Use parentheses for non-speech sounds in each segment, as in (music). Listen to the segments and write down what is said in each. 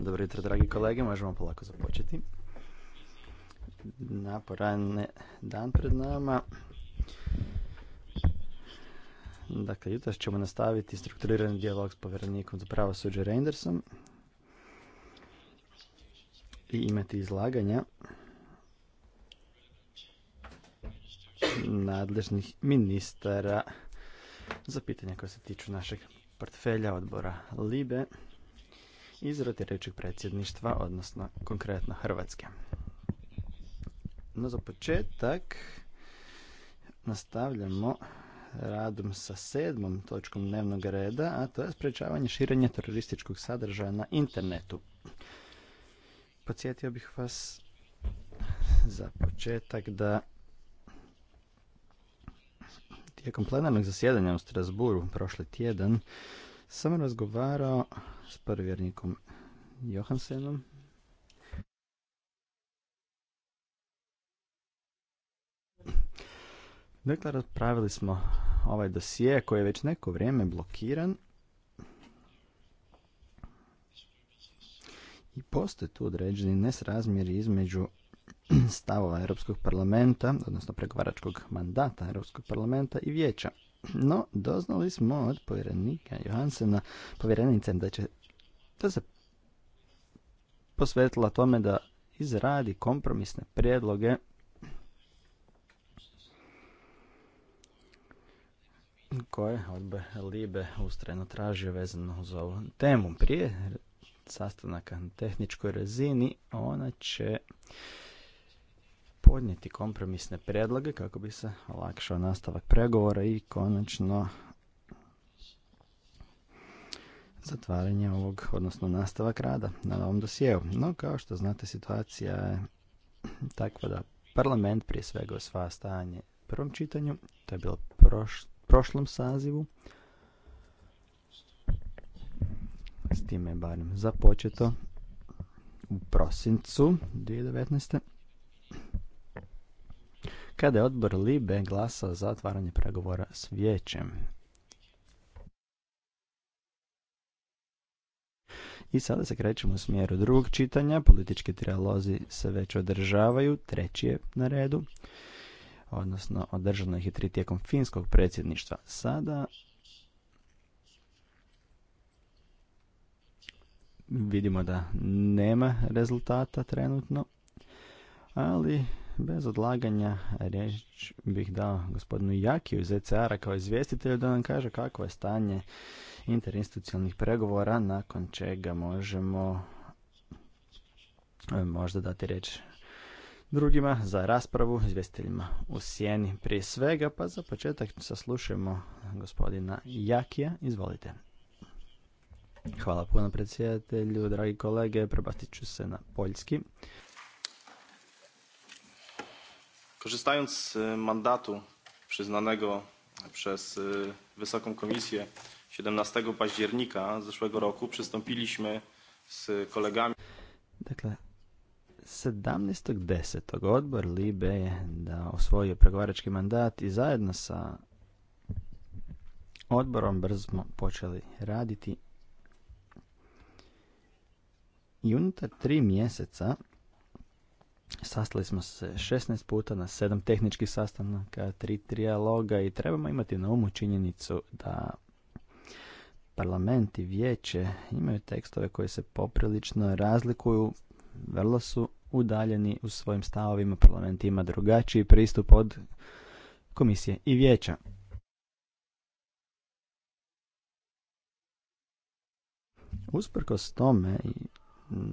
Dobro jutro, dragi kolege. Možemo polako započeti. Naporan dan pred nama. Dakle, jutros ćemo nastaviti strukturirani dijalog s povjerenikom za suđe Reindersom i imati izlaganja nadležnih ministara za pitanja koja se tiču našeg portfelja odbora Libe izrade rotirajućeg predsjedništva, odnosno konkretno Hrvatske. No za početak nastavljamo radom sa sedmom točkom dnevnog reda, a to je sprečavanje širenja terorističkog sadržaja na internetu. Podsjetio bih vas za početak da tijekom plenarnog zasjedanja u Strasburu prošli tjedan sam razgovarao s povjernikom Johansenom. Dakle, raspravili smo ovaj dosije koji je već neko vrijeme blokiran. I postoje tu određeni nesrazmjeri između (clears throat) stavova Europskog parlamenta, odnosno pregovaračkog mandata Europskog parlamenta i vijeća. No, doznali smo od povjerenika Johansena, povjerenice da će da se posvetila tome da izradi kompromisne prijedloge koje odbe Libe ustrajno tražio vezano uz ovu temu. Prije sastanaka na tehničkoj razini ona će podnijeti kompromisne predloge kako bi se olakšao nastavak pregovora i konačno zatvaranje ovog, odnosno nastavak rada na ovom dosijeu. No, kao što znate, situacija je takva da parlament prije svega sva stajanje u prvom čitanju, to je bilo u prošlom sazivu, s time je barem započeto u prosincu 2019. Kada je odbor Libe glasao za otvaranje pregovora s vijećem, I sada se krećemo u smjeru drugog čitanja, politički trialozi se već održavaju, treći je na redu, odnosno održano ih je tri tijekom finskog predsjedništva. Sada vidimo da nema rezultata trenutno, ali bez odlaganja riječ bih dao gospodinu Jakiju iz ECR-a kao izvjestitelju da nam kaže kako je stanje interinstitucionalnih pregovora nakon čega možemo e, možda dati riječ drugima za raspravu, izvjestiteljima u sjeni prije svega, pa za početak saslušajmo gospodina Jakija, izvolite. Hvala puno predsjedatelju, dragi kolege, prebacit ću se na poljski. Korzystając mandatu przyznanego przez e, Wysoką Komisję 17 października zeszłego roku przystąpiliśmy s kolegami. Dakle, 17.10. odbor Libe je da osvojio pregovarački mandat i zajedno sa odborom brzo smo počeli raditi. I unutar tri mjeseca sastali smo se 16 puta na sedam tehničkih sastanaka, tri trijaloga i trebamo imati na umu činjenicu da parlament i vijeće imaju tekstove koji se poprilično razlikuju, vrlo su udaljeni u svojim stavovima, parlament ima drugačiji pristup od komisije i vijeća. Usprkos tome i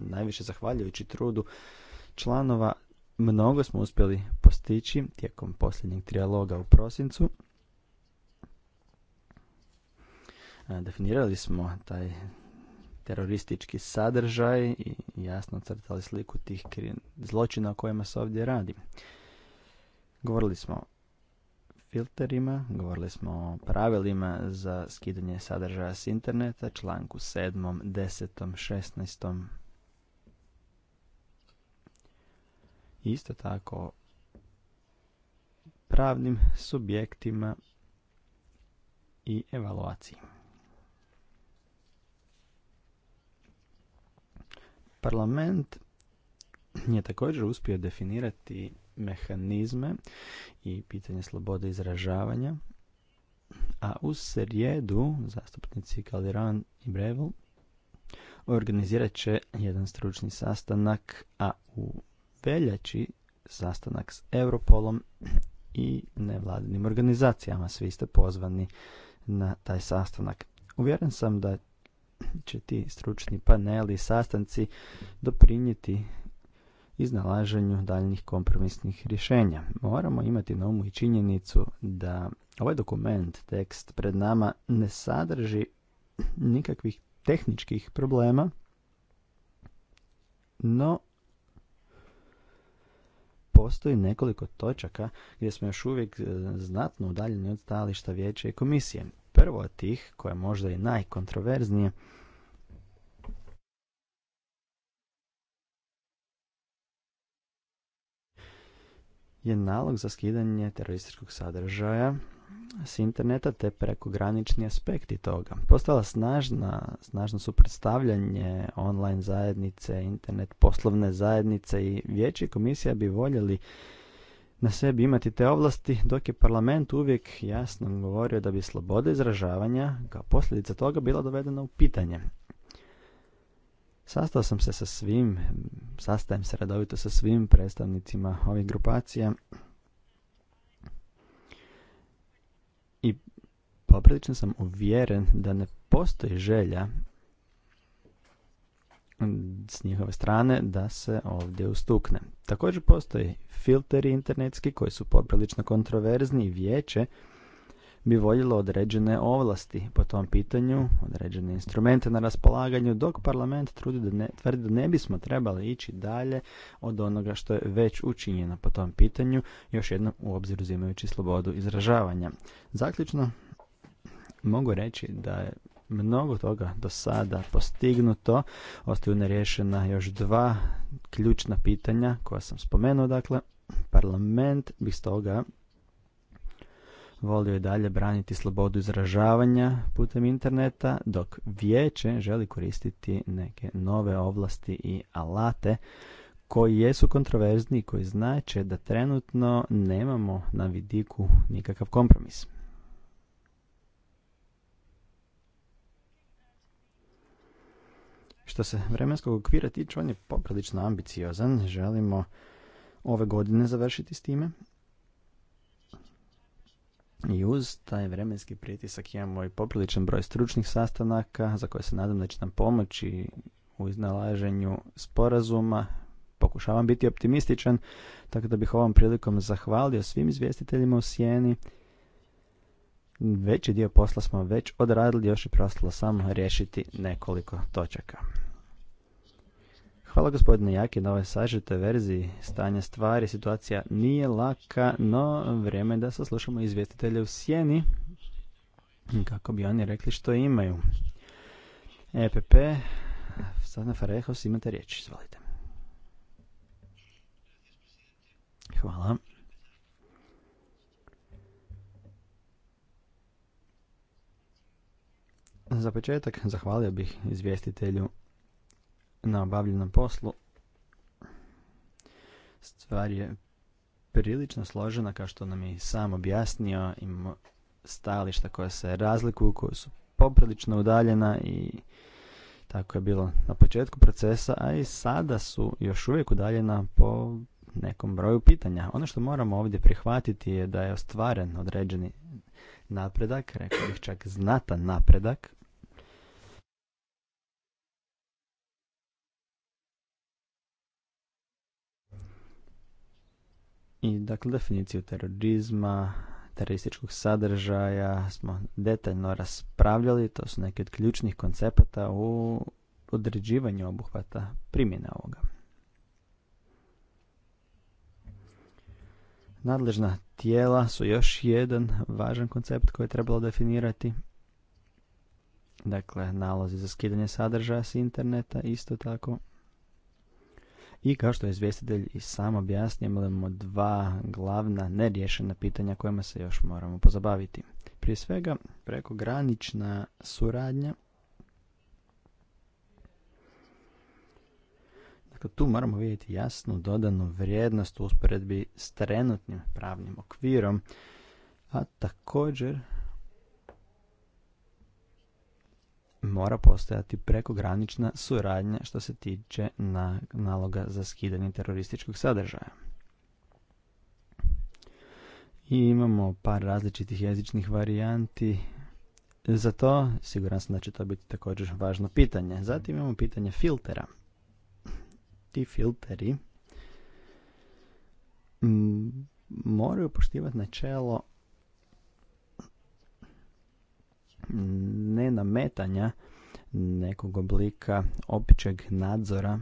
najviše zahvaljujući trudu članova, mnogo smo uspjeli postići tijekom posljednjeg trijaloga u prosincu, Definirali smo taj teroristički sadržaj i jasno crtali sliku tih zločina o kojima se ovdje radi. Govorili smo o filterima, govorili smo o pravilima za skidanje sadržaja s interneta, članku 7., 10., 16. Isto tako pravnim subjektima i evaluaciji. Parlament je također uspio definirati mehanizme i pitanje slobode izražavanja, a u srijedu zastupnici Kaliran i Breville organizirat će jedan stručni sastanak, a u veljači sastanak s Europolom i nevladinim organizacijama. Svi ste pozvani na taj sastanak. Uvjeren sam da će ti stručni paneli i sastanci doprinijeti iznalaženju daljnjih kompromisnih rješenja. Moramo imati na umu i činjenicu da ovaj dokument, tekst pred nama, ne sadrži nikakvih tehničkih problema, no postoji nekoliko točaka gdje smo još uvijek e, znatno udaljeni od stajališta vijeća i komisije. Prvo od tih, koje možda i najkontroverznije, je nalog za skidanje terorističkog sadržaja s interneta te prekogranični aspekti toga. Postala snažna, snažno predstavljanje online zajednice, internet poslovne zajednice i vijeći komisija bi voljeli na sebi imati te ovlasti, dok je parlament uvijek jasno govorio da bi sloboda izražavanja kao posljedica toga bila dovedena u pitanje. Sastao sam se sa svim, sastajem se redovito sa svim predstavnicima ovih grupacija i poprilično sam uvjeren da ne postoji želja s njihove strane da se ovdje ustukne. Također postoji filteri internetski koji su poprilično kontroverzni i vijeće bi voljelo određene ovlasti po tom pitanju, određene instrumente na raspolaganju, dok parlament trudi da ne, tvrdi da ne bismo trebali ići dalje od onoga što je već učinjeno po tom pitanju, još jednom u obzir uzimajući slobodu izražavanja. Zaključno, mogu reći da je mnogo toga do sada postignuto, ostaju nerješena još dva ključna pitanja koja sam spomenuo, dakle, parlament bi stoga volio je dalje braniti slobodu izražavanja putem interneta, dok vijeće želi koristiti neke nove ovlasti i alate koji jesu kontroverzni i koji znače da trenutno nemamo na vidiku nikakav kompromis. Što se vremenskog okvira tiče, on je poprilično ambiciozan. Želimo ove godine završiti s time, i uz taj vremenski pritisak imamo i popriličan broj stručnih sastanaka za koje se nadam da će nam pomoći u iznalaženju sporazuma. Pokušavam biti optimističan, tako da bih ovom prilikom zahvalio svim izvjestiteljima u Sijeni. Veći dio posla smo već odradili, još je preostalo samo riješiti nekoliko točaka. Hvala gospodine Jaki na ovoj sažetoj verziji stanja stvari. Situacija nije laka, no vrijeme je da saslušamo izvjestitelje u sjeni kako bi oni rekli što imaju. EPP, Sadna Farehos, imate riječ, izvolite. Hvala. Za početak zahvalio bih izvjestitelju na obavljenom poslu. Stvar je prilično složena, kao što nam je sam objasnio. Imamo stajališta koja se razlikuju, koja su poprilično udaljena i tako je bilo na početku procesa, a i sada su još uvijek udaljena po nekom broju pitanja. Ono što moramo ovdje prihvatiti je da je ostvaren određeni napredak, rekao bih čak znatan napredak, I dakle, definiciju terorizma, terorističkog sadržaja smo detaljno raspravljali, to su neki od ključnih koncepata u određivanju obuhvata primjene ovoga. Nadležna tijela su još jedan važan koncept koji je trebalo definirati. Dakle, nalozi za skidanje sadržaja s interneta isto tako. I kao što je izvjestitelj i sam objasnio, imamo dva glavna nerješena pitanja kojima se još moramo pozabaviti. Prije svega, preko granična suradnja. Dakle, tu moramo vidjeti jasnu dodanu vrijednost u usporedbi s trenutnim pravnim okvirom, a također mora postojati prekogranična suradnja što se tiče na naloga za skidanje terorističkog sadržaja. I imamo par različitih jezičnih varijanti. Za to siguran sam da će to biti također važno pitanje. Zatim imamo pitanje filtera. Ti filteri mm, moraju poštivati načelo nenametanja nekog oblika općeg nadzora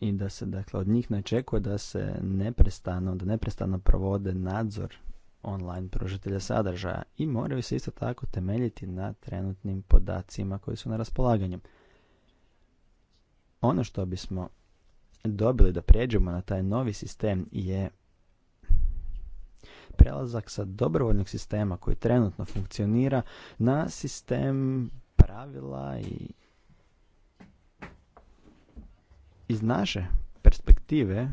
i da se dakle od njih ne očekuje da se neprestano, da neprestano provode nadzor online pružatelja sadržaja i moraju se isto tako temeljiti na trenutnim podacima koji su na raspolaganju. Ono što bismo dobili da pređemo na taj novi sistem je prelazak sa dobrovoljnog sistema koji trenutno funkcionira na sistem pravila i iz naše perspektive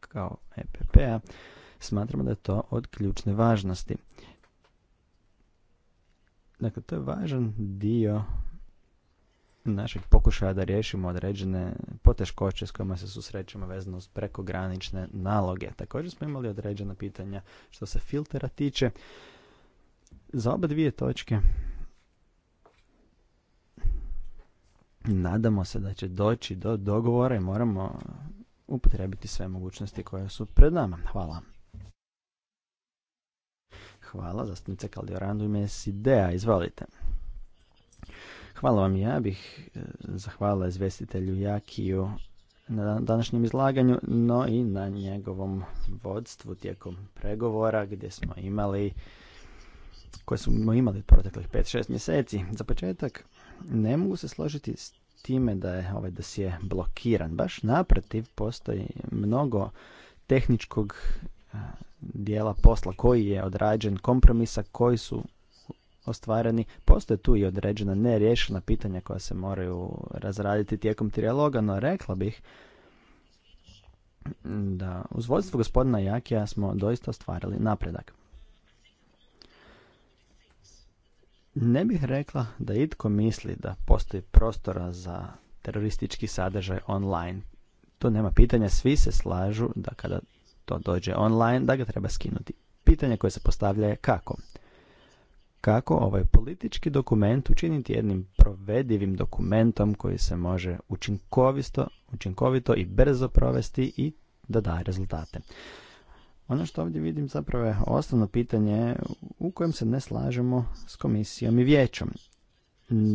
kao EPP-a smatramo da je to od ključne važnosti. Dakle, to je važan dio našeg pokušaja da riješimo određene poteškoće s kojima se susrećemo vezano uz prekogranične naloge. Također smo imali određena pitanja što se filtera tiče. Za oba dvije točke nadamo se da će doći do dogovora i moramo upotrebiti sve mogućnosti koje su pred nama. Hvala. Hvala, zastupnice Kaldiorandu ime Sidea, izvolite. Hvala vam. Ja bih e, zahvalila izvestitelju Jakiju na današnjem izlaganju, no i na njegovom vodstvu tijekom pregovora gdje smo imali koje smo imali proteklih 5-6 mjeseci. Za početak, ne mogu se složiti s time da je ovaj dosije blokiran. Baš naprotiv, postoji mnogo tehničkog e, dijela posla koji je odrađen, kompromisa koji su ostvareni. Postoje tu i određena neriješena pitanja koja se moraju razraditi tijekom trijaloga, no rekla bih da uz vodstvo gospodina Jakija smo doista ostvarili napredak. Ne bih rekla da itko misli da postoji prostora za teroristički sadržaj online. To nema pitanja, svi se slažu da kada to dođe online, da ga treba skinuti. Pitanje koje se postavlja je kako kako ovaj politički dokument učiniti jednim provedivim dokumentom koji se može učinkovito, učinkovito i brzo provesti i da daje rezultate. Ono što ovdje vidim zapravo je osnovno pitanje u kojem se ne slažemo s komisijom i vijećom.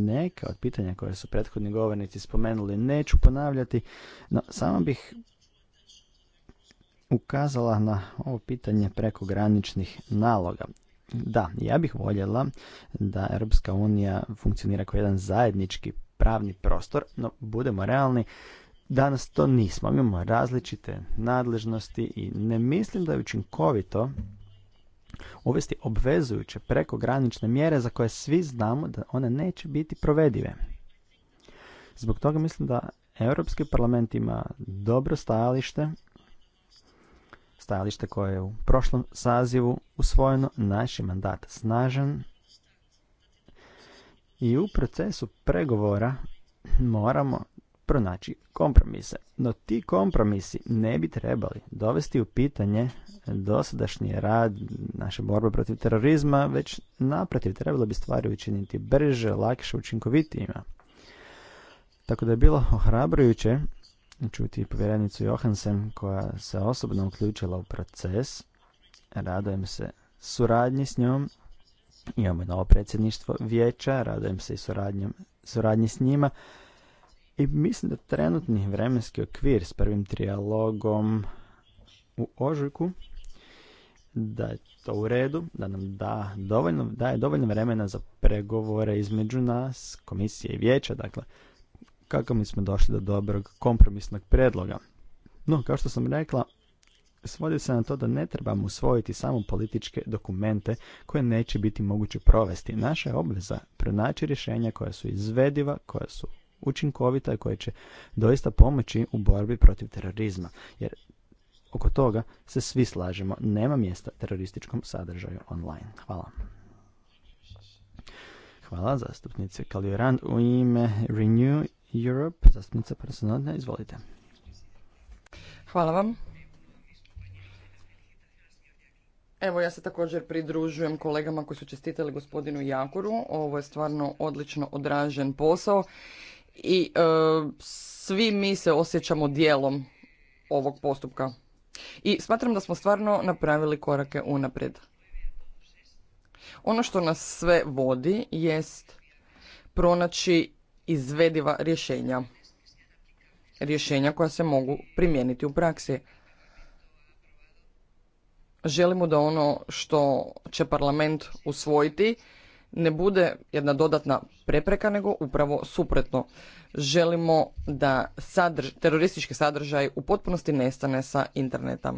Neka od pitanja koje su prethodni govornici spomenuli neću ponavljati, no samo bih ukazala na ovo pitanje prekograničnih naloga. Da, ja bih voljela da Europska unija funkcionira kao jedan zajednički pravni prostor, no budemo realni, danas to nismo. Imamo različite nadležnosti i ne mislim da je učinkovito uvesti obvezujuće prekogranične mjere za koje svi znamo da one neće biti provedive. Zbog toga mislim da Europski parlament ima dobro stajalište stajalište koje je u prošlom sazivu usvojeno, naš je mandat snažan i u procesu pregovora moramo pronaći kompromise. No ti kompromisi ne bi trebali dovesti u pitanje dosadašnji rad naše borbe protiv terorizma, već naprotiv trebalo bi stvari učiniti brže, lakše, učinkovitijima. Tako da je bilo ohrabrujuće čuti povjerenicu Johansen koja se osobno uključila u proces. Radojem se suradnji s njom. Imamo novo predsjedništvo vijeća, radojem se i suradnji s njima. I mislim da trenutni vremenski okvir s prvim trijalogom u ožujku da je to u redu, da nam da dovoljno, daje dovoljno vremena za pregovore između nas, komisije i vijeća, dakle kako mi smo došli do dobrog kompromisnog predloga. No, kao što sam rekla, svodi se na to da ne trebamo usvojiti samo političke dokumente koje neće biti moguće provesti. Naša je obveza pronaći rješenja koja su izvediva, koja su učinkovita i koja će doista pomoći u borbi protiv terorizma. Jer oko toga se svi slažemo, nema mjesta terorističkom sadržaju online. Hvala. Hvala zastupnice Kalioran u ime Renew Europe, zastupnica personalna, izvolite. Hvala vam. Evo ja se također pridružujem kolegama koji su čestitali gospodinu Jakoru. Ovo je stvarno odlično odražen posao i e, svi mi se osjećamo dijelom ovog postupka. I smatram da smo stvarno napravili korake unaprijed. Ono što nas sve vodi jest pronaći izvediva rješenja. Rješenja koja se mogu primijeniti u praksi. Želimo da ono što će parlament usvojiti ne bude jedna dodatna prepreka, nego upravo suprotno. Želimo da teroristički sadržaj u potpunosti nestane sa interneta.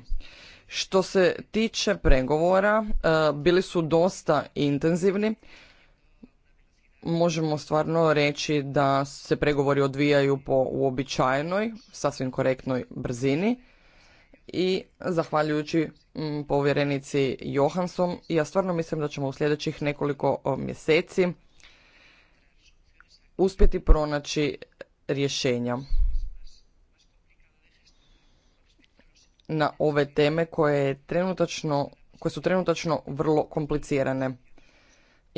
Što se tiče pregovora, e, bili su dosta intenzivni možemo stvarno reći da se pregovori odvijaju po uobičajenoj, sasvim korektnoj brzini i zahvaljujući mm, povjerenici Johansom, ja stvarno mislim da ćemo u sljedećih nekoliko mjeseci uspjeti pronaći rješenja na ove teme koje, koje su trenutačno vrlo komplicirane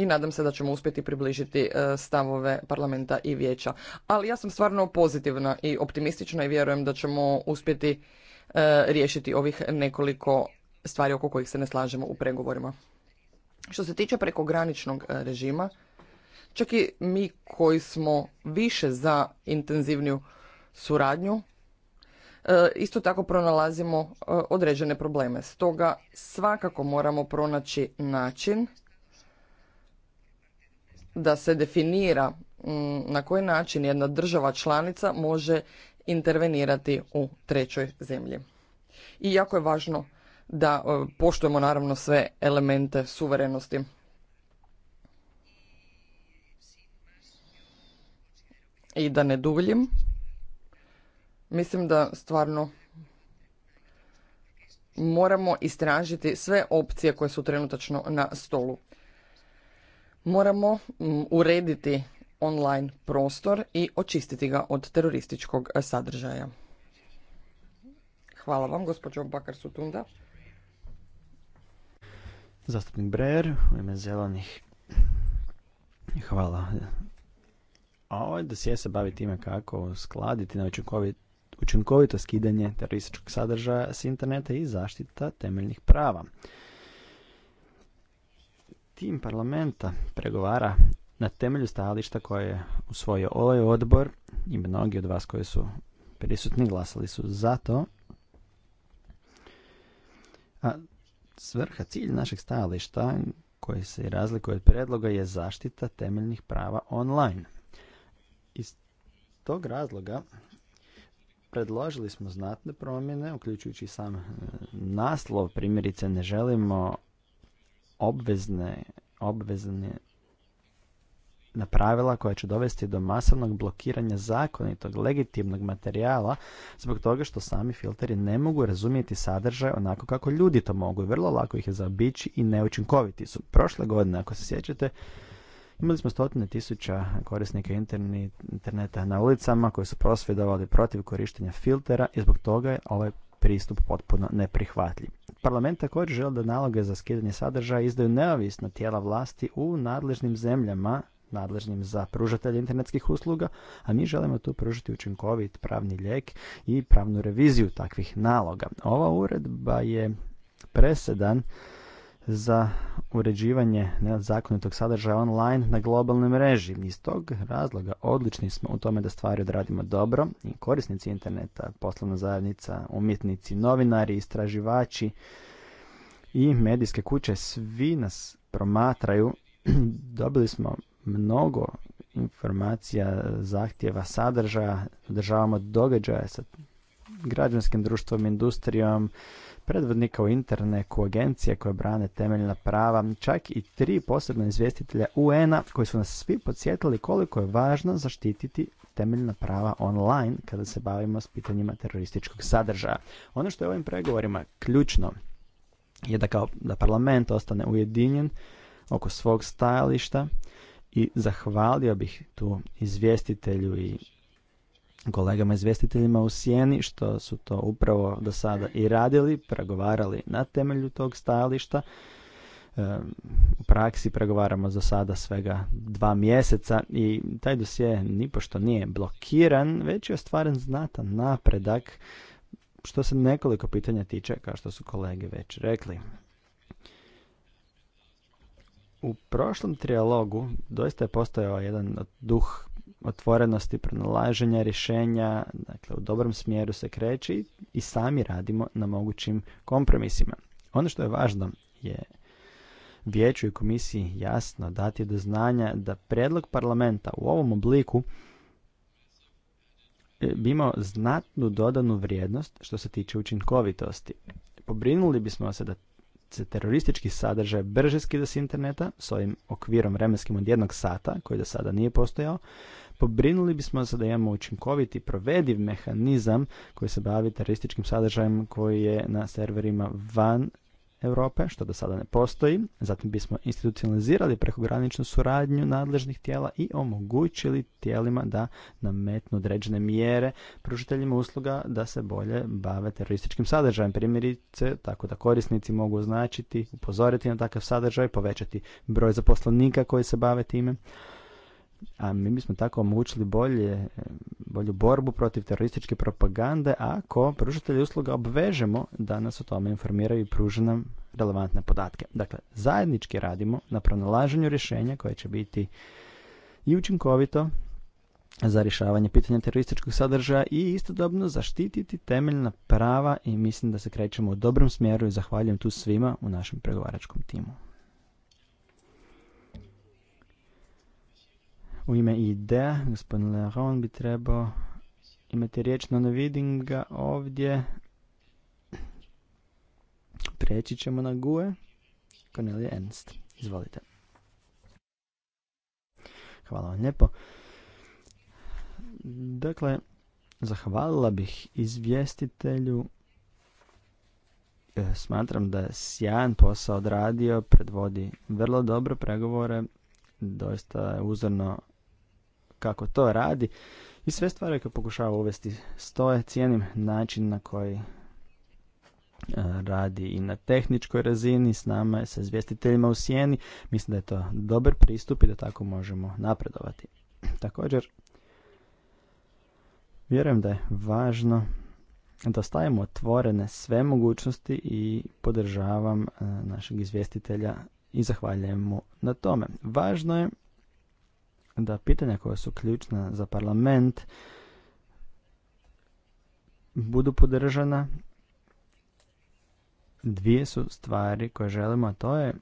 i nadam se da ćemo uspjeti približiti e, stavove parlamenta i vijeća. Ali ja sam stvarno pozitivna i optimistična i vjerujem da ćemo uspjeti e, riješiti ovih nekoliko stvari oko kojih se ne slažemo u pregovorima. Što se tiče prekograničnog e, režima, čak i mi koji smo više za intenzivniju suradnju, isto tako pronalazimo određene probleme. Stoga svakako moramo pronaći način da se definira mm, na koji način jedna država članica može intervenirati u trećoj zemlji. I jako je važno da e, poštujemo naravno sve elemente suverenosti. I da ne duljim, mislim da stvarno moramo istražiti sve opcije koje su trenutačno na stolu. Moramo mm, urediti online prostor i očistiti ga od terorističkog e, sadržaja. Hvala vam, gospođo Bakar Sutunda. Zastupnik Breer, u ime zelenih. Hvala. A ovaj dosije se bavi time kako skladiti na učinkovito skidanje terorističkog sadržaja s interneta i zaštita temeljnih prava tim parlamenta pregovara na temelju stajališta koje je usvojio ovaj odbor i mnogi od vas koji su prisutni glasali su za to. A svrha, cilj našeg stajališta koji se razlikuje od predloga je zaštita temeljnih prava online. Iz tog razloga predložili smo znatne promjene, uključujući sam e, naslov, primjerice ne želimo obvezne, obvezne na koja će dovesti do masovnog blokiranja zakonitog, legitimnog materijala zbog toga što sami filteri ne mogu razumjeti sadržaj onako kako ljudi to mogu i vrlo lako ih je zaobići i neučinkoviti su. Prošle godine, ako se sjećate, imali smo stotine tisuća korisnika interneta na ulicama koji su prosvjedovali protiv korištenja filtera i zbog toga je ovaj pristup potpuno neprihvatljiv. Parlament također želi da naloge za skidanje sadržaja izdaju neovisna tijela vlasti u nadležnim zemljama, nadležnim za pružatelje internetskih usluga, a mi želimo tu pružiti učinkovit pravni lijek i pravnu reviziju takvih naloga. Ova uredba je presedan za uređivanje nezakonitog sadržaja online na globalnoj mreži. Iz tog razloga odlični smo u tome da stvari odradimo dobro i korisnici interneta, poslovna zajednica, umjetnici, novinari, istraživači i medijske kuće svi nas promatraju. (clears throat) Dobili smo mnogo informacija, zahtjeva, sadržaja, održavamo događaje sa građanskim društvom, industrijom, predvodnika u internetu, agencije koje brane temeljna prava, čak i tri posebna izvjestitelja UN-a koji su nas svi podsjetili koliko je važno zaštititi temeljna prava online kada se bavimo s pitanjima terorističkog sadržaja. Ono što je ovim pregovorima ključno je da, kao, da parlament ostane ujedinjen oko svog stajališta i zahvalio bih tu izvjestitelju i kolegama izvjestiteljima u sjeni što su to upravo do sada i radili, pregovarali na temelju tog stajališta. E, u praksi pregovaramo za sada svega dva mjeseca i taj dosje nipošto nije blokiran, već je ostvaren znatan napredak što se nekoliko pitanja tiče, kao što su kolege već rekli. U prošlom trijalogu doista je postojao jedan duh otvorenosti pronalaženja rješenja, dakle u dobrom smjeru se kreći i sami radimo na mogućim kompromisima. Ono što je važno je vijeću i komisiji jasno dati do znanja da predlog parlamenta u ovom obliku e, bi imao znatnu dodanu vrijednost što se tiče učinkovitosti. Pobrinuli bismo se da se teroristički sadržaj brže skida s interneta s ovim okvirom vremenskim od jednog sata koji do sada nije postojao, pobrinuli bismo se da imamo učinkoviti provediv mehanizam koji se bavi terorističkim sadržajem koji je na serverima van Europe, što do sada ne postoji. Zatim bismo institucionalizirali prekograničnu suradnju nadležnih tijela i omogućili tijelima da nametnu određene mjere pružiteljima usluga da se bolje bave terorističkim sadržajem. Primjerice, tako da korisnici mogu označiti, upozoriti na takav sadržaj, povećati broj zaposlenika koji se bave time a mi bismo tako omogućili bolje, bolju borbu protiv terorističke propagande ako pružatelji usluga obvežemo da nas o tome informiraju i pruže nam relevantne podatke. Dakle, zajednički radimo na pronalaženju rješenja koje će biti i učinkovito za rješavanje pitanja terorističkog sadržaja i istodobno zaštititi temeljna prava i mislim da se krećemo u dobrom smjeru i zahvaljujem tu svima u našem pregovaračkom timu. U ime ide, gospodin Leon bi trebao imati riječ, no ne vidim ga ovdje. Preći ćemo na GUE. Cornelia Ernst, izvolite. Hvala vam lijepo. Dakle, zahvalila bih izvjestitelju. E, smatram da je sjajan posao odradio, predvodi vrlo dobro pregovore. Doista je uzorno kako to radi i sve stvari koje pokušava uvesti stoje. Cijenim način na koji e, radi i na tehničkoj razini s nama i sa izvjestiteljima u sjeni. Mislim da je to dobar pristup i da tako možemo napredovati. (clears throat) Također, vjerujem da je važno da ostavimo otvorene sve mogućnosti i podržavam e, našeg izvjestitelja i zahvaljujem mu na tome. Važno je da pitanja koja su ključna za parlament budu podržana. Dvije su stvari koje želimo, a to je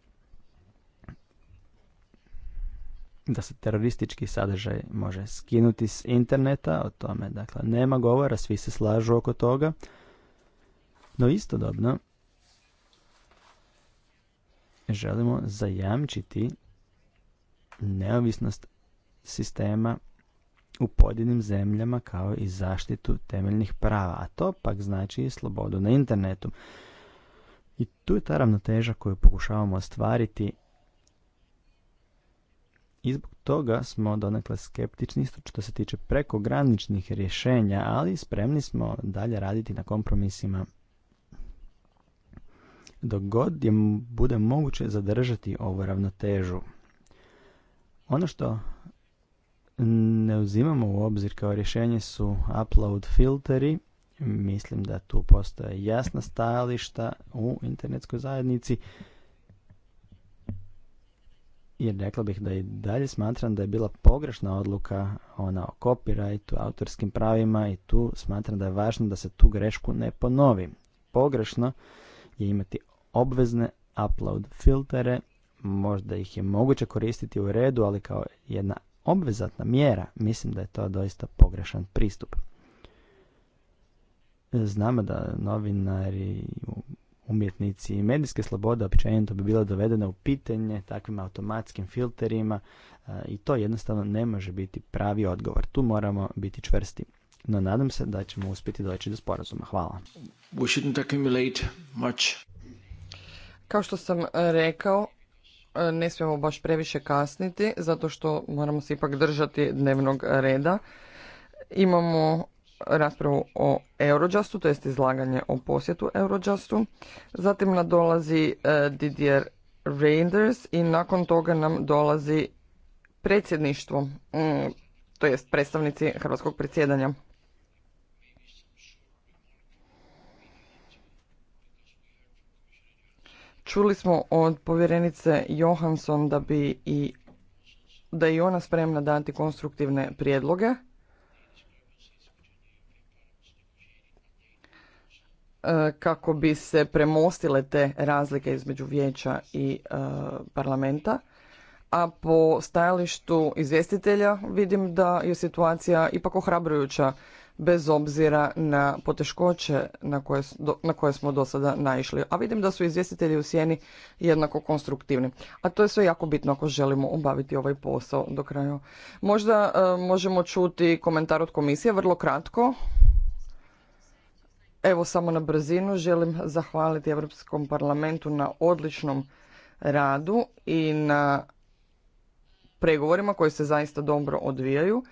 da se teroristički sadržaj može skinuti s interneta, o tome dakle nema govora, svi se slažu oko toga. No istodobno želimo zajamčiti neovisnost sistema u pojedinim zemljama kao i zaštitu temeljnih prava, a to pak znači i slobodu na internetu. I tu je ta ravnoteža koju pokušavamo ostvariti i zbog toga smo donekle skeptični što se tiče prekograničnih rješenja, ali spremni smo dalje raditi na kompromisima dok god je bude moguće zadržati ovu ravnotežu. Ono što ne uzimamo u obzir kao rješenje su upload filteri. Mislim da tu postoje jasna stajališta u internetskoj zajednici. Jer rekla bih da i dalje smatram da je bila pogrešna odluka ona o copyrightu, autorskim pravima i tu smatram da je važno da se tu grešku ne ponovi. Pogrešno je imati obvezne upload filtere možda ih je moguće koristiti u redu, ali kao jedna obvezatna mjera, mislim da je to doista pogrešan pristup. Znamo da novinari, umjetnici i medijske slobode općenito bi bila dovedena u pitanje takvim automatskim filterima e, i to jednostavno ne može biti pravi odgovor. Tu moramo biti čvrsti. No nadam se da ćemo uspjeti doći do sporazuma. Hvala. Kao što sam rekao, E, ne smijemo baš previše kasniti, zato što moramo se ipak držati dnevnog reda. Imamo raspravu o Eurojustu, to jest izlaganje o posjetu Eurojustu. Zatim nam dolazi e, Didier Reinders i nakon toga nam dolazi predsjedništvo, mm, to jest predstavnici hrvatskog predsjedanja. Čuli smo od povjerenice Johansson da bi i da je ona spremna dati konstruktivne prijedloge. E, kako bi se premostile te razlike između vijeća i e, parlamenta a po stajalištu izvjestitelja vidim da je situacija ipak ohrabrujuća bez obzira na poteškoće na koje, na koje smo do sada naišli. A vidim da su izvjestitelji u sjeni jednako konstruktivni. A to je sve jako bitno ako želimo obaviti ovaj posao do kraja. Možda e, možemo čuti komentar od komisije, vrlo kratko. Evo samo na brzinu želim zahvaliti Europskom parlamentu na odličnom radu i na pregovorima koji se zaista dobro odvijaju.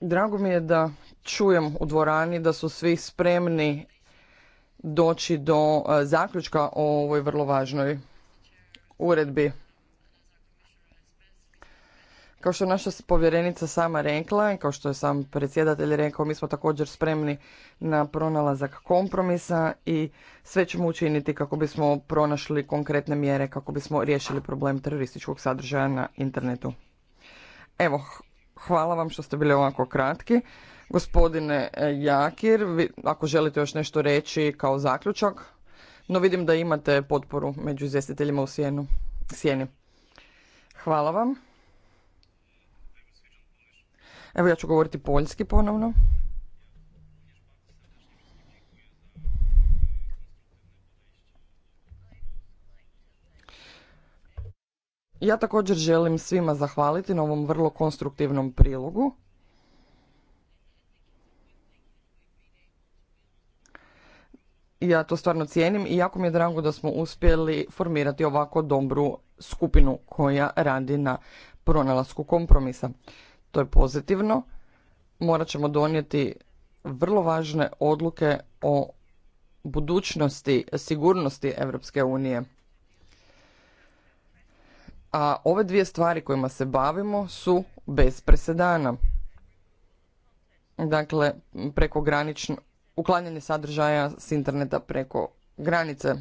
Drago mi je da čujem u dvorani da su svi spremni doći do e, zaključka o ovoj vrlo važnoj uredbi. Kao što je naša povjerenica sama rekla, kao što je sam predsjedatelj rekao, mi smo također spremni na pronalazak kompromisa i sve ćemo učiniti kako bismo pronašli konkretne mjere, kako bismo riješili problem terorističkog sadržaja na internetu. Evo, hvala vam što ste bili ovako kratki. Gospodine e, Jakir, ako želite još nešto reći kao zaključak, no vidim da imate potporu među izvjestiteljima u sjenu, sjeni. Hvala vam. Evo ja ću govoriti poljski ponovno. Ja također želim svima zahvaliti na ovom vrlo konstruktivnom prilogu. Ja to stvarno cijenim i jako mi je drago da smo uspjeli formirati ovako dobru skupinu koja radi na pronalasku kompromisa. To je pozitivno. Morat ćemo donijeti vrlo važne odluke o budućnosti, sigurnosti Europske unije. A ove dvije stvari kojima se bavimo su bez presedana. Dakle, preko granično, uklanjanje sadržaja s interneta preko granice.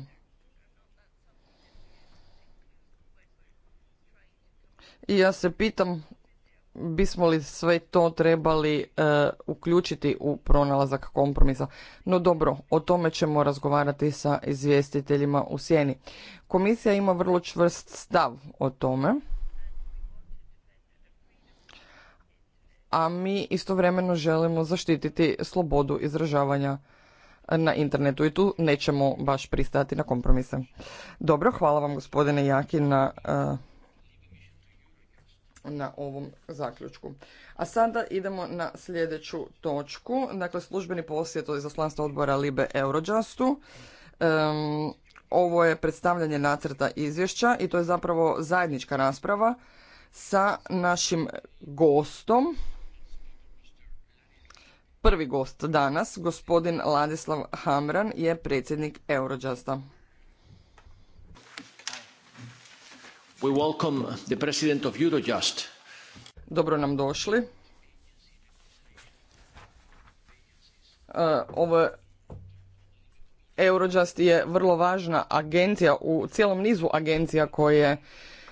I ja se pitam bismo li sve to trebali e, uključiti u pronalazak kompromisa. No dobro, o tome ćemo razgovarati sa izvjestiteljima u sjeni. Komisija ima vrlo čvrst stav o tome. A mi istovremeno želimo zaštititi slobodu izražavanja na internetu i tu nećemo baš pristati na kompromise. Dobro, hvala vam gospodine Jaki na e, na ovom zaključku. A sada idemo na sljedeću točku, dakle službeni posjet od izoslanstva odbora Libe Eurojustu. ovo je predstavljanje nacrta izvješća i to je zapravo zajednička rasprava sa našim gostom. Prvi gost danas, gospodin Ladislav Hamran, je predsjednik Eurojusta. We Dobro nam došli. E, ovo Eurojust je vrlo važna agencija u cijelom nizu agencija koje,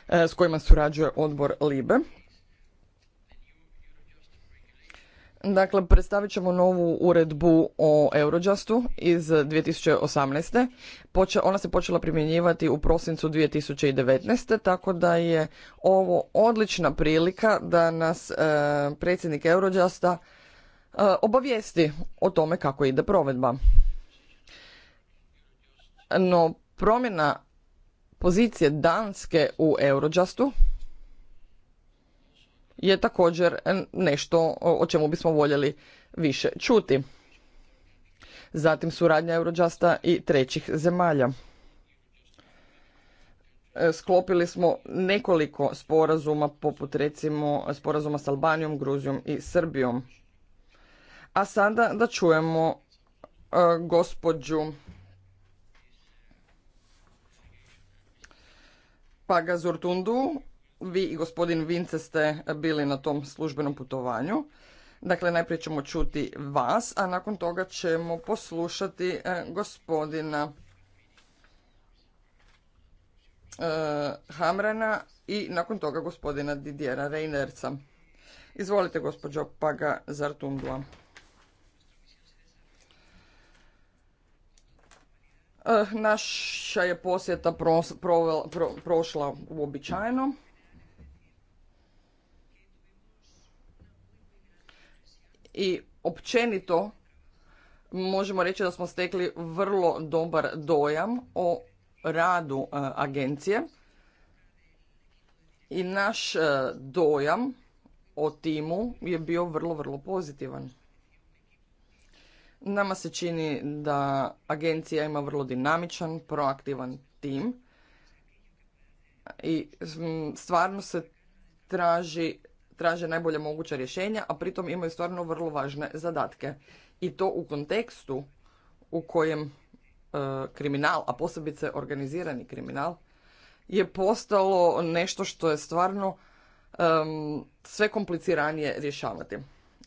e, s kojima surađuje odbor LIBE. Dakle, predstavit ćemo novu uredbu o Eurojustu iz 2018. Poče, ona se počela primjenjivati u prosincu 2019. Tako da je ovo odlična prilika da nas e, predsjednik Eurojusta e, obavijesti o tome kako ide provedba. No, promjena pozicije Danske u Eurojustu je također nešto o čemu bismo voljeli više čuti. Zatim suradnja Eurojusta i trećih zemalja. E, sklopili smo nekoliko sporazuma poput recimo sporazuma s Albanijom, Gruzijom i Srbijom. A sada da čujemo uh, gospođu Pagazurtundu vi i gospodin Vince ste bili na tom službenom putovanju. Dakle, najprije ćemo čuti vas, a nakon toga ćemo poslušati e, gospodina e, Hamrana i nakon toga gospodina Didjera Reinerca. Izvolite, gospođo Paga Zartundua. E, naša je posjeta prošla uobičajeno. i općenito možemo reći da smo stekli vrlo dobar dojam o radu e, agencije i naš e, dojam o timu je bio vrlo, vrlo pozitivan. Nama se čini da agencija ima vrlo dinamičan, proaktivan tim i stvarno se traži traže najbolje moguće rješenja, a pritom imaju stvarno vrlo važne zadatke. I to u kontekstu u kojem e, kriminal, a posebice organizirani kriminal, je postalo nešto što je stvarno sve kompliciranije rješavati.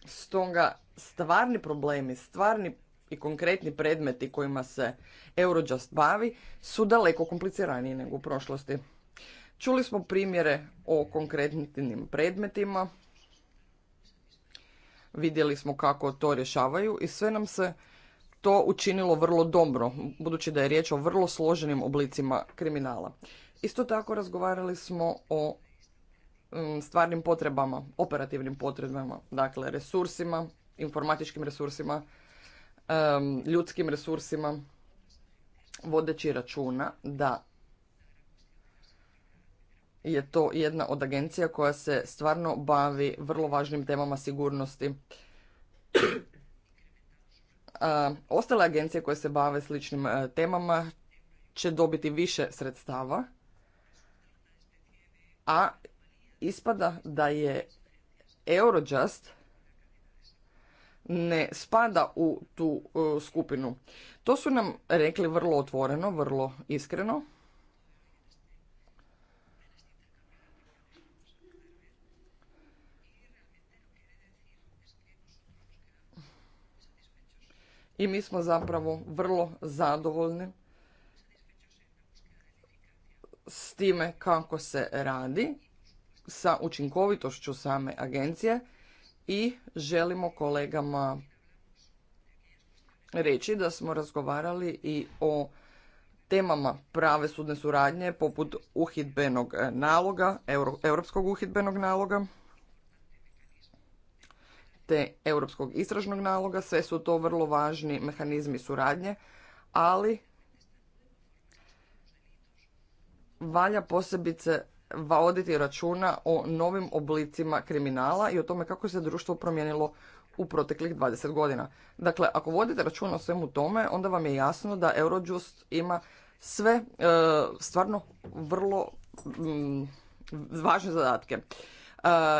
Stoga stvarni problemi, stvarni i konkretni predmeti kojima se Eurojust bavi su daleko kompliciraniji nego u prošlosti. Čuli smo primjere o konkretnim predmetima, vidjeli smo kako to rješavaju i sve nam se to učinilo vrlo dobro, budući da je riječ o vrlo složenim oblicima kriminala. Isto tako razgovarali smo o mm, stvarnim potrebama, operativnim potrebama, dakle resursima, informatičkim resursima, ljudskim resursima, vodeći računa da je to jedna od agencija koja se stvarno bavi vrlo važnim temama sigurnosti. (clears throat) Ostale agencije koje se bave sličnim e, temama će dobiti više sredstava, a ispada da je Eurojust ne spada u tu e, skupinu. To su nam rekli vrlo otvoreno, vrlo iskreno. i mi smo zapravo vrlo zadovoljni s time kako se radi, sa učinkovitošću same agencije i želimo kolegama reći da smo razgovarali i o temama prave sudne suradnje poput uhidbenog naloga, europskog uhidbenog naloga te europskog istražnog naloga, sve su to vrlo važni mehanizmi suradnje, ali valja posebice voditi računa o novim oblicima kriminala i o tome kako se društvo promijenilo u proteklih 20 godina. Dakle, ako vodite računa o svemu tome, onda vam je jasno da Eurojust ima sve e, stvarno vrlo važne zadatke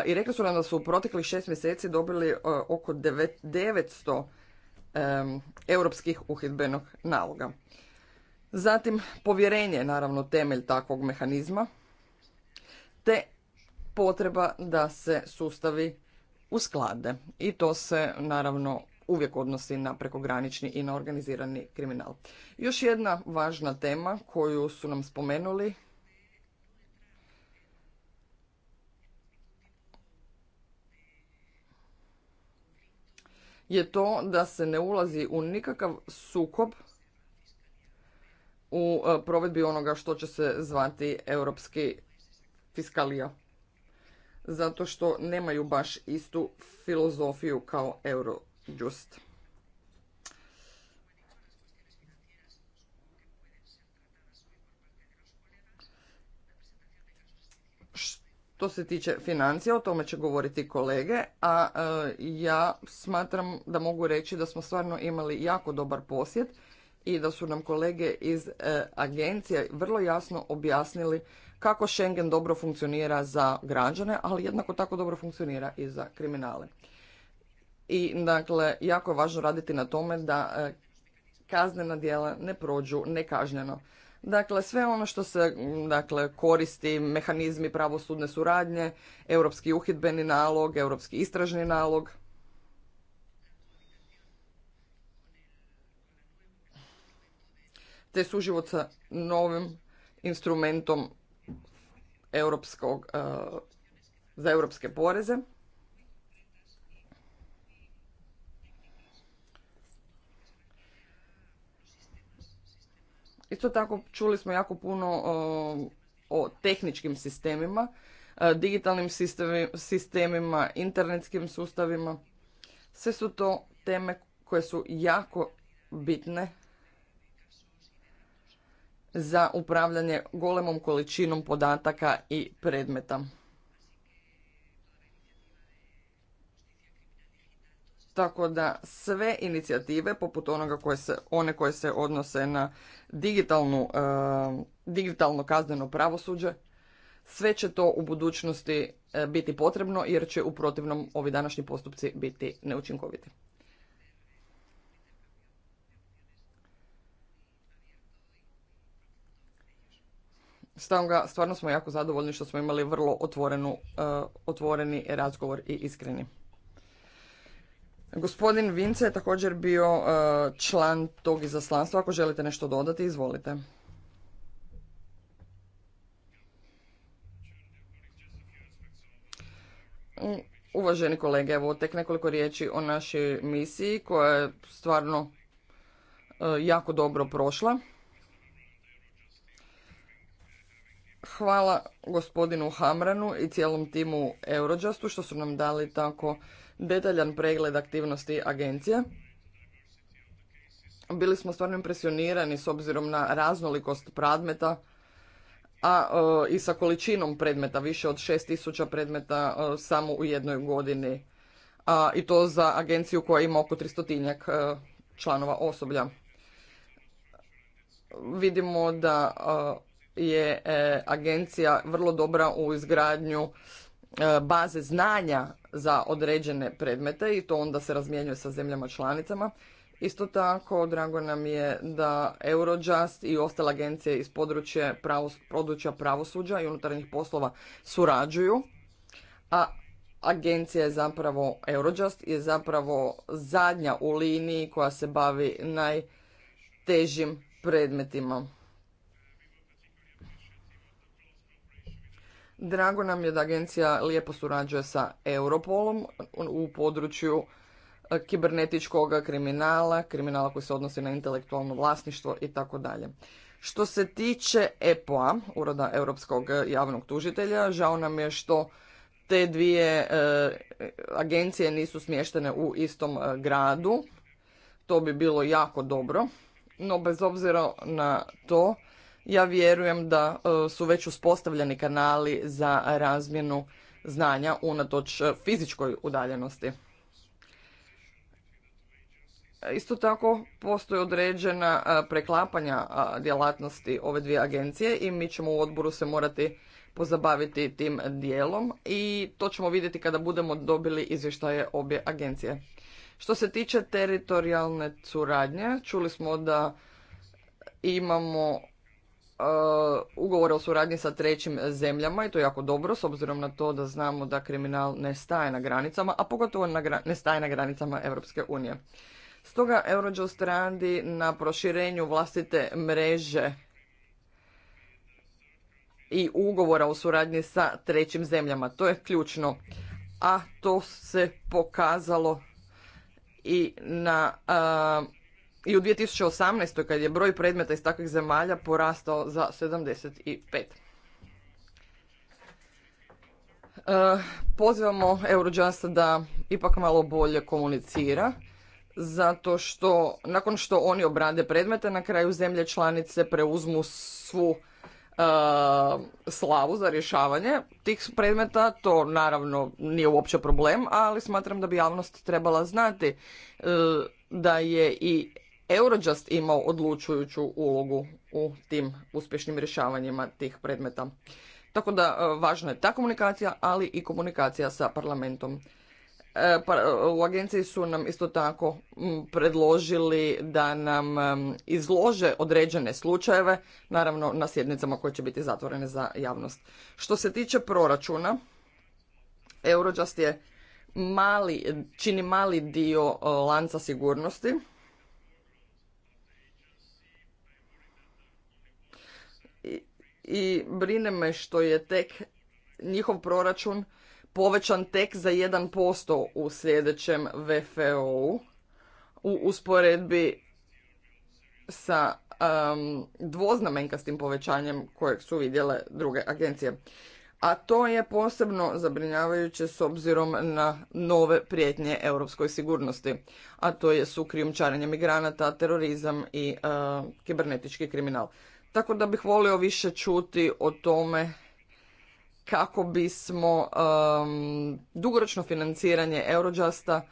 i rekli su nam da su u proteklih šest mjeseci dobili e, oko 900 europskih uhidbenog naloga. Zatim, povjerenje je naravno temelj takvog mehanizma, te potreba da se sustavi usklade. I to se naravno uvijek odnosi na prekogranični i na organizirani kriminal. Još jedna važna tema koju su nam spomenuli je to da se ne ulazi u nikakav sukob u e, provedbi onoga što će se zvati europski fiskalija. Zato što nemaju baš istu filozofiju kao Eurojust. To se tiče financija, o tome će govoriti kolege, a e, ja smatram da mogu reći da smo stvarno imali jako dobar posjet i da su nam kolege iz e, agencije vrlo jasno objasnili kako Schengen dobro funkcionira za građane, ali jednako tako dobro funkcionira i za kriminale. I dakle, jako je važno raditi na tome da e, kaznena djela ne prođu nekažnjeno. Dakle, sve ono što se mm, dakle, koristi, mehanizmi pravosudne suradnje, europski uhidbeni nalog, europski istražni nalog. Te suživot sa novim instrumentom europskog, eh, za europske poreze. Isto tako čuli smo jako puno o, tehničkim sistemima, e, digitalnim sistemima, internetskim sustavima. Sve su to teme koje su jako bitne za upravljanje golemom količinom podataka i predmeta. tako da sve inicijative poput onoga koje se, one koje se odnose na digitalnu, eh, digitalno kazneno pravosuđe, sve će to u budućnosti eh, biti potrebno jer će u protivnom ovi današnji postupci biti neučinkoviti. Stoga stvarno smo jako zadovoljni što smo imali vrlo otvorenu, eh, otvoreni razgovor i iskreni. Gospodin Vince je također bio uh, član tog izaslanstva. Ako želite nešto dodati, izvolite. Mm, uvaženi kolege, evo tek nekoliko riječi o našoj misiji koja je stvarno uh, jako dobro prošla. Hvala gospodinu Hamranu i cijelom timu Eurojustu što su nam dali tako detaljan pregled aktivnosti agencije. Bili smo stvarno impresionirani s obzirom na raznolikost predmeta, a i sa količinom predmeta, više od 6000 predmeta samo u jednoj godini. A, I to za agenciju koja ima oko 300 članova osoblja. Vidimo da je e, agencija vrlo dobra u izgradnju E, baze znanja za određene predmete i to onda se razmjenjuje sa zemljama članicama. Isto tako, drago nam je da Eurojust i ostale agencije iz područja, područja pravosuđa i unutarnjih poslova surađuju, a agencija je zapravo, Eurojust je zapravo zadnja u liniji koja se bavi najtežim predmetima. Drago nam je da agencija lijepo surađuje sa Europolom u području e, kibernetičkog kriminala, kriminala koji se odnosi na intelektualno vlasništvo i tako dalje. Što se tiče EPOA, Uroda Europskog javnog tužitelja, žao nam je što te dvije e, agencije nisu smještene u istom e, gradu. To bi bilo jako dobro, no bez obzira na to, ja vjerujem da e, su već uspostavljeni kanali za razmjenu znanja unatoč e, fizičkoj udaljenosti. Isto tako postoje određena e, preklapanja djelatnosti ove dvije agencije i mi ćemo u odboru se morati pozabaviti tim dijelom i to ćemo vidjeti kada budemo dobili izvještaje obje agencije. Što se tiče teritorijalne suradnje, čuli smo da imamo Uh, ugovore o suradnji sa trećim zemljama i to je jako dobro s obzirom na to da znamo da kriminal ne staje na granicama, a pogotovo na, ne staje na granicama Europske unije. Stoga Eurojust radi na proširenju vlastite mreže i ugovora o suradnji sa trećim zemljama. To je ključno. A to se pokazalo i na uh, i u 2018. kad je broj predmeta iz takvih zemalja porastao za 75. E, pozivamo Eurojust da ipak malo bolje komunicira, zato što nakon što oni obrade predmete, na kraju zemlje članice preuzmu svu e, slavu za rješavanje tih predmeta. To naravno nije uopće problem, ali smatram da bi javnost trebala znati e, da je i Eurojust imao odlučujuću ulogu u tim uspješnim rješavanjima tih predmeta. Tako da e, važna je ta komunikacija, ali i komunikacija sa parlamentom. E, pa, u agenciji su nam isto tako predložili da nam e, izlože određene slučajeve, naravno na sjednicama koje će biti zatvorene za javnost. Što se tiče proračuna, Eurojust je mali, čini mali dio lanca sigurnosti, i brine me što je tek njihov proračun povećan tek za 1% u sljedećem VFO-u u usporedbi sa um, dvoznamenkastim povećanjem kojeg su vidjele druge agencije. A to je posebno zabrinjavajuće s obzirom na nove prijetnje europskoj sigurnosti, a to je su krijumčarenje migranata, terorizam i uh, kibernetički kriminal. Tako da bih volio više čuti o tome kako bismo um, dugoročno financiranje Eurojusta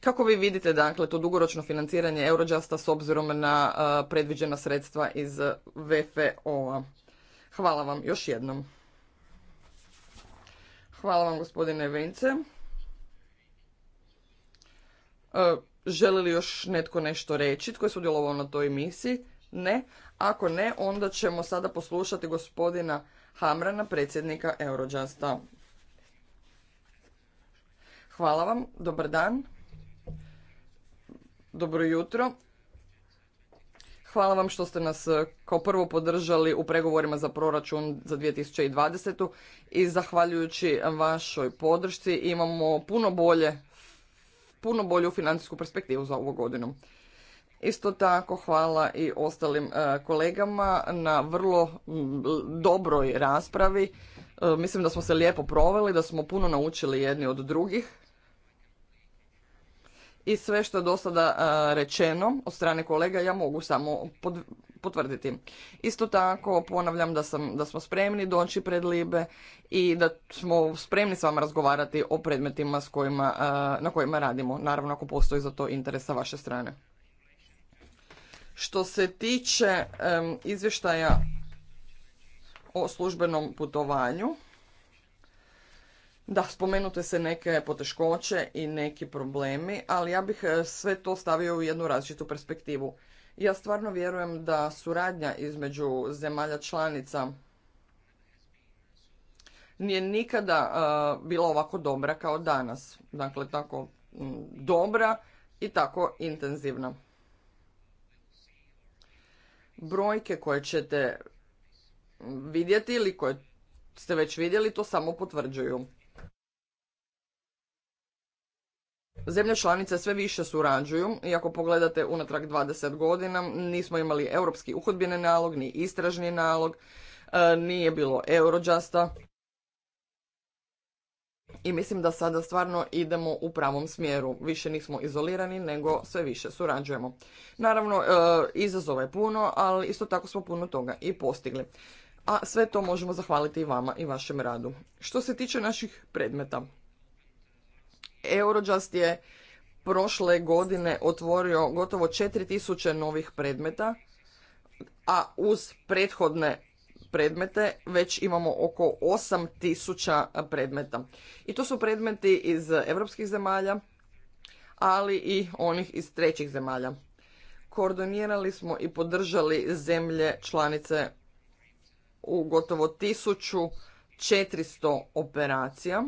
kako vi vidite dakle to dugoročno financiranje Eurojusta s obzirom na uh, predviđena sredstva iz VFO-a? Hvala vam još jednom. Hvala vam gospodine Vence. Uh, želi li još netko nešto reći tko je sudjelovao na toj emisiji? Ne. Ako ne, onda ćemo sada poslušati gospodina Hamrana, predsjednika Eurojusta. Hvala vam, dobar dan. Dobro jutro. Hvala vam što ste nas eh, kao prvo podržali u pregovorima za proračun za 2020. i zahvaljujući vašoj podršci imamo puno bolje puno bolju financijsku perspektivu za ovu godinu. Isto tako hvala i ostalim e, kolegama na vrlo dobroj raspravi. E, mislim da smo se lijepo proveli, da smo puno naučili jedni od drugih. I sve što je do sada e, rečeno od strane kolega ja mogu samo potvrditi. Isto tako ponavljam da, da smo spremni doći pred Libe i da smo spremni s vama razgovarati o predmetima na kojima radimo. Naravno ako postoji za to interes sa vaše strane. Što se tiče izvještaja o službenom putovanju, da, spomenute se neke poteškoće i neki problemi, ali ja bih e, sve to stavio u jednu različitu perspektivu. Ja stvarno vjerujem da suradnja između zemalja članica nije nikada e, bila ovako dobra kao danas. Dakle, tako dobra i tako intenzivna brojke koje ćete vidjeti ili koje ste već vidjeli to samo potvrđuju. Zemlje članice sve više surađuju i ako pogledate unatrag 20 godina nismo imali europski uhodbjeni nalog, ni istražni nalog, e, nije bilo Eurojusta i mislim da sada stvarno idemo u pravom smjeru. Više nismo izolirani, nego sve više surađujemo. Naravno, e, izazova je puno, ali isto tako smo puno toga i postigli. A sve to možemo zahvaliti i vama i vašem radu. Što se tiče naših predmeta, Eurojust je prošle godine otvorio gotovo 4000 novih predmeta, a uz prethodne predmete, već imamo oko 8000 e, predmeta. I to su predmeti iz europskih zemalja, ali i onih iz trećih zemalja. Koordinirali smo i podržali zemlje članice u gotovo 1400 operacija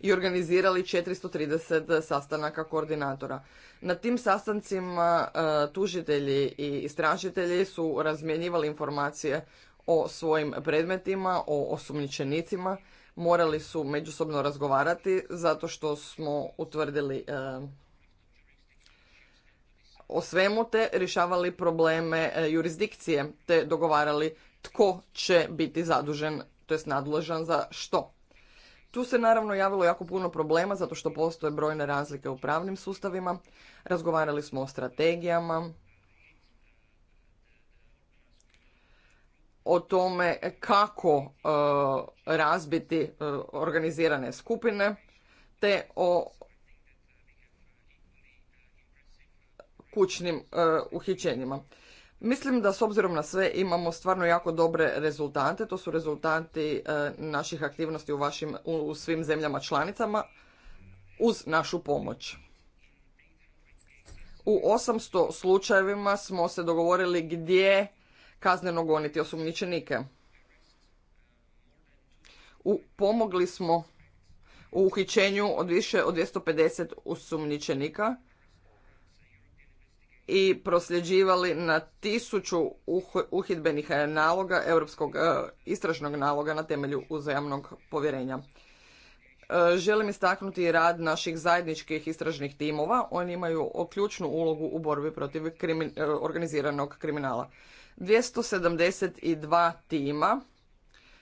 i organizirali 430 sastanaka koordinatora. Na tim sastancima e, tužitelji i istražitelji su razmjenjivali informacije o svojim predmetima, o osumnjičenicima. Morali su međusobno razgovarati zato što smo utvrdili e, o svemu te rješavali probleme e, jurisdikcije te dogovarali tko će biti zadužen, to jest nadležan za što. Tu se naravno javilo jako puno problema zato što postoje brojne razlike u pravnim sustavima. Razgovarali smo o strategijama, o tome kako e, razbiti e, organizirane skupine, te o kućnim e, uhićenjima. Mislim da s obzirom na sve imamo stvarno jako dobre rezultate. To su rezultati e, naših aktivnosti u, svim zemljama članicama uz našu pomoć. U 800 slučajevima smo se dogovorili gdje kazneno goniti osumnjičenike. U, pomogli smo u uhićenju od više od 250 osumnjičenika i prosljeđivali na tisuću uhidbenih eh, naloga, europskog eh, istražnog naloga na temelju uzajamnog povjerenja. Eh, želim istaknuti rad naših zajedničkih istražnih timova. Oni imaju ključnu ulogu u borbi protiv organiziranog kriminala. 272 tima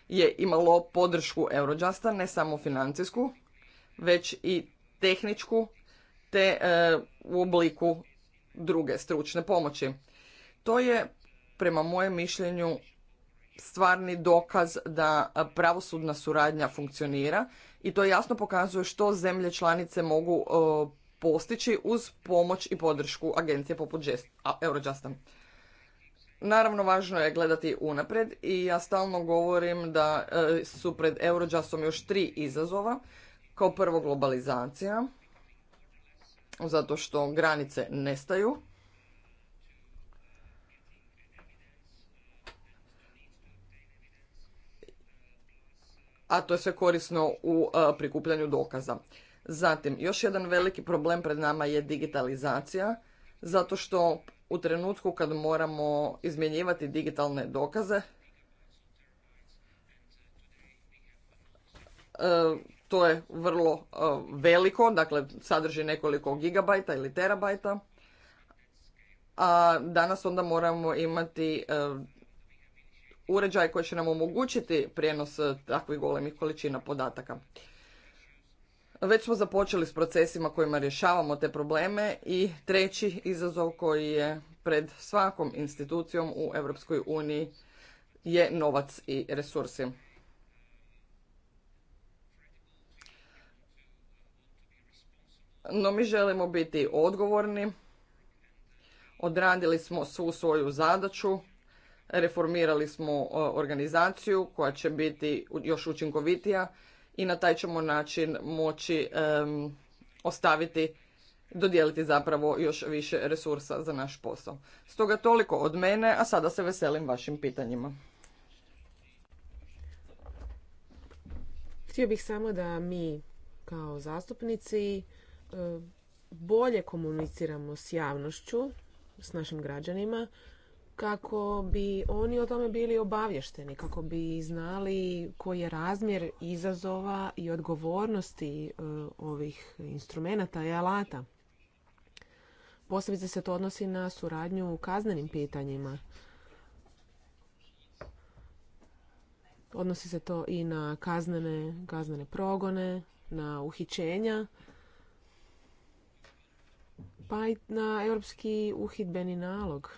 je imalo podršku Eurojusta, ne samo financijsku, već i tehničku, te u obliku druge stručne pomoći. To je, prema mojem mišljenju, stvarni dokaz da pravosudna suradnja funkcionira i to jasno pokazuje što zemlje članice mogu e, postići uz pomoć i podršku agencije poput Eurojusta. Naravno, važno je gledati unapred i ja stalno govorim da e, su pred Eurojustom još tri izazova. Kao prvo globalizacija, zato što granice nestaju. A to je sve korisno u e, prikupljanju dokaza. Zatim, još jedan veliki problem pred nama je digitalizacija, zato što u trenutku kad moramo izmjenjivati digitalne dokaze, e, to je vrlo e, veliko, dakle sadrži nekoliko gigabajta ili terabajta. A danas onda moramo imati e, uređaj koji će nam omogućiti prijenos e, takvih golemih količina podataka. Već smo započeli s procesima kojima rješavamo te probleme i treći izazov koji je pred svakom institucijom u Europskoj uniji je novac i resursi. no mi želimo biti odgovorni. Odradili smo svu svoju zadaću, reformirali smo e, organizaciju koja će biti još učinkovitija i na taj ćemo način moći ostaviti, dodijeliti zapravo još više resursa za naš posao. Stoga toliko od mene, a sada se veselim vašim pitanjima. Htio bih samo da mi kao zastupnici E, bolje komuniciramo s javnošću, s našim građanima, kako bi oni o tome bili obavješteni, kako bi znali koji je razmjer izazova i odgovornosti e, ovih instrumenata i alata. Posebice se to odnosi na suradnju u kaznenim pitanjima. Odnosi se to i na kaznene, kaznene progone, na uhićenja pa i na europski uhidbeni nalog.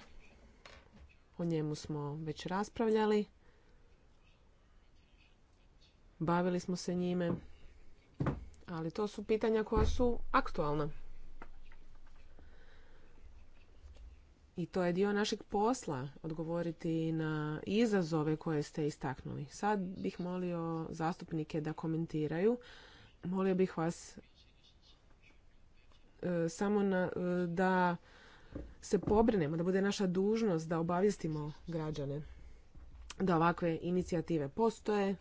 O njemu smo već raspravljali. Bavili smo se njime. Ali to su pitanja koja su aktualna. I to je dio našeg posla odgovoriti na izazove koje ste istaknuli. Sad bih molio zastupnike da komentiraju. Molio bih vas E, samo na, e, da se pobrinemo, da bude naša dužnost da obavijestimo građane da ovakve inicijative postoje,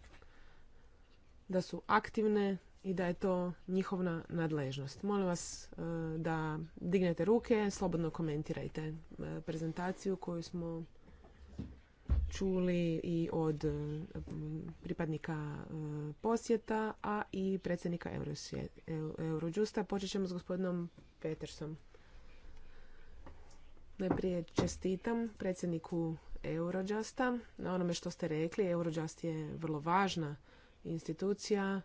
da su aktivne i da je to njihovna nadležnost. Molim vas e, da dignete ruke, slobodno komentirajte prezentaciju koju smo čuli i od e, pripadnika e, posjeta, a i predsjednika Eurojusta. Počet ćemo s gospodinom Petersom. Najprije čestitam predsjedniku Eurojusta na onome što ste rekli. Eurojust je vrlo važna institucija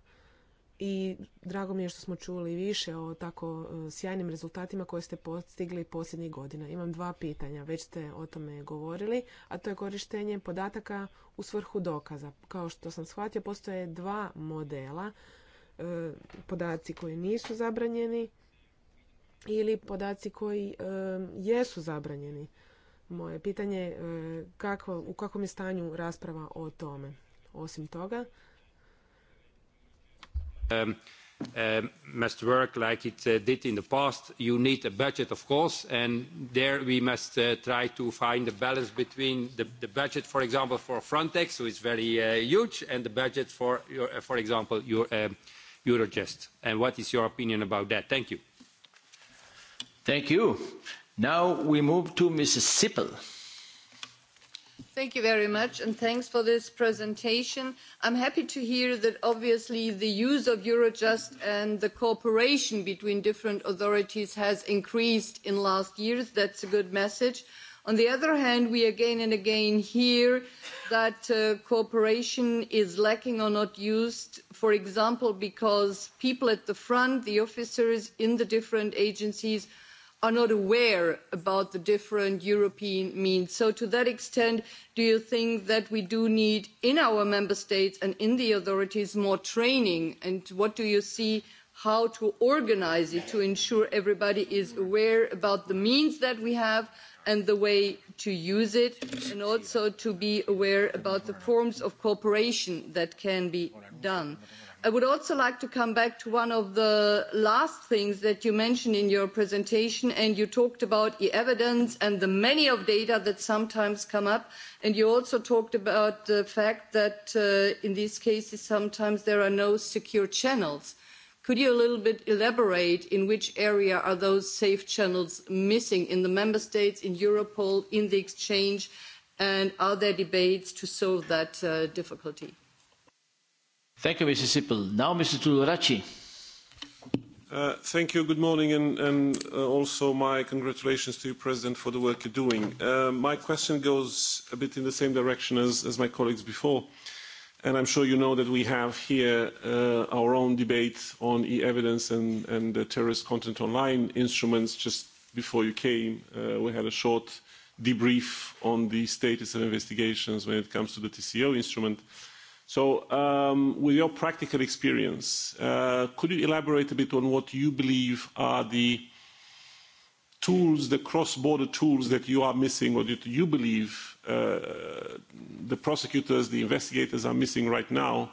i drago mi je što smo čuli više o tako e, sjajnim rezultatima koje ste postigli posljednjih godina. Imam dva pitanja, već ste o tome govorili, a to je korištenje podataka u svrhu dokaza. Kao što sam shvatio, postoje dva modela, e, podaci koji nisu zabranjeni ili podaci koji e, jesu zabranjeni. Moje pitanje je u kakvom je stanju rasprava o tome. Osim toga, Um, um, must work like it uh, did in the past. You need a budget, of course, and there we must uh, try to find a balance between the, budget, for example, for Frontex, which is very uh, huge, and the budget for, for example, your, um, Eurojust. And what is your opinion about that? Thank you. Thank you. Now we move to Mrs. Sippel. Thank you very much and thanks for this presentation. I'm happy to hear that obviously the use of Eurojust and the cooperation between different authorities has increased in last years. That's a good message. On the other hand, we again and again hear that uh, cooperation is lacking or not used, for example, because people at the front, the officers in the different agencies are not aware about the different European means. So to that extent, do you think that we do need in our member states and in the authorities more training? And what do you see how to organise it to ensure everybody is aware about the means that we have and the way to use it and also to be aware about the forms of cooperation that can be done? i would also like to come back to one of the last things that you mentioned in your presentation and you talked about the evidence and the many of data that sometimes come up and you also talked about the fact that uh, in these cases sometimes there are no secure channels could you a little bit elaborate in which area are those safe channels missing in the member states in europol in the exchange and are there debates to solve that uh, difficulty? Thank you, Mr. Sippel. Now, Mr. Uh, thank you. Good morning, and, and uh, also my congratulations to you, President, for the work you're doing. Uh, my question goes a bit in the same direction as, as my colleagues before, and I'm sure you know that we have here uh, our own debate on e-evidence and, and the terrorist content online instruments. Just before you came, uh, we had a short debrief on the status of investigations when it comes to the TCO instrument. So um, with your practical experience, uh, could you elaborate a bit on what you believe are the tools, the cross-border tools that you are missing or that you believe uh, the prosecutors, the investigators are missing right now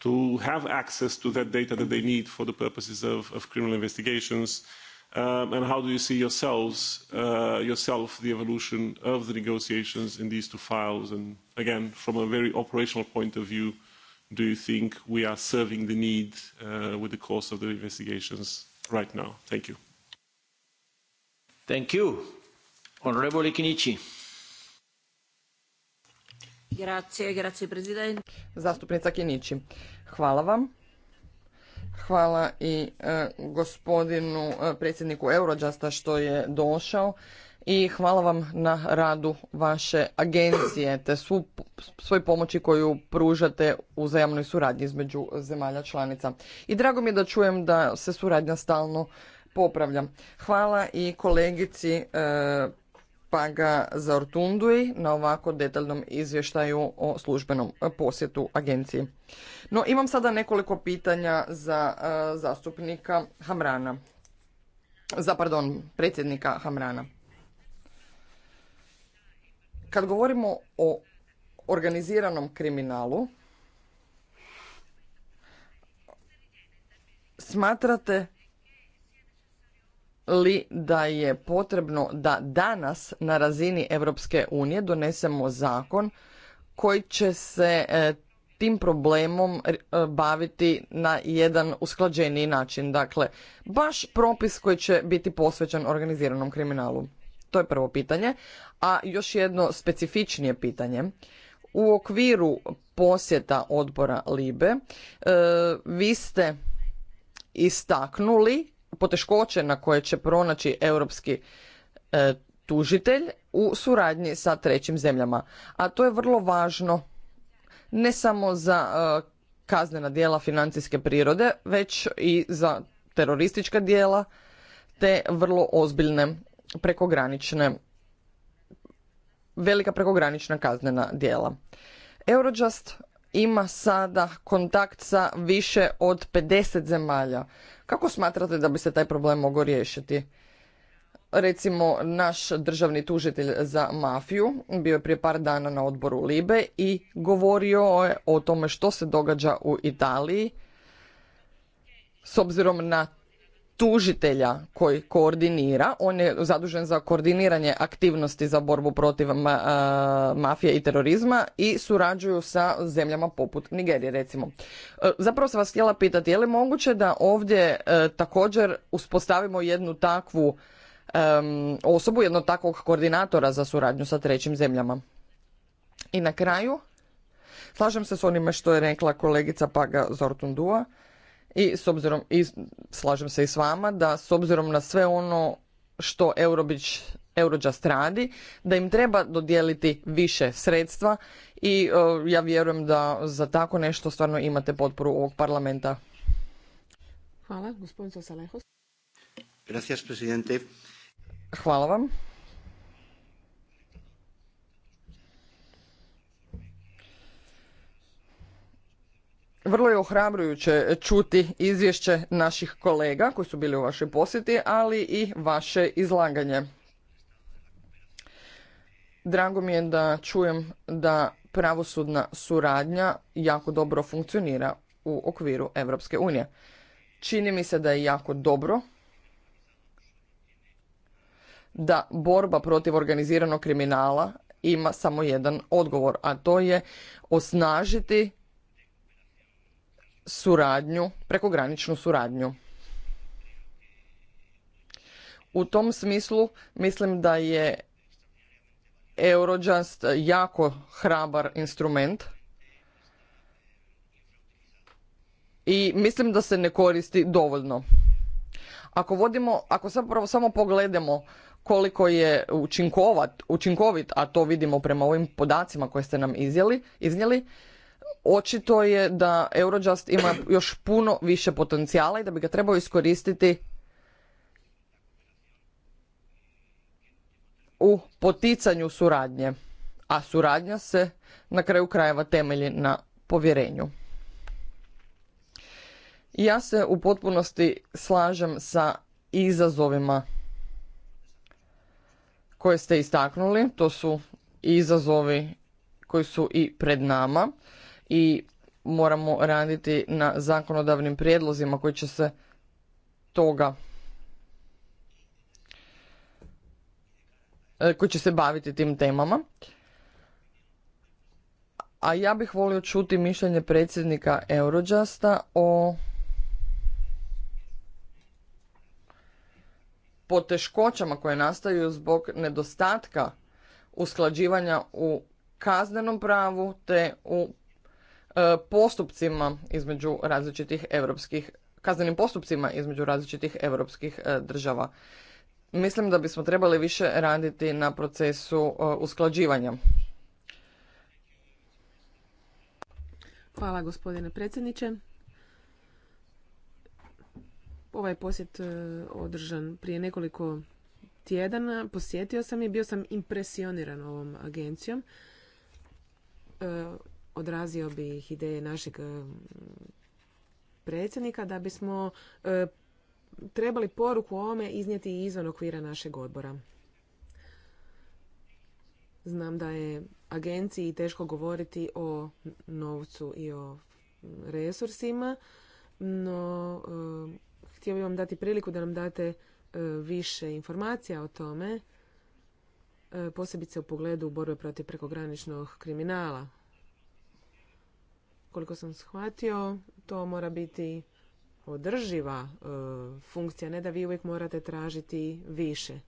to have access to that data that they need for the purposes of, of criminal investigations Um, and how do you see yourselves, uh, yourself, the evolution of the negotiations in these two files? And again, from a very operational point of view, do you think we are serving the need uh, with the course of the investigations right now? Thank you. Thank you. Honorable Ikinichi. Grazie, grazie Presidente. Zastupnica Kinići, hvala vam. Hvala i e, gospodinu e, predsjedniku Eurojusta što je došao i hvala vam na radu vaše agencije te svu, svoj pomoći koju pružate u zajamnoj suradnji između zemalja članica. I drago mi je da čujem da se suradnja stalno popravlja. Hvala i kolegici e, Paga zaortunduje na ovako detaljnom izvještaju o službenom posjetu agenciji. No imam sada nekoliko pitanja za e, zastupnika Hamrana. Za, pardon, predsjednika Hamrana. Kad govorimo o organiziranom kriminalu, smatrate li da je potrebno da danas na razini Europske unije donesemo zakon koji će se e, tim problemom e, baviti na jedan usklađeniji način. Dakle, baš propis koji će biti posvećen organiziranom kriminalu. To je prvo pitanje. A još jedno specifičnije pitanje. U okviru posjeta odbora Libe e, vi ste istaknuli poteškoće na koje će pronaći europski e, tužitelj u suradnji sa trećim zemljama. A to je vrlo važno ne samo za e, kaznena djela financijske prirode, već i za teroristička djela te vrlo ozbiljne prekogranične velika prekogranična kaznena djela. Eurojust ima sada kontakt sa više od 50 zemalja. Kako smatrate da bi se taj problem mogao riješiti? Recimo, naš državni tužitelj za mafiju bio je prije par dana na odboru Libe i govorio je o tome što se događa u Italiji s obzirom na tužitelja koji koordinira, on je zadužen za koordiniranje aktivnosti za borbu protiv mafije i terorizma i surađuju sa zemljama poput Nigerije recimo. E, zapravo sam vas htjela pitati, je li moguće da ovdje e, također uspostavimo jednu takvu osobu, jednog takvog koordinatora za suradnju sa trećim zemljama? I na kraju, slažem se s onime što je rekla kolegica Paga Zortundua, i s obzirom i slažem se i s vama da s obzirom na sve ono što Eurobić Eurojust radi, da im treba dodijeliti više sredstva i e, ja vjerujem da za tako nešto stvarno imate potporu ovog parlamenta. Hvala, gospodin Hvala vam. vrlo je ohrabrujuće čuti izvješće naših kolega koji su bili u vašoj posjeti, ali i vaše izlaganje. Drago mi je da čujem da pravosudna suradnja jako dobro funkcionira u okviru Europske unije. Čini mi se da je jako dobro da borba protiv organiziranog kriminala ima samo jedan odgovor, a to je osnažiti suradnju, prekograničnu suradnju. U tom smislu mislim da je Eurojust jako hrabar instrument i mislim da se ne koristi dovoljno. Ako vodimo, ako zapravo samo pogledamo koliko je učinkovit, a to vidimo prema ovim podacima koje ste nam iznijeli, očito je da Eurojust ima još puno više potencijala i da bi ga trebao iskoristiti u poticanju suradnje, a suradnja se na kraju krajeva temelji na povjerenju. Ja se u potpunosti slažem sa izazovima koje ste istaknuli, to su izazovi koji su i pred nama i moramo raditi na zakonodavnim prijedlozima koji će se toga e, koji će se baviti tim temama. A ja bih volio čuti mišljenje predsjednika Eurojusta o poteškoćama koje nastaju zbog nedostatka usklađivanja u kaznenom pravu te u E, postupcima između različitih europskih, kaznenim postupcima između različitih europskih e, država. Mislim da bismo trebali više raditi na procesu e, usklađivanja. Hvala gospodine predsjedniče. Ovaj posjet održan prije nekoliko tjedana. Posjetio sam i bio sam impresioniran ovom agencijom odrazio bih ideje našeg e, predsjednika da bismo e, trebali poruku ovome iznijeti izvan okvira našeg odbora. Znam da je agenciji teško govoriti o novcu i o resursima, no e, htio bih vam dati priliku da nam date više informacija o tome, posebice u pogledu borbe protiv prekograničnog kriminala. Koliko sam shvatio, to mora biti održiva e, funkcija, ne da vi uvijek morate tražiti više.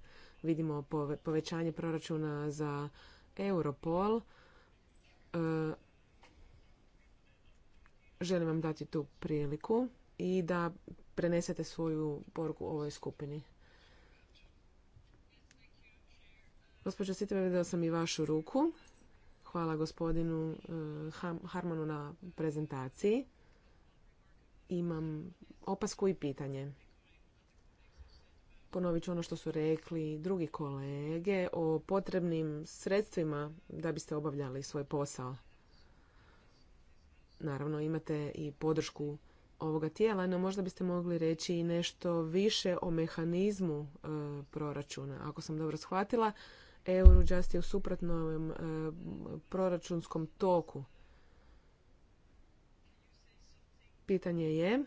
Vidimo povećanje proračuna za Europol. E, želim vam dati tu priliku i da prenesete svoju poruku ovoj skupini. Gospođo Sitve, vidio sam i vašu ruku. Hvala gospodinu e, Harmanu na prezentaciji. Imam opasku i pitanje. Ponovit ću ono što su rekli drugi kolege o potrebnim sredstvima da biste obavljali svoj posao. Naravno, imate i podršku ovoga tijela, no možda biste mogli reći i nešto više o mehanizmu e, proračuna. Ako sam dobro shvatila, Eurojust je u suprotnom e, proračunskom toku. Pitanje je,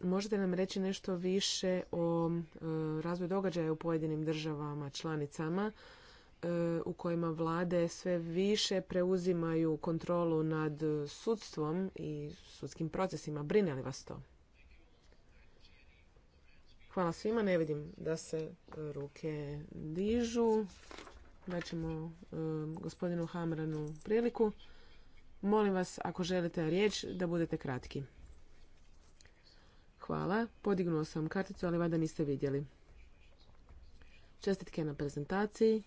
možete nam reći nešto više o e, razvoju događaja u pojedinim državama, članicama, e, u kojima vlade sve više preuzimaju kontrolu nad sudstvom i sudskim procesima. Brine li vas to? Hvala svima, ne vidim da se ruke dižu daćemo ćemo gospodinu Hamranu priliku. Molim vas, ako želite riječ, da budete kratki. Hvala. Podignuo sam karticu, ali vada niste vidjeli. Čestitke na prezentaciji.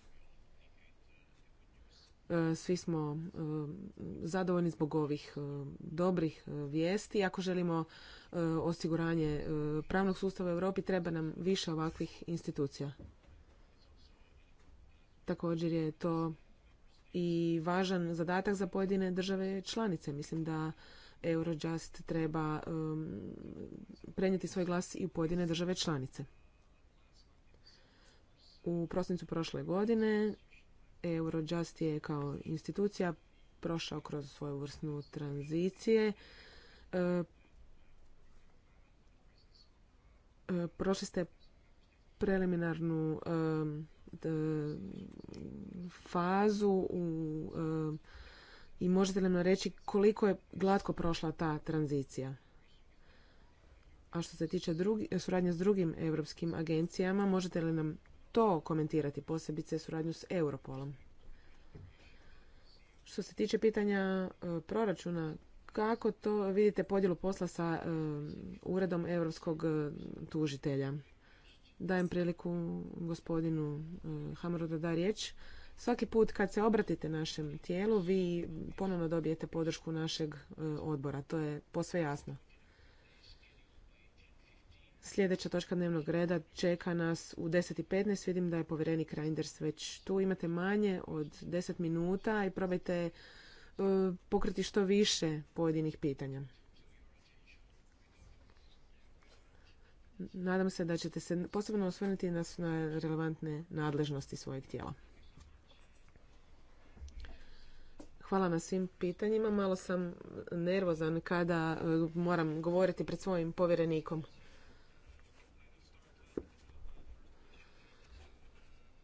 E, svi smo e, zadovoljni zbog ovih e, dobrih vijesti. Ako želimo osiguranje pravnog sustava u Europi, treba nam više ovakvih institucija. Također je to i važan zadatak za pojedine države članice. Mislim da Eurojust treba um, prenijeti svoj glas i u pojedine države članice. U prosincu prošle godine Eurojust je kao institucija prošao kroz svoju vrstnu tranzicije. E, prošli ste preliminarnu um, E, fazu e, i možete li nam reći koliko je glatko prošla ta tranzicija? A što se tiče drugi, suradnje s drugim europskim agencijama, možete li nam to komentirati, posebice suradnju s Europolom? Što se tiče pitanja e, proračuna, kako to vidite podjelu posla sa uredom europskog tužitelja? dajem priliku gospodinu e, Hamaru da da riječ. Svaki put kad se obratite našem tijelu, vi ponovno dobijete podršku našeg e, odbora. To je posve jasno. Sljedeća točka dnevnog reda čeka nas u 10.15. Vidim da je povjerenik Reinders već tu. Imate manje od 10 minuta i probajte e, pokriti što više pojedinih pitanja. Nadam se da ćete se posebno osvrnuti na relevantne nadležnosti svojeg tijela. Hvala na svim pitanjima. Malo sam nervozan kada e, moram govoriti pred svojim povjerenikom.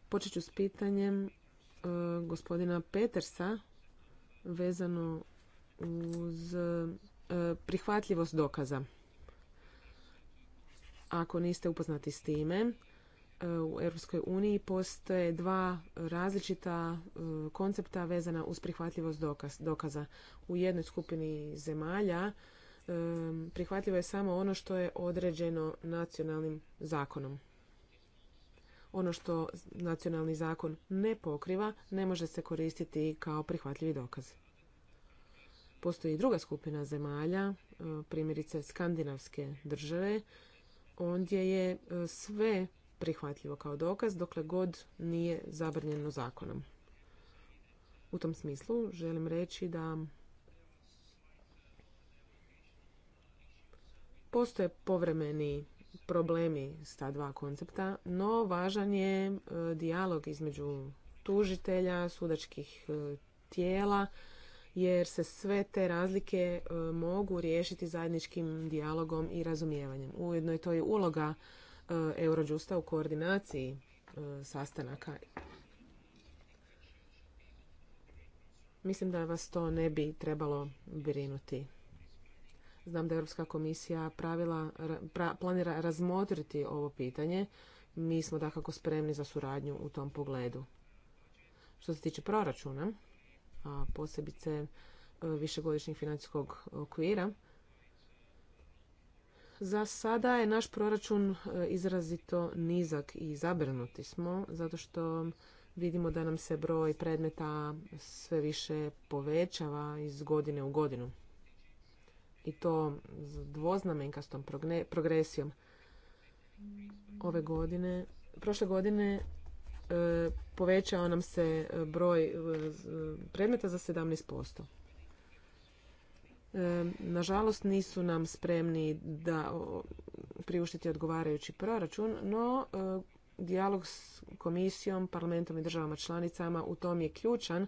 Počet ću s pitanjem e, gospodina Petersa vezano uz e, prihvatljivost dokaza. Ako niste upoznati s time, e, u Europskoj uniji postoje dva različita e, koncepta vezana uz prihvatljivost dokaza. U jednoj skupini zemalja e, prihvatljivo je samo ono što je određeno nacionalnim zakonom. Ono što nacionalni zakon ne pokriva ne može se koristiti kao prihvatljivi dokaz. Postoji i druga skupina zemalja, primjerice skandinavske države, ondje je e, sve prihvatljivo kao dokaz dokle god nije zabranjeno zakonom. U tom smislu želim reći da postoje povremeni problemi s ta dva koncepta, no važan je e, dijalog između tužitelja, sudačkih e, tijela jer se sve te razlike e, mogu riješiti zajedničkim dijalogom i razumijevanjem. Ujedno je to i uloga e, Eurođusta u koordinaciji e, sastanaka. Mislim da vas to ne bi trebalo brinuti. Znam da Europska komisija pravila, planira razmotriti ovo pitanje. Mi smo dakako spremni za suradnju u tom pogledu. Što se tiče proračuna, a posebice e, višegodišnjeg financijskog okvira. Za sada je naš proračun e, izrazito nizak i zabrinuti smo, zato što vidimo da nam se broj predmeta sve više povećava iz godine u godinu. I to s dvoznamenkastom progresijom. Ove godine, prošle godine E, povećao nam se broj e, predmeta za 17%. E, nažalost, nisu nam spremni da priuštiti odgovarajući proračun, no dijalog s komisijom, parlamentom i državama članicama u tom je ključan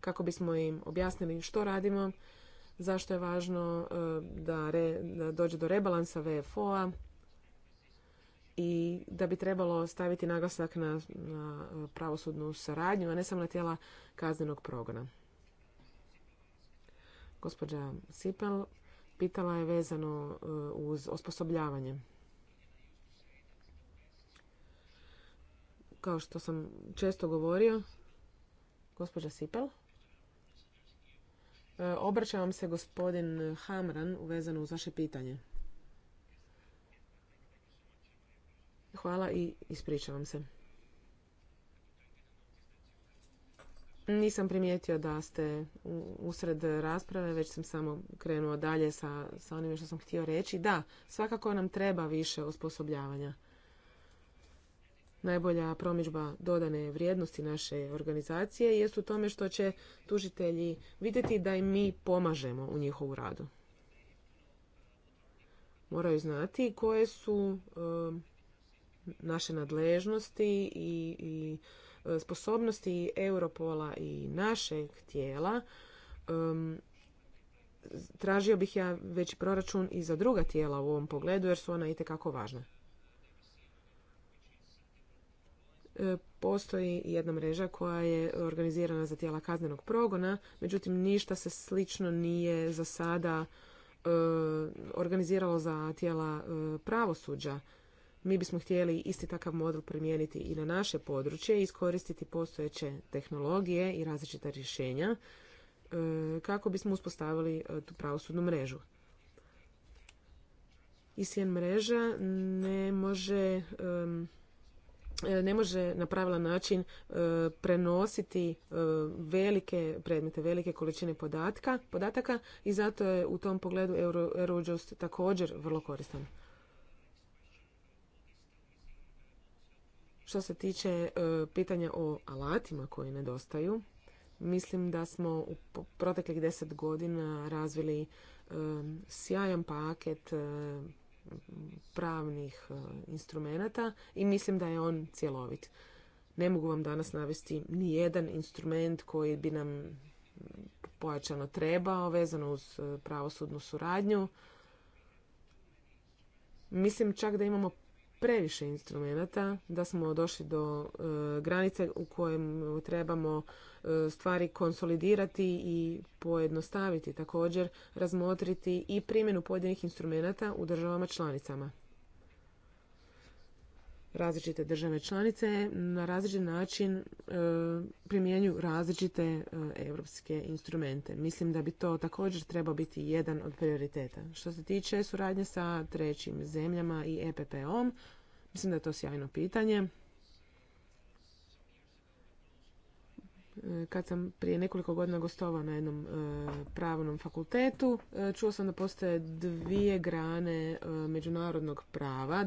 kako bismo im objasnili što radimo, zašto je važno da, da dođe do rebalansa VFO-a, i da bi trebalo staviti naglasak na, e, pravosudnu saradnju, a ne samo na tijela kaznenog progona. Gospođa Sipel pitala je vezano e, uz osposobljavanje. Kao što sam često govorio, gospođa Sipel, e, obraća vam se gospodin Hamran uvezano uz vaše pitanje. Hvala i ispričavam se. Nisam primijetio da ste usred rasprave, već sam samo krenuo dalje sa, sa onime što sam htio reći. Da, svakako nam treba više osposobljavanja. Najbolja promičba dodane vrijednosti naše organizacije jest u tome što će tužitelji vidjeti da im mi pomažemo u njihovu radu. Moraju znati koje su e, naše nadležnosti i, i e, sposobnosti Europola i našeg tijela, tražio bih ja veći proračun i za druga tijela u ovom pogledu jer su ona itekako važna. E, postoji jedna mreža koja je organizirana za tijela kaznenog progona, međutim ništa se slično nije za sada e, organiziralo za tijela pravosuđa mi bismo htjeli isti takav model primijeniti i na naše područje i iskoristiti postojeće tehnologije i različita rješenja e, kako bismo uspostavili e, tu pravosudnu mrežu. ICN mreža ne može e, ne može na pravilan način prenositi velike predmete, velike količine podataka i zato je u tom pogledu Eurojust također vrlo koristan. Što se tiče e, pitanja o alatima koji nedostaju, mislim da smo u proteklih deset godina razvili e, sjajan paket e, pravnih instrumenata i mislim da je on cjelovit. Ne mogu vam danas navesti ni jedan instrument koji bi nam pojačano trebao vezano uz pravosudnu suradnju. Mislim čak da imamo previše instrumenata, da smo došli do e, granice u kojem trebamo e, stvari konsolidirati i pojednostaviti, također razmotriti i primjenu pojedinih instrumenata u državama članicama. Različite države članice na različit način e, primjenju različite europske instrumente. Mislim da bi to također trebao biti jedan od prioriteta. Što se tiče suradnje sa trećim zemljama i EPP-om, Mislim da je to sjajno pitanje. E, kad sam prije nekoliko godina gostovao na jednom e, pravnom fakultetu, e, čuo sam da postoje dvije grane međunarodnog prava,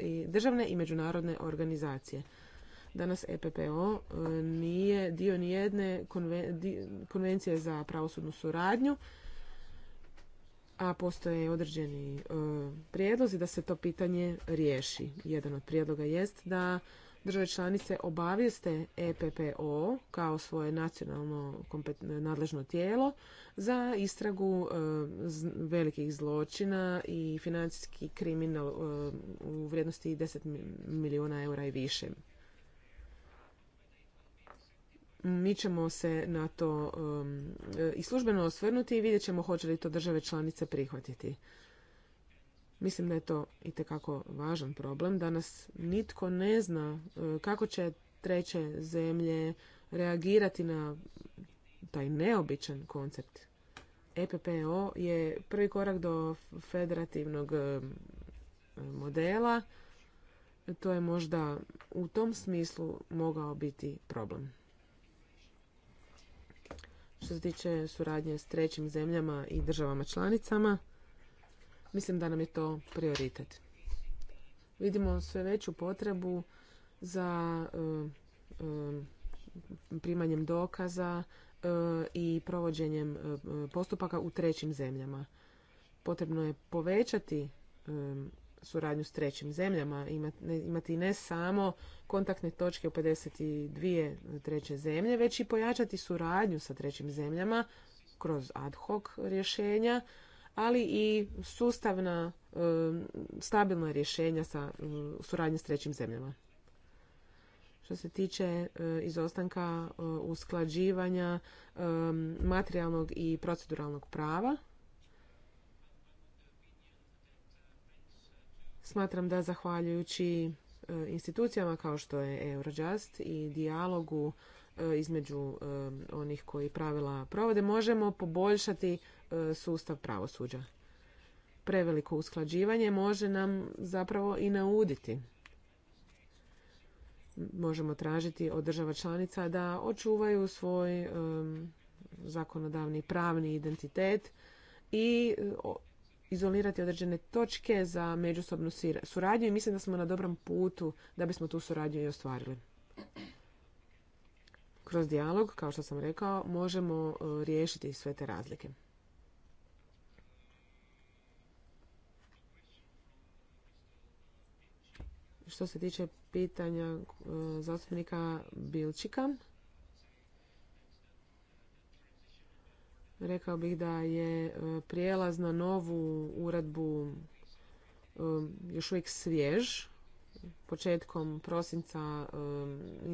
i, državne i međunarodne organizacije. Danas EPPO nije dio nijedne konvencije za pravosudnu suradnju, a postoje određeni e, prijedlozi da se to pitanje riješi. Jedan od prijedloga jest da države članice obavijeste EPPO kao svoje nacionalno nadležno tijelo za istragu e, velikih zločina i financijski kriminal e, u vrijednosti 10 milijuna eura i više mi ćemo se na to um, e, i službeno osvrnuti i vidjet ćemo hoće li to države članice prihvatiti. Mislim da je to i tekako važan problem. Danas nitko ne zna e, kako će treće zemlje reagirati na taj neobičan koncept. EPPO je prvi korak do federativnog e, modela. To je možda u tom smislu mogao biti problem. Što se tiče suradnje s trećim zemljama i državama članicama, mislim da nam je to prioritet. Vidimo sve veću potrebu za e, e, primanjem dokaza e, i provođenjem postupaka u trećim zemljama. Potrebno je povećati suradnju s trećim zemljama, imati ne samo kontaktne točke u 52 treće zemlje, već i pojačati suradnju sa trećim zemljama kroz ad hoc rješenja, ali i sustavna, um, stabilna rješenja sa um, suradnje s trećim zemljama. Što se tiče uh, izostanka uh, usklađivanja um, materijalnog i proceduralnog prava, Smatram da zahvaljujući e, institucijama kao što je Eurojust i dijalogu e, između e, onih koji pravila provode možemo poboljšati sustav pravosuđa. Preveliko usklađivanje može nam zapravo i nauditi. Možemo tražiti od država članica da očuvaju svoj zakonodavni pravni identitet i izolirati određene točke za međusobnu suradnju i mislim da smo na dobrom putu da bismo tu suradnju i ostvarili. Kroz dijalog, kao što sam rekao, možemo e, riješiti sve te razlike. Što se tiče pitanja e, zastupnika Bilčika, Rekao bih da je e, prijelaz na novu uredbu e, još uvijek svjež. Početkom prosinca e,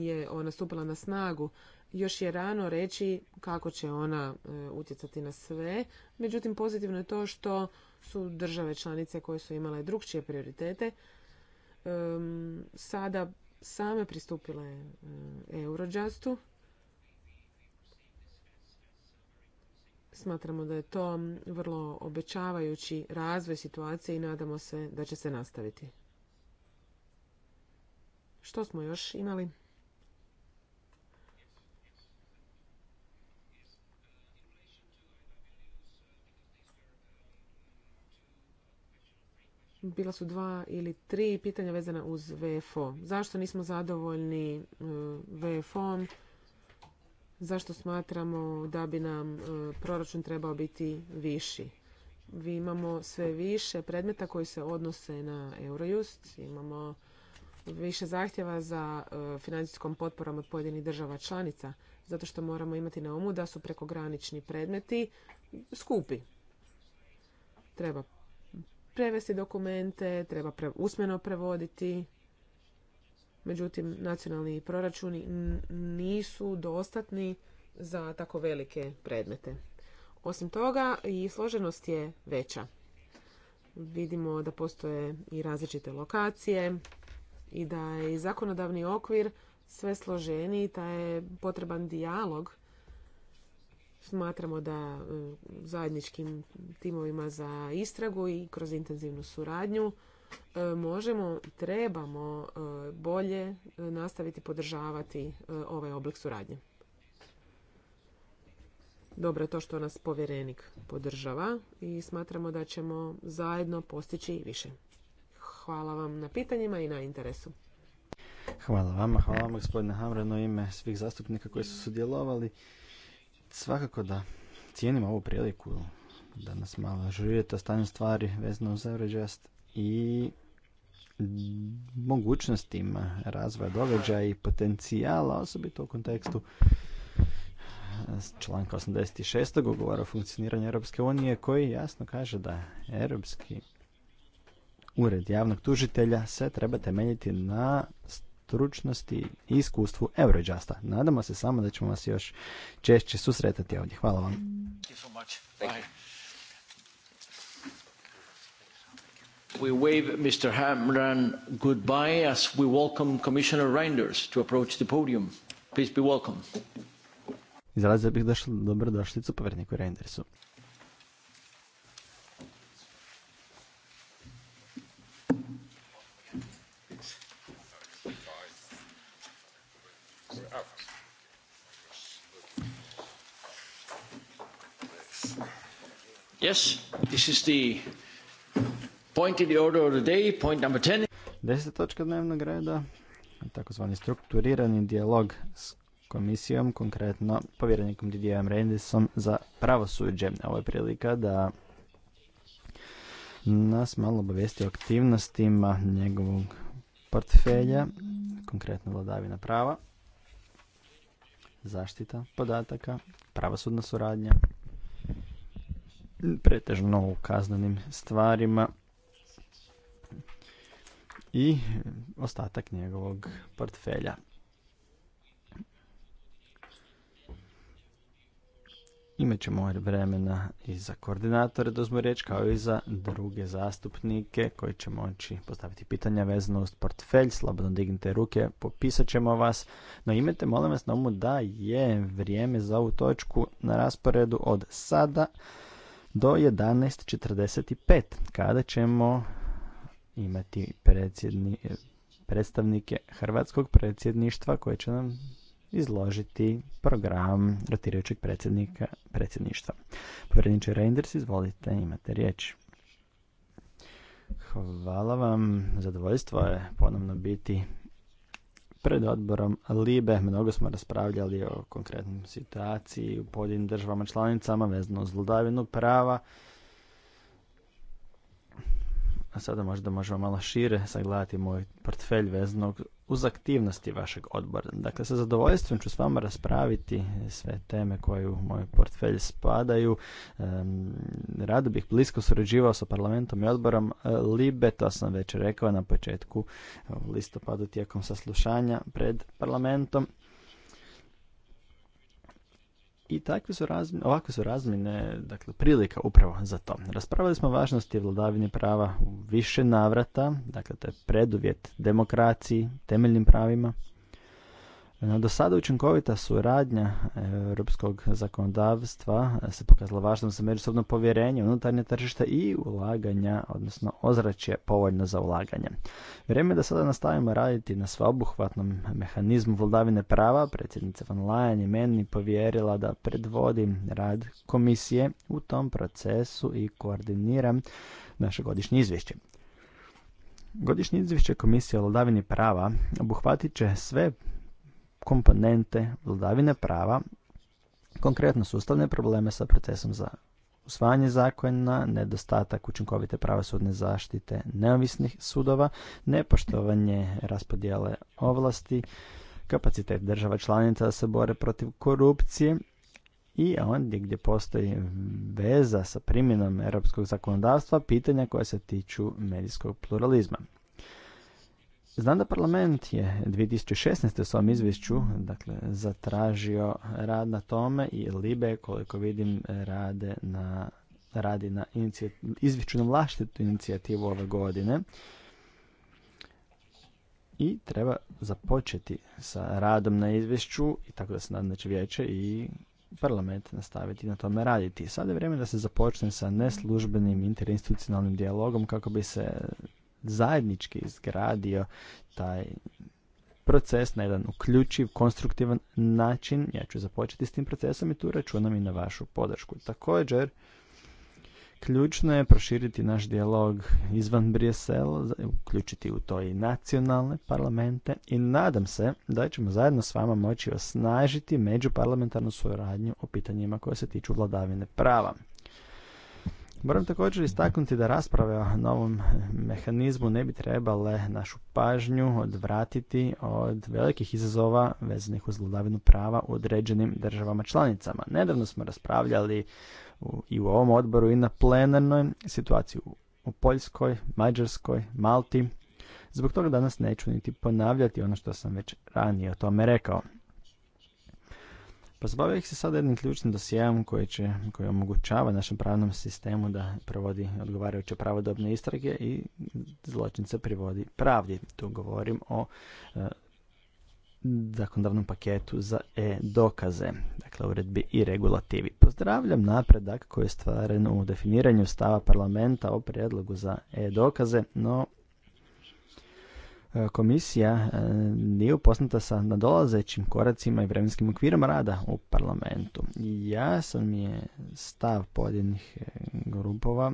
je ona stupila na snagu. Još je rano reći kako će ona utjecati na sve. Međutim, pozitivno je to što su države članice koje su imale drugčije prioritete sada same pristupile Eurojustu Smatramo da je to vrlo obećavajući razvoj situacije i nadamo se da će se nastaviti. Što smo još imali? Bila su dva ili tri pitanja vezana uz VFO. Zašto nismo zadovoljni e, VFO-om? zašto smatramo da bi nam e, proračun trebao biti viši. Vi imamo sve više predmeta koji se odnose na Eurojust, imamo više zahtjeva za e, financijskom potporom od pojedinih država članica, zato što moramo imati na umu da su prekogranični predmeti skupi. Treba prevesti dokumente, treba usmeno prevoditi, Međutim, nacionalni proračuni nisu dostatni za tako velike predmete. Osim toga, i složenost je veća. Vidimo da postoje i različite lokacije i da je i zakonodavni okvir sve složeniji, da je potreban dijalog. Smatramo da e, zajedničkim timovima za istragu i kroz intenzivnu suradnju E, možemo, trebamo e, bolje e, nastaviti podržavati ovaj oblik suradnje. Dobro je to što nas povjerenik podržava i smatramo da ćemo zajedno postići i više. Hvala vam na pitanjima i na interesu. Hvala vama, hvala vam gospodine Hamrano ime svih zastupnika koji su sudjelovali. Svakako da cijenimo ovu priliku da nas malo ažurirate o stanju stvari vezano uz i mogućnostima razvoja događaja i potencijala, osobito u kontekstu članka 86. ugovora o funkcioniranju Europske unije koji jasno kaže da Europski ured javnog tužitelja se treba temeljiti na stručnosti i iskustvu Eurojusta. Nadamo se samo da ćemo vas još češće susretati ovdje. Hvala vam. We wave Mr. Hamran goodbye as we welcome Commissioner Reinders to approach the podium. Please be welcome. Izrazio bih došli, dobrodošlicu povjerniku Reindersu. Yes, this is the Point in the order of the day, point number 10. Deseta točka dnevnog reda, takozvani strukturirani dijalog s komisijom, konkretno povjerenikom Didijem Rendisom za pravosuđe. Ovo je prilika da nas malo obavijesti o aktivnostima njegovog portfelja, konkretno vladavina prava, zaštita podataka, pravosudna suradnja, pretežno u kaznenim stvarima i ostatak njegovog portfelja. Imat ćemo vremena i za koordinatore dozmo riječ kao i za druge zastupnike koji će moći postaviti pitanja vezano uz portfelj, slobodno dignite ruke, popisat ćemo vas. No imajte molim vas na umu da je vrijeme za ovu točku na rasporedu od sada do 11.45 kada ćemo imati predstavnike Hrvatskog predsjedništva koje će nam izložiti program rotirajućeg predsjednika predsjedništva. Povredniče Reinders, izvolite, imate riječ. Hvala vam, zadovoljstvo je ponovno biti pred odborom Libe. Mnogo smo raspravljali o konkretnom situaciji u pojedinim državama članicama vezano uz vladavinu prava a sada možda možemo malo šire sagledati moj portfelj veznog uz aktivnosti vašeg odbora. Dakle, sa zadovoljstvom ću s vama raspraviti sve teme koje u moj portfelj spadaju. Rado bih blisko surađivao sa parlamentom i odborom e, Libe, to sam već rekao na početku listopadu tijekom saslušanja pred parlamentom. I takve su razmine, ovakve su razmine, dakle, prilika upravo za to. Raspravili smo važnosti vladavine prava u više navrata, dakle, to je preduvjet demokraciji, temeljnim pravima. Do sada učinkovita suradnja europskog zakonodavstva se pokazala važnom za međusobno povjerenje unutarnje tržište i ulaganja, odnosno ozračje povoljno za ulaganje. Vrijeme je da sada nastavimo raditi na sveobuhvatnom mehanizmu vladavine prava. Predsjednica van Leyen je meni povjerila da predvodim rad komisije u tom procesu i koordiniram naše godišnje izvješće. Godišnje izvješće Komisije o vladavini prava obuhvatit će sve komponente vladavine prava, konkretno sustavne probleme sa procesom za usvajanje zakona, nedostatak učinkovite pravosudne zaštite neovisnih sudova, nepoštovanje raspodjele ovlasti, kapacitet država članica da se bore protiv korupcije i ondje gdje postoji veza sa primjenom europskog zakonodavstva, pitanja koja se tiču medijskog pluralizma. Znam da parlament je 2016. u svom izvješću dakle, zatražio rad na tome i Libe, koliko vidim, rade na, radi na izvješću na vlaštitu inicijativu ove godine. I treba započeti sa radom na izvješću, i tako da se nadam da će vijeće i parlament nastaviti na tome raditi. Sada je vrijeme da se započne sa neslužbenim interinstitucionalnim dijalogom kako bi se zajednički izgradio taj proces na jedan uključiv, konstruktivan način. Ja ću započeti s tim procesom i tu računam i na vašu podršku. Također, ključno je proširiti naš dijalog izvan Brisela, uključiti u to i nacionalne parlamente i nadam se da ćemo zajedno s vama moći osnažiti međuparlamentarnu suradnju o pitanjima koje se tiču vladavine prava. Moram također istaknuti da rasprave o novom mehanizmu ne bi trebale našu pažnju odvratiti od velikih izazova vezanih uz vladavinu prava u određenim državama članicama. Nedavno smo raspravljali i u ovom odboru i na plenarnoj situaciji u, u Poljskoj, Mađarskoj, Malti. Zbog toga danas neću niti ponavljati ono što sam već ranije o tome rekao. Pozbavio pa ih se sada jednim ključnim dosijevom koji, će, koji omogućava našem pravnom sistemu da provodi odgovarajuće pravodobne istrage i zločince privodi pravdi. Tu govorim o e, zakonodavnom paketu za e-dokaze, dakle uredbi i regulativi. Pozdravljam napredak koji je stvaren u definiranju stava parlamenta o prijedlogu za e-dokaze, no E, komisija e, nije upoznata sa nadolazećim koracima i vremenskim okvirom rada u parlamentu. Ja sam je stav pojedinih e, grupova,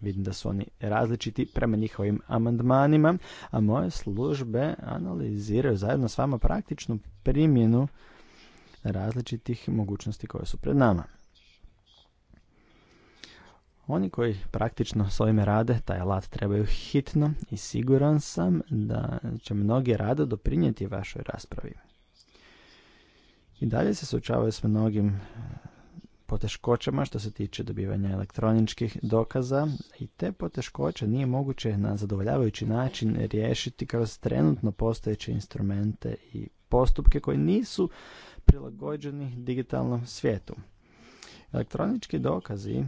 vidim da su oni različiti prema njihovim amandmanima, a moje službe analiziraju zajedno s vama praktičnu primjenu različitih mogućnosti koje su pred nama. Oni koji praktično s ovime rade taj alat trebaju hitno i siguran sam da će mnogi rado doprinijeti vašoj raspravi. I dalje se suočavaju s mnogim e, poteškoćama što se tiče dobivanja elektroničkih dokaza i te poteškoće nije moguće na zadovoljavajući način riješiti kroz trenutno postojeće instrumente i postupke koji nisu prilagođeni digitalnom svijetu. Elektronički dokazi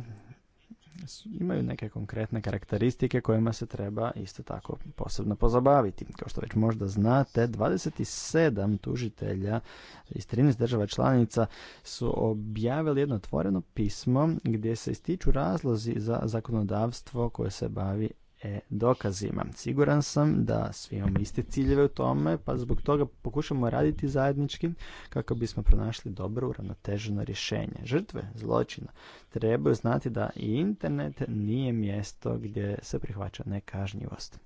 imaju neke konkretne karakteristike kojima se treba isto tako posebno pozabaviti. Kao što već možda znate, 27 tužitelja iz 13 država članica su objavili jedno otvoreno pismo gdje se ističu razlozi za zakonodavstvo koje se bavi e dokazima. Siguran sam da svi imamo iste ciljeve u tome, pa zbog toga pokušamo raditi zajednički kako bismo pronašli dobro uravnoteženo rješenje. Žrtve zločina trebaju znati da i internet nije mjesto gdje se prihvaća nekažnjivost.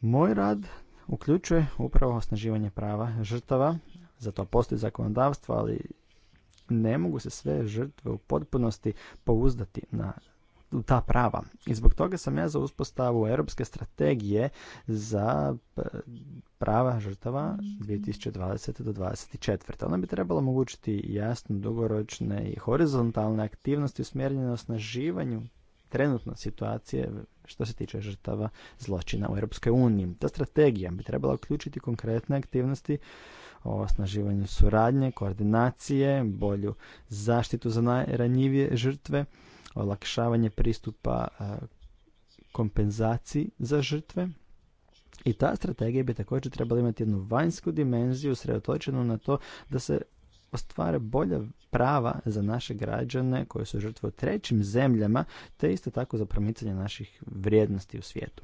Moj rad uključuje upravo osnaživanje prava žrtava, za to postoji zakonodavstvo, ali ne mogu se sve žrtve u potpunosti pouzdati na ta prava. I zbog toga sam ja za uspostavu europske strategije za e, prava žrtava 2020. do 2024. Ona bi trebala omogućiti jasno dugoročne i horizontalne aktivnosti usmjerene na osnaživanju trenutno situacije što se tiče žrtava zločina u Europskoj uniji. Ta strategija bi trebala uključiti konkretne aktivnosti o osnaživanju suradnje, koordinacije, bolju zaštitu za najranjivije žrtve, olakšavanje pristupa kompenzaciji za žrtve. I ta strategija bi također trebala imati jednu vanjsku dimenziju sredotočenu na to da se ostvare bolja prava za naše građane koji su žrtve u trećim zemljama, te isto tako za promicanje naših vrijednosti u svijetu.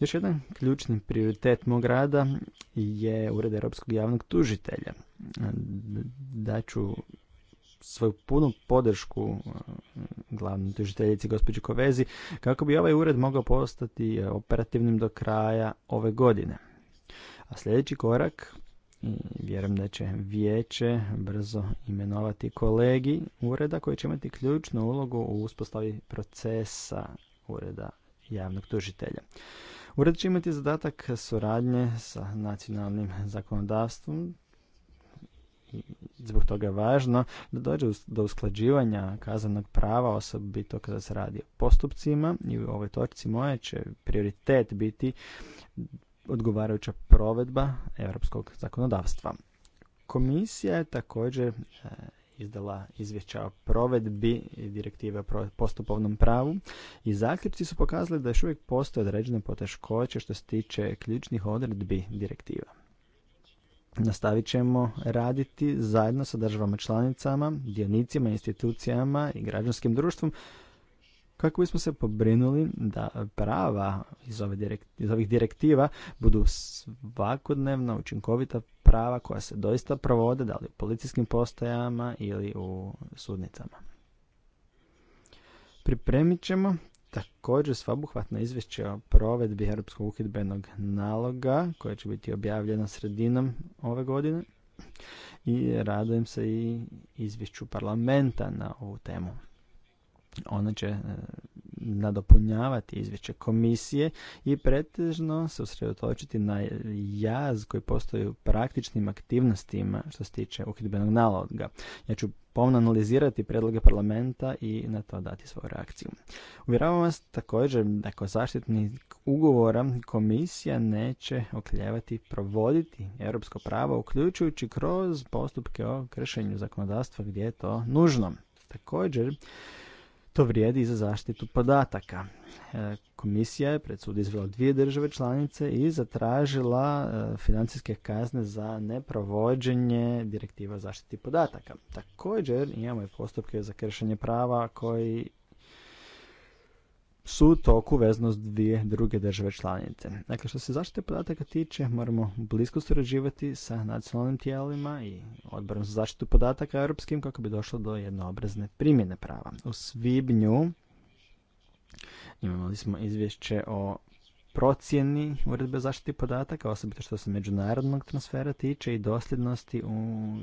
Još jedan ključni prioritet mog rada je Ured Europskog javnog tužitelja. Daću svoju punu podršku e, glavnoj tužiteljici gospođi Kovezi kako bi ovaj ured mogao postati e, operativnim do kraja ove godine. A sljedeći korak, e, vjerujem da će vijeće brzo imenovati kolegi ureda koji će imati ključnu ulogu u uspostavi procesa ureda javnog tužitelja. Ured će imati zadatak suradnje sa nacionalnim zakonodavstvom zbog toga je važno da dođe do usklađivanja kaznenog prava, osobito kada se radi o postupcima i u ovoj točci moje će prioritet biti odgovarajuća provedba europskog zakonodavstva. Komisija je također e, izdala izvješća o provedbi direktive o postupovnom pravu i zaključci su pokazali da još uvijek postoje određene poteškoće što se tiče ključnih odredbi direktiva. Nastavit ćemo raditi zajedno sa državama članicama, dionicima, institucijama i građanskim društvom kako bismo se pobrinuli da prava iz, iz ovih direktiva budu svakodnevna učinkovita prava koja se doista provode, da li u policijskim postajama ili u sudnicama. Pripremit ćemo također sveobuhvatno izvješće o provedbi Europskog uhidbenog naloga koje će biti objavljeno sredinom ove godine i radujem se i izvješću parlamenta na ovu temu. Ona će e, nadopunjavati izvješće komisije i pretežno se usredotočiti na jaz koji postoji u praktičnim aktivnostima što se tiče uhidbenog naloga. Ja ću pomno analizirati predloge parlamenta i na to dati svoju reakciju. Uvjeravam vas također da kao zaštitnik ugovora komisija neće okljevati provoditi europsko pravo uključujući kroz postupke o kršenju zakonodavstva gdje je to nužno. Također to vrijedi i za zaštitu podataka. E, komisija je pred sud izvela dvije države članice i zatražila e, financijske kazne za neprovođenje direktiva zaštiti podataka. Također imamo i postupke za kršenje prava koji su u toku vezano s dvije druge države članice. Dakle, što se zaštite podataka tiče, moramo blisko surađivati sa nacionalnim tijelima i odborom za zaštitu podataka europskim kako bi došlo do jednoobrazne primjene prava. U svibnju imali smo izvješće o procjeni uredbe zaštiti podataka, osobito što se međunarodnog transfera tiče i dosljednosti u,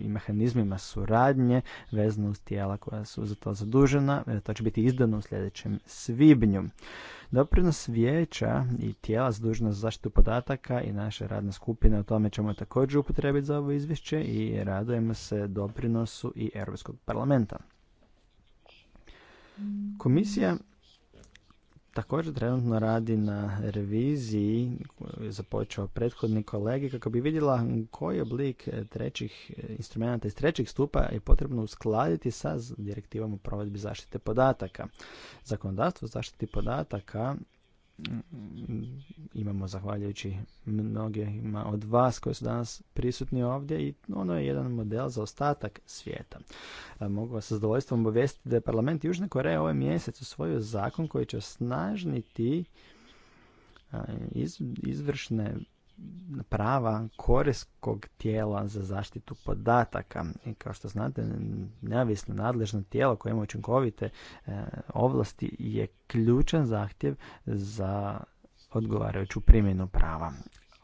i mehanizmima suradnje vezano uz tijela koja su za to zadužena. E, to će biti izdano u sljedećem svibnju. Doprinos vijeća i tijela zadužena za zaštitu podataka i naše radne skupine o tome ćemo također upotrebiti za ovo izvješće i radujemo se doprinosu i Europskog parlamenta. Komisija također trenutno radi na reviziji započeo prethodni kolegi kako bi vidjela koji oblik trećih instrumenta iz trećeg stupa je potrebno uskladiti sa direktivom o provedbi zaštite podataka. Zakonodavstvo o zaštiti podataka imamo zahvaljujući mnogima od vas koji su danas prisutni ovdje i ono je jedan model za ostatak svijeta. E, mogu vas sa zadovoljstvom obavijestiti da je parlament Južne Koreje ovaj mjesec usvojio zakon koji će snažniti e, izvršne prava korejskog tijela za zaštitu podataka. I kao što znate, neovisno nadležno tijelo koje ima učinkovite e, ovlasti je ključan zahtjev za odgovarajuću primjenu prava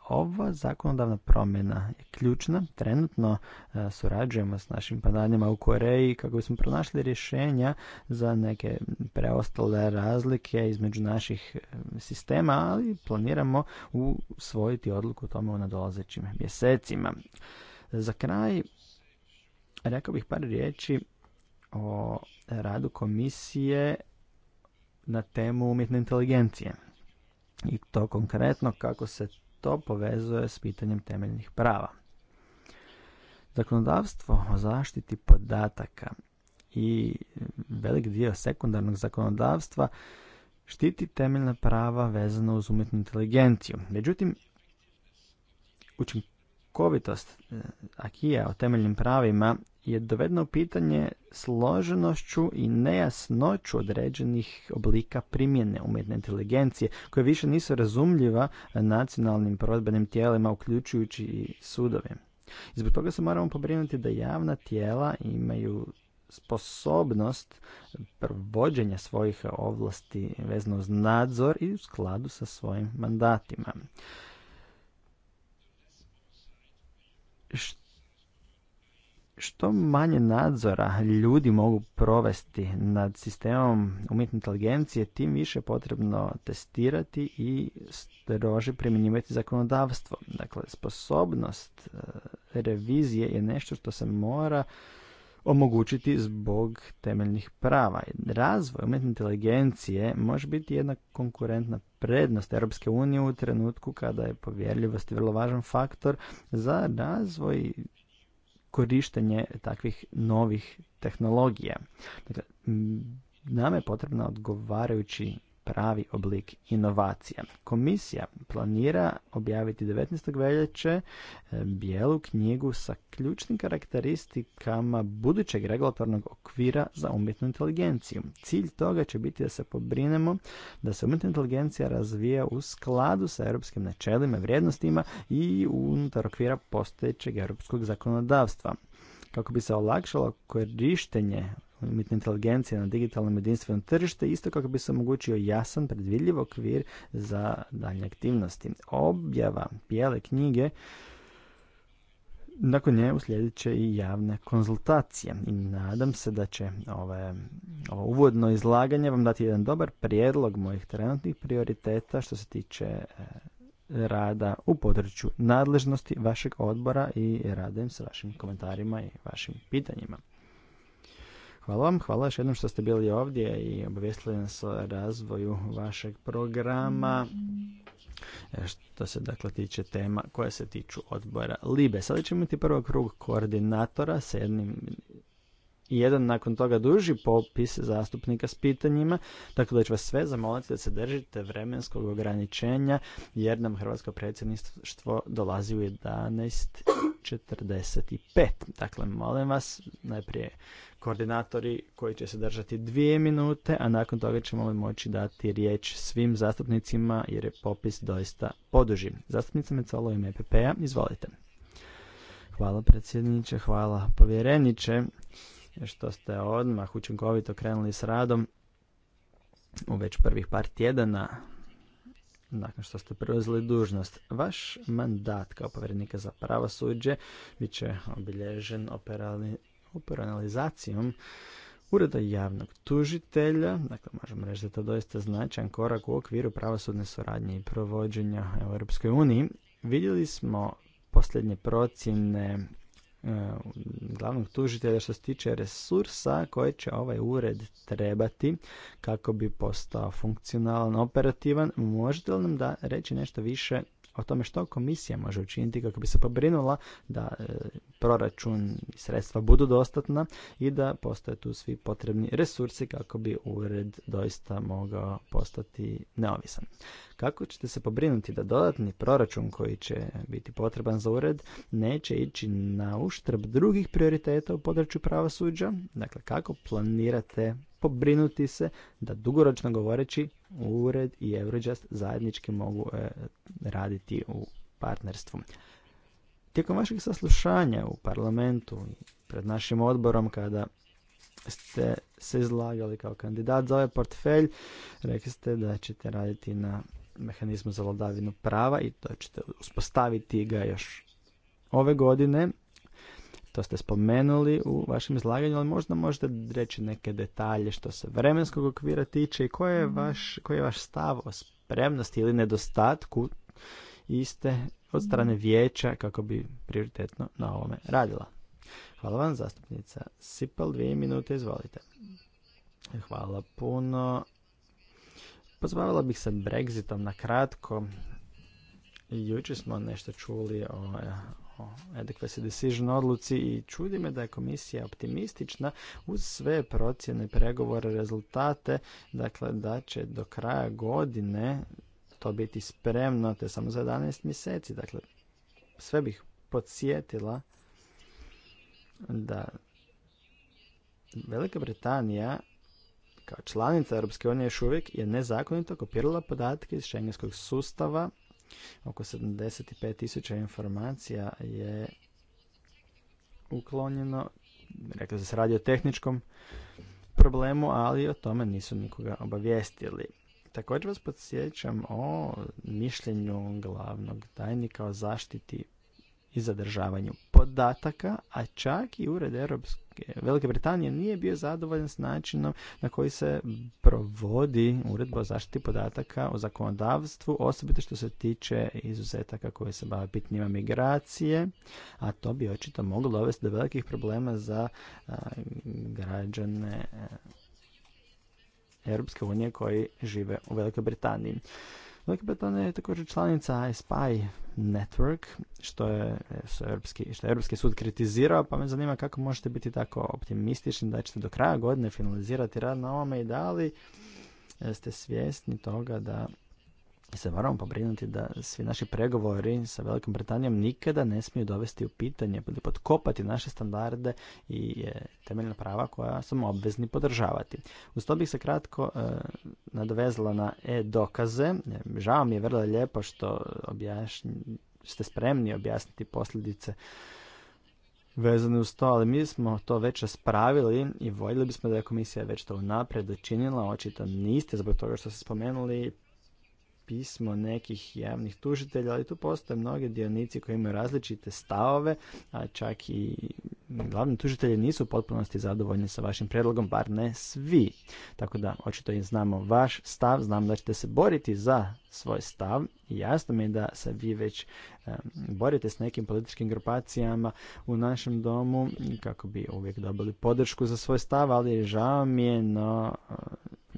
ova zakonodavna promjena je ključna. Trenutno e, surađujemo s našim pandanjama u Koreji kako bismo pronašli rješenja za neke preostale razlike između naših e, sistema, ali planiramo usvojiti odluku o tome u nadolazećim mjesecima. Za kraj, rekao bih par riječi o radu komisije na temu umjetne inteligencije i to konkretno kako se to povezuje s pitanjem temeljnih prava. Zakonodavstvo o zaštiti podataka i velik dio sekundarnog zakonodavstva štiti temeljna prava vezano uz umjetnu inteligenciju. Međutim, učinkovitost eh, akija o temeljnim pravima je dovedno pitanje složenošću i nejasnoću određenih oblika primjene umjetne inteligencije, koje više nisu razumljiva nacionalnim provedbenim tijelima, uključujući i sudovi. I zbog toga se moramo pobrinuti da javna tijela imaju sposobnost provođenja svojih ovlasti vezano uz nadzor i u skladu sa svojim mandatima. Što što manje nadzora ljudi mogu provesti nad sistemom umjetne inteligencije, tim više je potrebno testirati i strože primjenjivati zakonodavstvo. Dakle, sposobnost e, revizije je nešto što se mora omogućiti zbog temeljnih prava. Razvoj umjetne inteligencije može biti jedna konkurentna prednost Europske unije u trenutku kada je povjerljivost vrlo važan faktor za razvoj korištenje takvih novih tehnologija. Dakle, nama je potrebna odgovarajući pravi oblik inovacija. Komisija planira objaviti 19. veljače e, bijelu knjigu sa ključnim karakteristikama budućeg regulatornog okvira za umjetnu inteligenciju. Cilj toga će biti da se pobrinemo da se umjetna inteligencija razvija u skladu sa europskim načelima, vrijednostima i unutar okvira postojećeg europskog zakonodavstva kako bi se olakšalo korištenje umjetne inteligencije na digitalnom jedinstvenom tržište, isto kako bi se omogućio jasan, predvidljiv okvir za dalje aktivnosti. Objava bijele knjige nakon nje uslijedit će i javne konzultacije i nadam se da će ove, ovo uvodno izlaganje vam dati jedan dobar prijedlog mojih trenutnih prioriteta što se tiče e, rada u području nadležnosti vašeg odbora i radujem se vašim komentarima i vašim pitanjima. Hvala vam, hvala još jednom što ste bili ovdje i obavijestili nas o razvoju vašeg programa e, što se dakle tiče tema koje se tiču odbora Libe. Sada ćemo imati prvo krug koordinatora sa jednim i jedan nakon toga duži popis zastupnika s pitanjima, tako da ću vas sve zamoliti da se držite vremenskog ograničenja jer nam Hrvatsko predsjedništvo dolazi u 11 45. Dakle, molim vas, najprije koordinatori koji će se držati dvije minute, a nakon toga ćemo moći dati riječ svim zastupnicima jer je popis doista poduži. Zastupnica Mecolo ime EPP-a, izvolite. Hvala predsjedniče, hvala povjereniče što ste odmah učinkovito krenuli s radom u već prvih par tjedana nakon što ste preuzeli dužnost. Vaš mandat kao povjerenika za pravosuđe bit će obilježen operalizacijom Ureda javnog tužitelja, dakle možemo reći da je to doista značajan korak u okviru pravosudne suradnje i provođenja EU. uniji. Vidjeli smo posljednje procjene E, glavnog tužitelja što se tiče resursa koje će ovaj ured trebati kako bi postao funkcionalan, operativan. Možete li nam da reći nešto više o tome što komisija može učiniti kako bi se pobrinula da e, proračun i sredstva budu dostatna i da postoje tu svi potrebni resursi kako bi ured doista mogao postati neovisan. Kako ćete se pobrinuti da dodatni proračun koji će biti potreban za ured neće ići na uštrb drugih prioriteta u području suđa? Dakle, kako planirate pobrinuti se da dugoročno govoreći ured i Eurojust zajednički mogu e, raditi u partnerstvu? Tijekom vašeg saslušanja u parlamentu pred našim odborom kada ste se izlagali kao kandidat za ovaj portfelj, rekli ste da ćete raditi na mehanizmu za vladavinu prava i to ćete uspostaviti ga još ove godine. To ste spomenuli u vašem izlaganju, ali možda možete reći neke detalje što se vremenskog okvira tiče i koji je mm. vaš, koji je vaš stav o spremnosti ili nedostatku iste od strane mm. vijeća kako bi prioritetno na ovome radila. Hvala vam, zastupnica Sipal, dvije minute, izvolite. Hvala puno. Pozbavila bih se Brexitom na kratko. Juče smo nešto čuli o, o adequacy decision odluci i čudi me da je komisija optimistična uz sve procjene, pregovore, rezultate, dakle da će do kraja godine to biti spremno, te samo za 11 mjeseci. Dakle, sve bih podsjetila da Velika Britanija kao članica Europske unije još uvijek je nezakonito kopirala podatke iz šengenskog sustava. Oko 75.000 informacija je uklonjeno. Rekli da se radi o tehničkom problemu, ali o tome nisu nikoga obavijestili. Također vas podsjećam o mišljenju glavnog tajnika o zaštiti i zadržavanju podataka, a čak i ured Europske Velike Britanije nije bio zadovoljan s načinom na koji se provodi uredba o zaštiti podataka o zakonodavstvu, osobito što se tiče izuzetaka koje se bave pitnjima migracije, a to bi očito moglo dovesti do velikih problema za građane Europske unije koji žive u Velikoj Britaniji. Velika Britanija je također članica spy Network, što je, što je, Europski, što je Europski sud kritizirao, pa me zanima kako možete biti tako optimistični da ćete do kraja godine finalizirati rad na ovome i da li e, ste svjesni toga da se moramo pobrinuti da svi naši pregovori sa Velikom Britanijom nikada ne smiju dovesti u pitanje ili potkopati naše standarde i e, temeljna prava koja smo obvezni podržavati. Uz to bih se kratko e, nadovezala na e-dokaze. E, žao mi je vrlo lijepo što ste spremni objasniti posljedice vezane uz to, ali mi smo to već spravili i voljeli bismo da je komisija već to unaprijed učinila, očito niste zbog toga što ste spomenuli pismo nekih javnih tužitelja, ali tu postoje mnogi dionici koji imaju različite stavove, a čak i glavni tužitelji nisu u potpunosti zadovoljni sa vašim predlogom, bar ne svi. Tako da, očito i znamo vaš stav, znam da ćete se boriti za svoj stav. Jasno mi je da se vi već borite s nekim političkim grupacijama u našem domu kako bi uvijek dobili podršku za svoj stav, ali žao mi je, no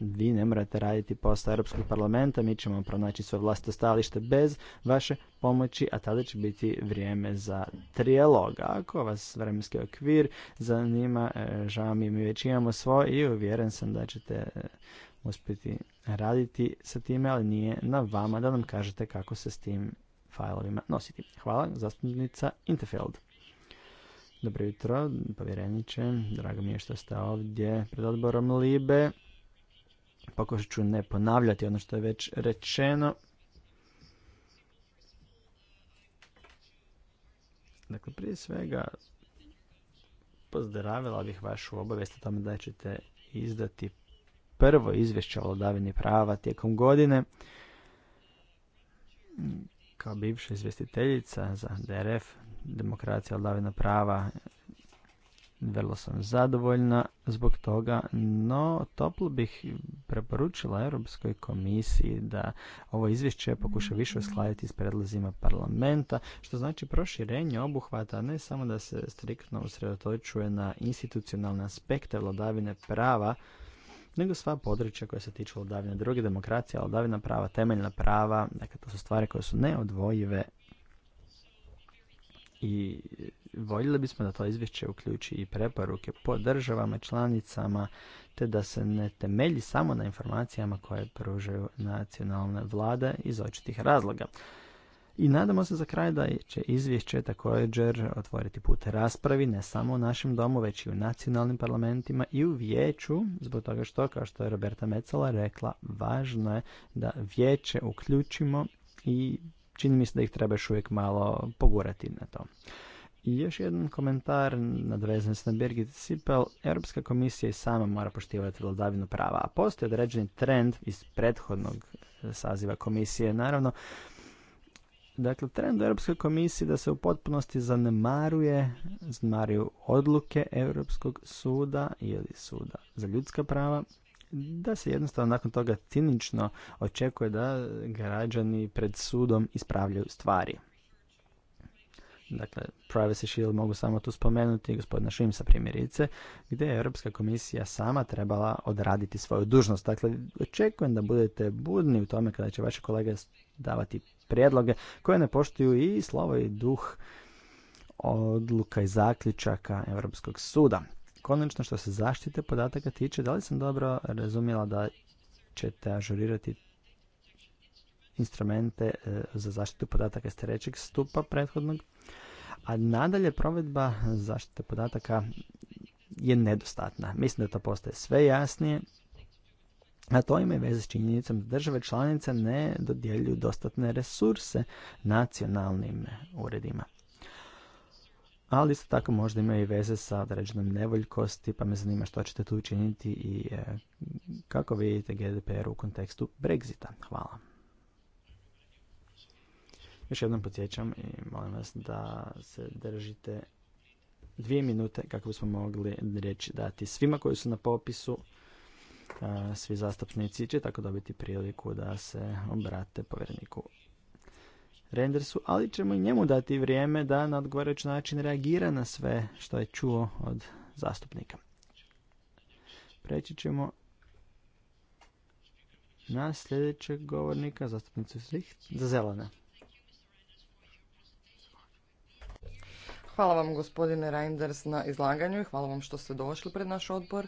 vi ne morate raditi posao Europskog parlamenta, mi ćemo pronaći svoje vlastito stajalište bez vaše pomoći, a tada će biti vrijeme za trijalog. Ako vas vremenski okvir zanima, e, žao mi mi već imamo svoj i uvjeren sam da ćete e, uspjeti raditi sa time, ali nije na vama da nam kažete kako se s tim failovima nositi. Hvala, zastupnica Interfield. Dobro jutro, povjereniče, drago mi je što ste ovdje pred odborom Libe. Pokušat ću ne ponavljati ono što je već rečeno. Dakle, prije svega pozdravila bih vašu obavijest o tome da ćete izdati prvo izvješće o vladavini prava tijekom godine. Kao bivša izvjestiteljica za DRF, demokracija, vladavina prava, vrlo sam zadovoljna zbog toga, no toplo bih preporučila Europskoj komisiji da ovo izvješće pokuša više uskladiti s predlozima parlamenta, što znači proširenje obuhvata ne samo da se striktno usredotočuje na institucionalne aspekte vladavine prava, nego sva područja koja se tiču vladavine druge demokracije, vladavina prava, temeljna prava, dakle to su stvari koje su neodvojive i voljeli bismo da to izvješće uključi i preporuke po državama članicama te da se ne temelji samo na informacijama koje pružaju nacionalne vlade iz očitih razloga. I nadamo se za kraj da će izvješće također otvoriti put raspravi ne samo u našem domu, već i u nacionalnim parlamentima i u vijeću, zbog toga što, kao što je Roberta Mecala rekla, važno je da vijeće uključimo i čini mi se da ih treba još uvijek malo pogurati na to. I još jedan komentar nadvezan se na Birgit Sipel. Europska komisija i sama mora poštivati vladavinu prava, a postoji određeni trend iz prethodnog e, saziva komisije, naravno, Dakle, trend u Europskoj komisiji da se u potpunosti zanemaruje, zanemaruju odluke Europskog suda ili suda za ljudska prava, da se jednostavno nakon toga cinično očekuje da građani pred sudom ispravljaju stvari. Dakle, Privacy Shield mogu samo tu spomenuti gospodina Šimsa primjerice, gdje je Europska komisija sama trebala odraditi svoju dužnost. Dakle, očekujem da budete budni u tome kada će vaše kolege davati prijedloge koje ne poštuju i slovo i duh odluka i zaključaka Europskog suda. Konačno što se zaštite podataka tiče, da li sam dobro razumjela da ćete ažurirati instrumente e, za zaštitu podataka iz trećeg stupa prethodnog, a nadalje provedba zaštite podataka je nedostatna. Mislim da to postaje sve jasnije, a to ima i veze s činjenicom da države članice ne dodjeljuju dostatne resurse nacionalnim uredima ali isto tako možda imaju i veze sa određenom nevoljkosti, pa me zanima što ćete tu učiniti i e, kako vidite GDPR u kontekstu Brexita. Hvala. Još jednom podsjećam i molim vas da se držite dvije minute kako bismo mogli riječ dati svima koji su na popisu. E, svi zastupnici će tako dobiti priliku da se obrate povjereniku Rendersu, ali ćemo i njemu dati vrijeme da na odgovarajući način reagira na sve što je čuo od zastupnika. Preći ćemo na sljedećeg govornika, zastupnicu svih, za zelene. Hvala vam gospodine Reinders na izlaganju i hvala vam što ste došli pred naš odbor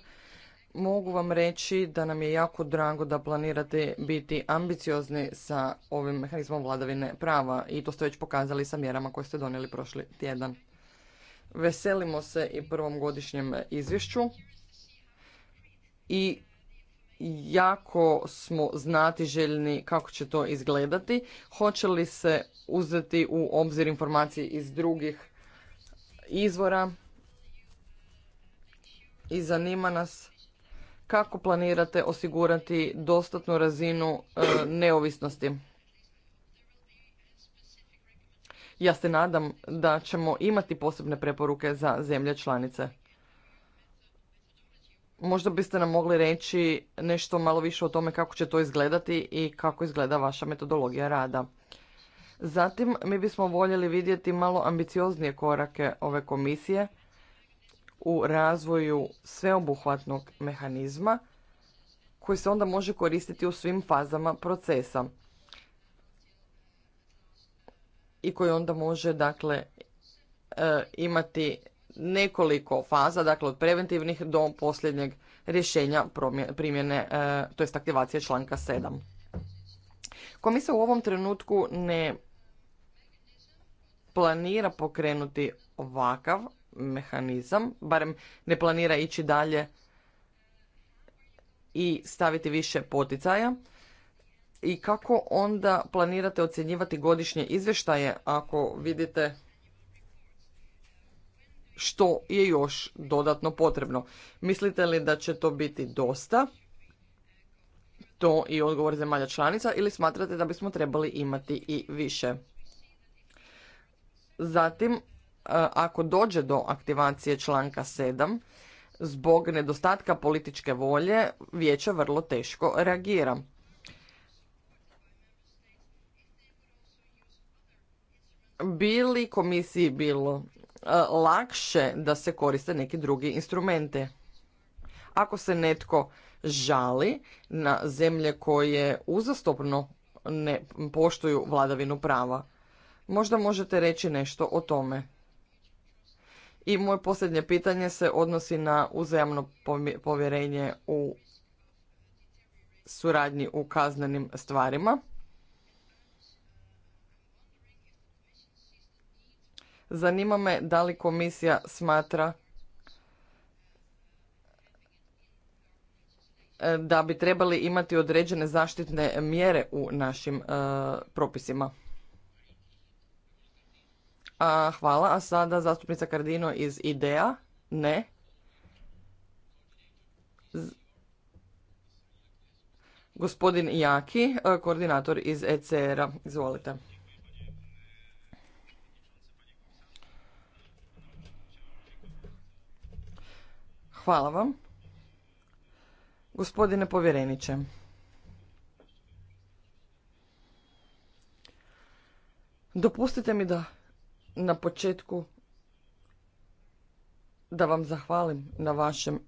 mogu vam reći da nam je jako drago da planirate biti ambiciozni sa ovim mehanizmom vladavine prava i to ste već pokazali sa mjerama koje ste donijeli prošli tjedan. Veselimo se i prvom godišnjem izvješću i jako smo znati željni kako će to izgledati. Hoće li se uzeti u obzir informacije iz drugih izvora i zanima nas kako planirate osigurati dostatnu razinu e, neovisnosti? Ja se nadam da ćemo imati posebne preporuke za zemlje članice. Možda biste nam mogli reći nešto malo više o tome kako će to izgledati i kako izgleda vaša metodologija rada. Zatim mi bismo voljeli vidjeti malo ambicioznije korake ove komisije u razvoju sveobuhvatnog mehanizma koji se onda može koristiti u svim fazama procesa i koji onda može dakle e, imati nekoliko faza, dakle od preventivnih do posljednjeg rješenja primjene, e, to jest aktivacije članka 7. Komisa u ovom trenutku ne planira pokrenuti ovakav mehanizam, barem ne planira ići dalje i staviti više poticaja? I kako onda planirate ocjenjivati godišnje izvještaje ako vidite što je još dodatno potrebno? Mislite li da će to biti dosta? To i odgovor zemalja članica ili smatrate da bismo trebali imati i više? Zatim, E, ako dođe do aktivacije članka 7, zbog nedostatka političke volje vijeća vrlo teško reagira. Bili komisiji bilo e, lakše da se koriste neki drugi instrumente. Ako se netko žali na zemlje koje uzastopno ne poštuju vladavinu prava, možda možete reći nešto o tome. I moje posljednje pitanje se odnosi na uzajamno povjerenje u suradnji u kaznenim stvarima. Zanima me da li komisija smatra e, da bi trebali imati određene zaštitne mjere u našim e, propisima. A, hvala. A sada zastupnica Kardino iz IDEA. Ne. Gospodin Jaki, e, koordinator iz ECR-a. Izvolite. Hvala vam. Gospodine povjereniče. Dopustite mi da na početku da vam zahvalim na vašem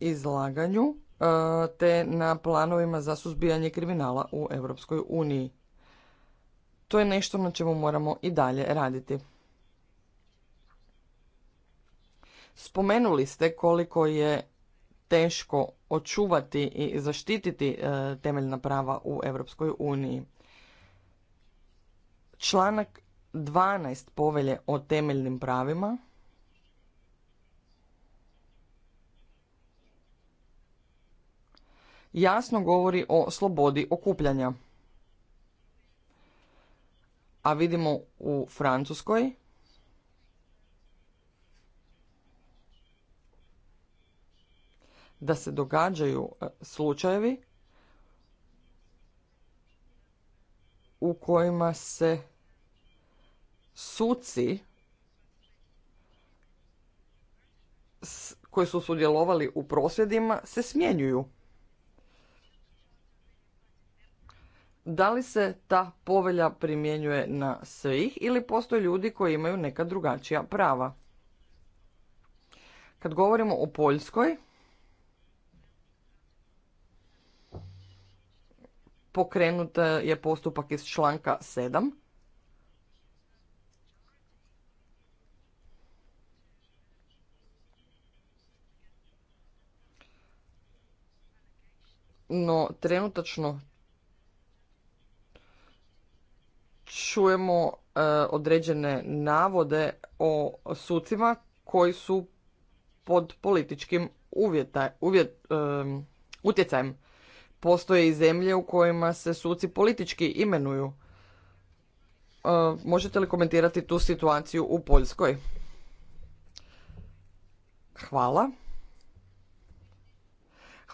izlaganju e, te na planovima za suzbijanje kriminala u Europskoj uniji. To je nešto na čemu moramo i dalje raditi. Spomenuli ste koliko je teško očuvati i zaštititi e, temeljna prava u Europskoj uniji. Članak 12 povelje o temeljnim pravima jasno govori o slobodi okupljanja. A vidimo u Francuskoj da se događaju e, slučajevi u kojima se suci koji su sudjelovali u prosvjedima se smjenjuju. Da li se ta povelja primjenjuje na svih ili postoje ljudi koji imaju neka drugačija prava? Kad govorimo o Poljskoj, pokrenut je postupak iz članka 7 no trenutačno čujemo e, određene navode o sucima koji su pod političkim e, utjecajem. Postoje i zemlje u kojima se suci politički imenuju. E, možete li komentirati tu situaciju u Poljskoj? Hvala.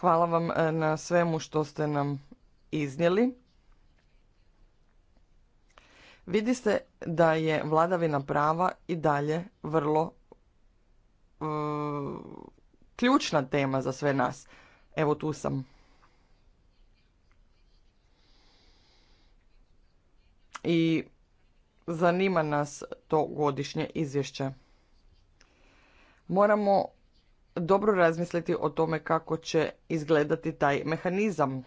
Hvala vam e, na svemu što ste nam iznijeli. Vidi se da je vladavina prava i dalje vrlo e, ključna tema za sve nas. Evo tu sam. I zanima nas to godišnje izvješće. Moramo dobro razmisliti o tome kako će izgledati taj mehanizam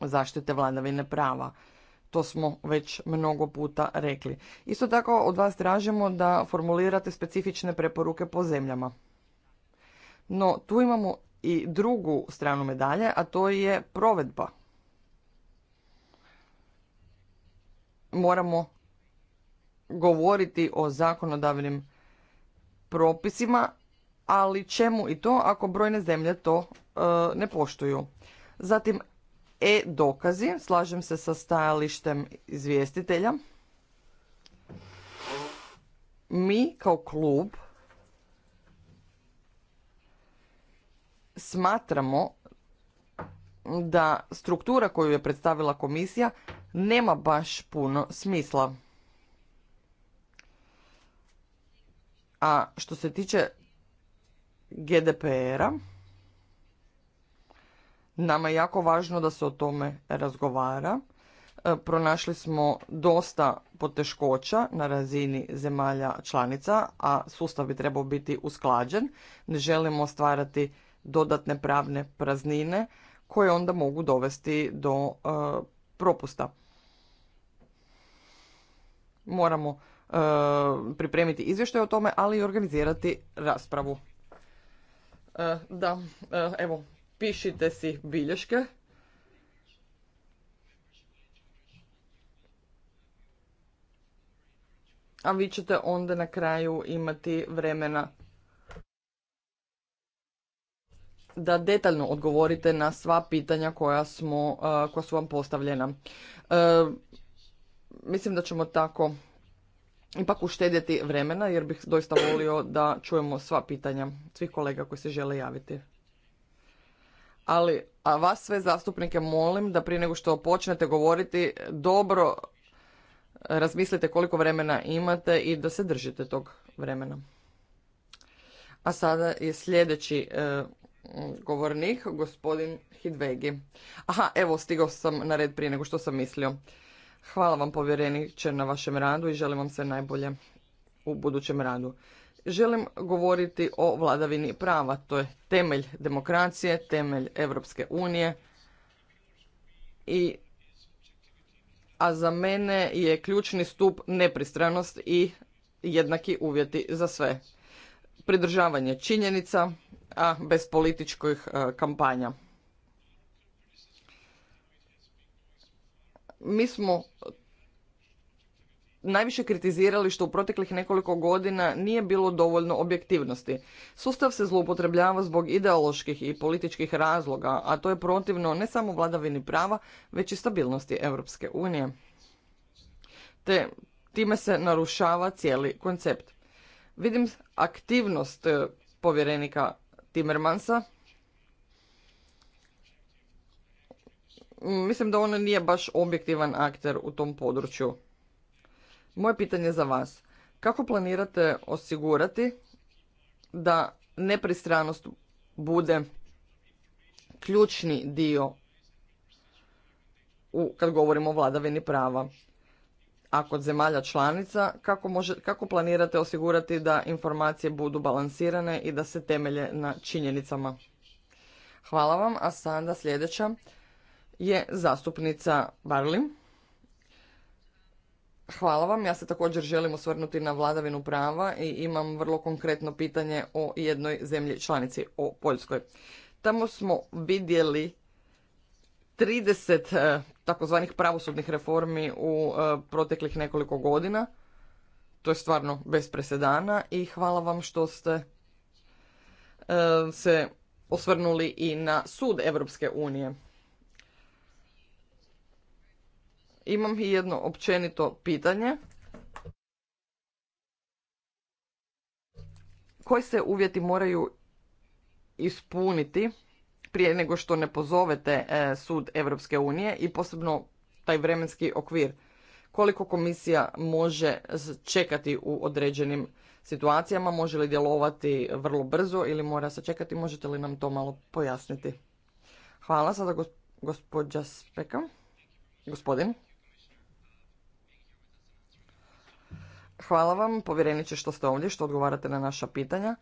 zaštite vladavine prava. To smo već mnogo puta rekli. Isto tako od vas tražimo da formulirate specifične preporuke po zemljama. No, tu imamo i drugu stranu medalje, a to je provedba. Moramo govoriti o zakonodavnim propisima, ali čemu i to ako brojne zemlje to e, ne poštuju. Zatim e-dokazi, slažem se sa stajalištem izvjestitelja. Mi kao klub smatramo da struktura koju je predstavila komisija nema baš puno smisla. A što se tiče GDPR-a. Nama je jako važno da se o tome razgovara. E, pronašli smo dosta poteškoća na razini zemalja članica, a sustav bi trebao biti usklađen. Ne želimo stvarati dodatne pravne praznine koje onda mogu dovesti do e, propusta. Moramo e, pripremiti izvještaj o tome, ali i organizirati raspravu. Eh, da, eh, evo, pišite si bilješke. A vi ćete onda na kraju imati vremena da detaljno odgovorite na sva pitanja koja, smo, eh, koja su vam postavljena. Mislim da ćemo tako ipak uštedjeti vremena jer bih doista volio da čujemo sva pitanja svih kolega koji se žele javiti. Ali a vas sve zastupnike molim da prije nego što počnete govoriti dobro razmislite koliko vremena imate i da se držite tog vremena. A sada je sljedeći e, govornik, gospodin Hidvegi. Aha, evo stigao sam na red prije nego što sam mislio. Hvala vam povjereniče na vašem radu i želim vam sve najbolje u budućem radu. Želim govoriti o vladavini prava, to je temelj demokracije, temelj Europske unije. I a za mene je ključni stup nepristranost i jednaki uvjeti za sve. Pridržavanje činjenica, a bez političkih e, kampanja. mi smo najviše kritizirali što u proteklih nekoliko godina nije bilo dovoljno objektivnosti. Sustav se zloupotrebljava zbog ideoloških i političkih razloga, a to je protivno ne samo vladavini prava, već i stabilnosti Europske unije. Te time se narušava cijeli koncept. Vidim aktivnost eh, povjerenika Timmermansa Mm, mislim da ona nije baš objektivan akter u tom području. Moje pitanje za vas. Kako planirate osigurati da nepristranost bude ključni dio u, kad govorimo o vladavini prava? A kod zemalja članica, kako, može, kako planirate osigurati da informacije budu balansirane i da se temelje na činjenicama? Hvala vam, a sada sljedeća je zastupnica barlin Hvala vam. Ja se također želim osvrnuti na vladavinu prava i imam vrlo konkretno pitanje o jednoj zemlji članici, o Poljskoj. Tamo smo vidjeli 30 eh, takozvanih pravosudnih reformi u eh, proteklih nekoliko godina. To je stvarno bez presedana i hvala vam što ste eh, se osvrnuli i na sud Europske unije. imam i jedno općenito pitanje. Koji se uvjeti moraju ispuniti prije nego što ne pozovete e, sud Europske unije i posebno taj vremenski okvir? Koliko komisija može čekati u određenim situacijama? Može li djelovati vrlo brzo ili mora se čekati? Možete li nam to malo pojasniti? Hvala. Sada gospođa Gospodin. Hvala vam, povjereniče, što ste ovdje, što odgovarate na naša pitanja.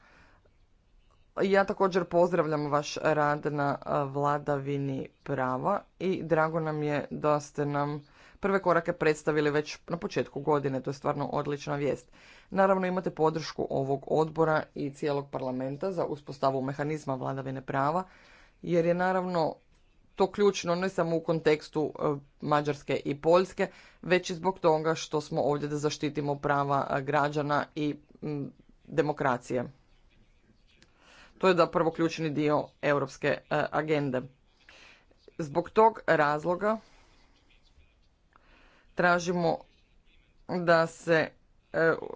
Ja također pozdravljam vaš rad na vladavini prava i drago nam je da ste nam prve korake predstavili već na početku godine. To je stvarno odlična vijest. Naravno imate podršku ovog odbora i cijelog parlamenta za uspostavu mehanizma vladavine prava, jer je naravno to ključno ne samo u kontekstu e, Mađarske i Poljske, već i zbog toga što smo ovdje da zaštitimo prava e, građana i demokracije. To je da prvo ključni dio europske e, agende. Zbog tog razloga tražimo da se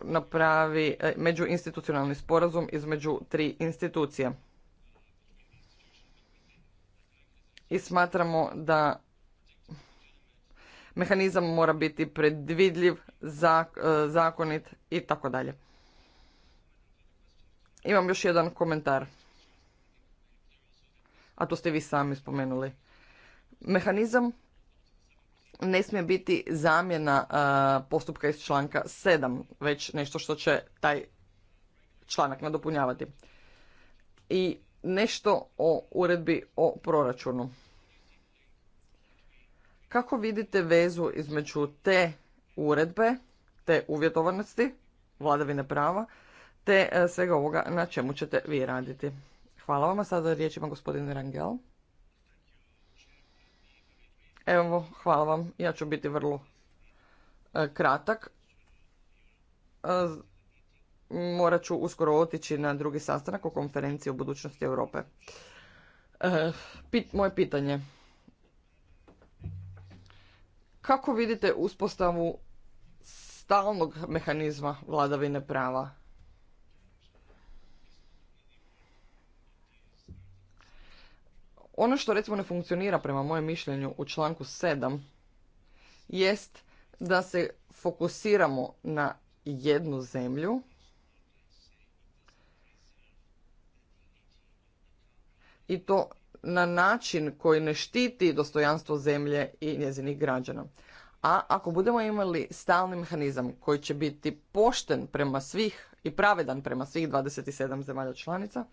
napravi međuinstitucionalni sporazum između tri institucije. i smatramo da mehanizam mora biti predvidljiv, e, zakonit i tako dalje. Imam još jedan komentar. A to ste vi sami spomenuli. Mehanizam ne smije biti zamjena e, postupka iz članka 7, već nešto što će taj članak nadopunjavati. I nešto o uredbi o proračunu. Kako vidite vezu između te uredbe, te uvjetovanosti, vladavine prava, te e, svega ovoga na čemu ćete vi raditi? Hvala vam, a sada riječ ima gospodin Rangel. Evo, hvala vam, ja ću biti vrlo e, kratak e, morat ću uskoro otići na drugi sastanak o konferenciji o budućnosti Europe. Eh, moje pitanje. Kako vidite uspostavu stalnog mehanizma vladavine prava? Ono što recimo ne funkcionira prema mojem mišljenju u članku 7 jest da se fokusiramo na jednu zemlju i to na način koji ne štiti dostojanstvo zemlje i njezinih građana. A ako budemo imali stalni mehanizam koji će biti pošten prema svih i pravedan prema svih 27 zemalja članica,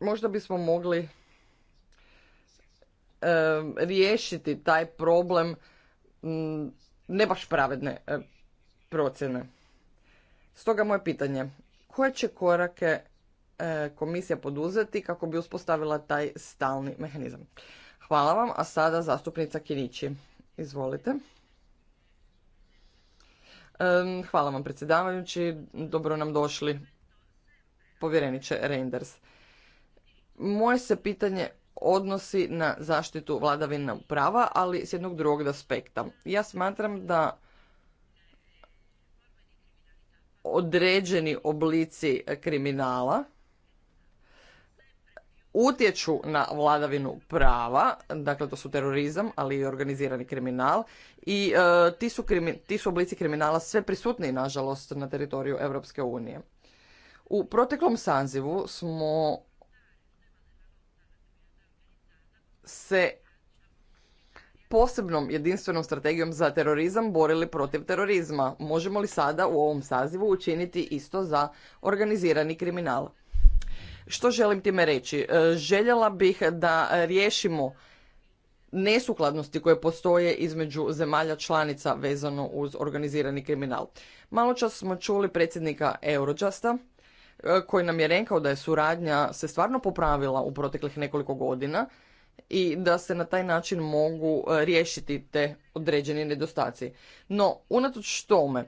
možda bismo mogli e, riješiti taj problem ne baš pravedne e, procjene. Stoga moje pitanje, koje će korake E, komisija poduzeti kako bi uspostavila taj stalni mehanizam. Hvala vam, a sada zastupnica Kinići. Izvolite. E, hvala vam predsjedavajući, dobro nam došli povjereniče Reinders. Moje se pitanje odnosi na zaštitu vladavina prava, ali s jednog drugog aspekta. Ja smatram da određeni oblici kriminala utječu na vladavinu prava, dakle to su terorizam, ali i organizirani kriminal i e, ti, su krimi, ti su oblici kriminala sve prisutniji nažalost na teritoriju Europske unije. U proteklom sanzivu smo se posebnom jedinstvenom strategijom za terorizam borili protiv terorizma. Možemo li sada u ovom sazivu učiniti isto za organizirani kriminal? Što želim time reći? E, željela bih da riješimo nesukladnosti koje postoje između zemalja članica vezano uz organizirani kriminal. Malo čas smo čuli predsjednika Eurojusta e, koji nam je rekao da je suradnja se stvarno popravila u proteklih nekoliko godina i da se na taj način mogu e, riješiti te određeni nedostaci. No, unatoč tome,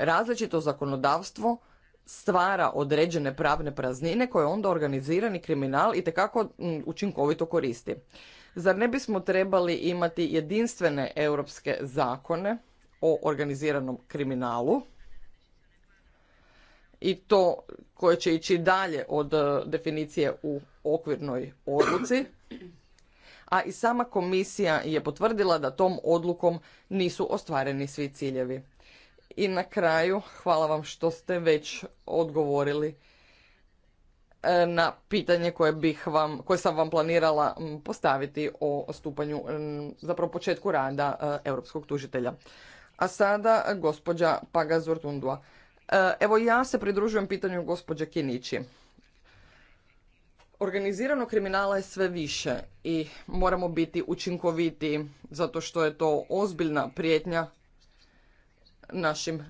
različito zakonodavstvo stvara određene pravne praznine koje onda organizirani kriminal i tekako mm, učinkovito koristi. Zar ne bismo trebali imati jedinstvene europske zakone o organiziranom kriminalu i to koje će ići dalje od e, definicije u okvirnoj odluci, a i sama komisija je potvrdila da tom odlukom nisu ostvareni svi ciljevi. I na kraju, hvala vam što ste već odgovorili e, na pitanje koje, bih vam, koje sam vam planirala postaviti o stupanju, zapravo početku rada e, europskog tužitelja. A sada gospođa Paga Zvrtundua. E, evo ja se pridružujem pitanju gospođe Kinići. Organizirano kriminala je sve više i moramo biti učinkoviti zato što je to ozbiljna prijetnja našim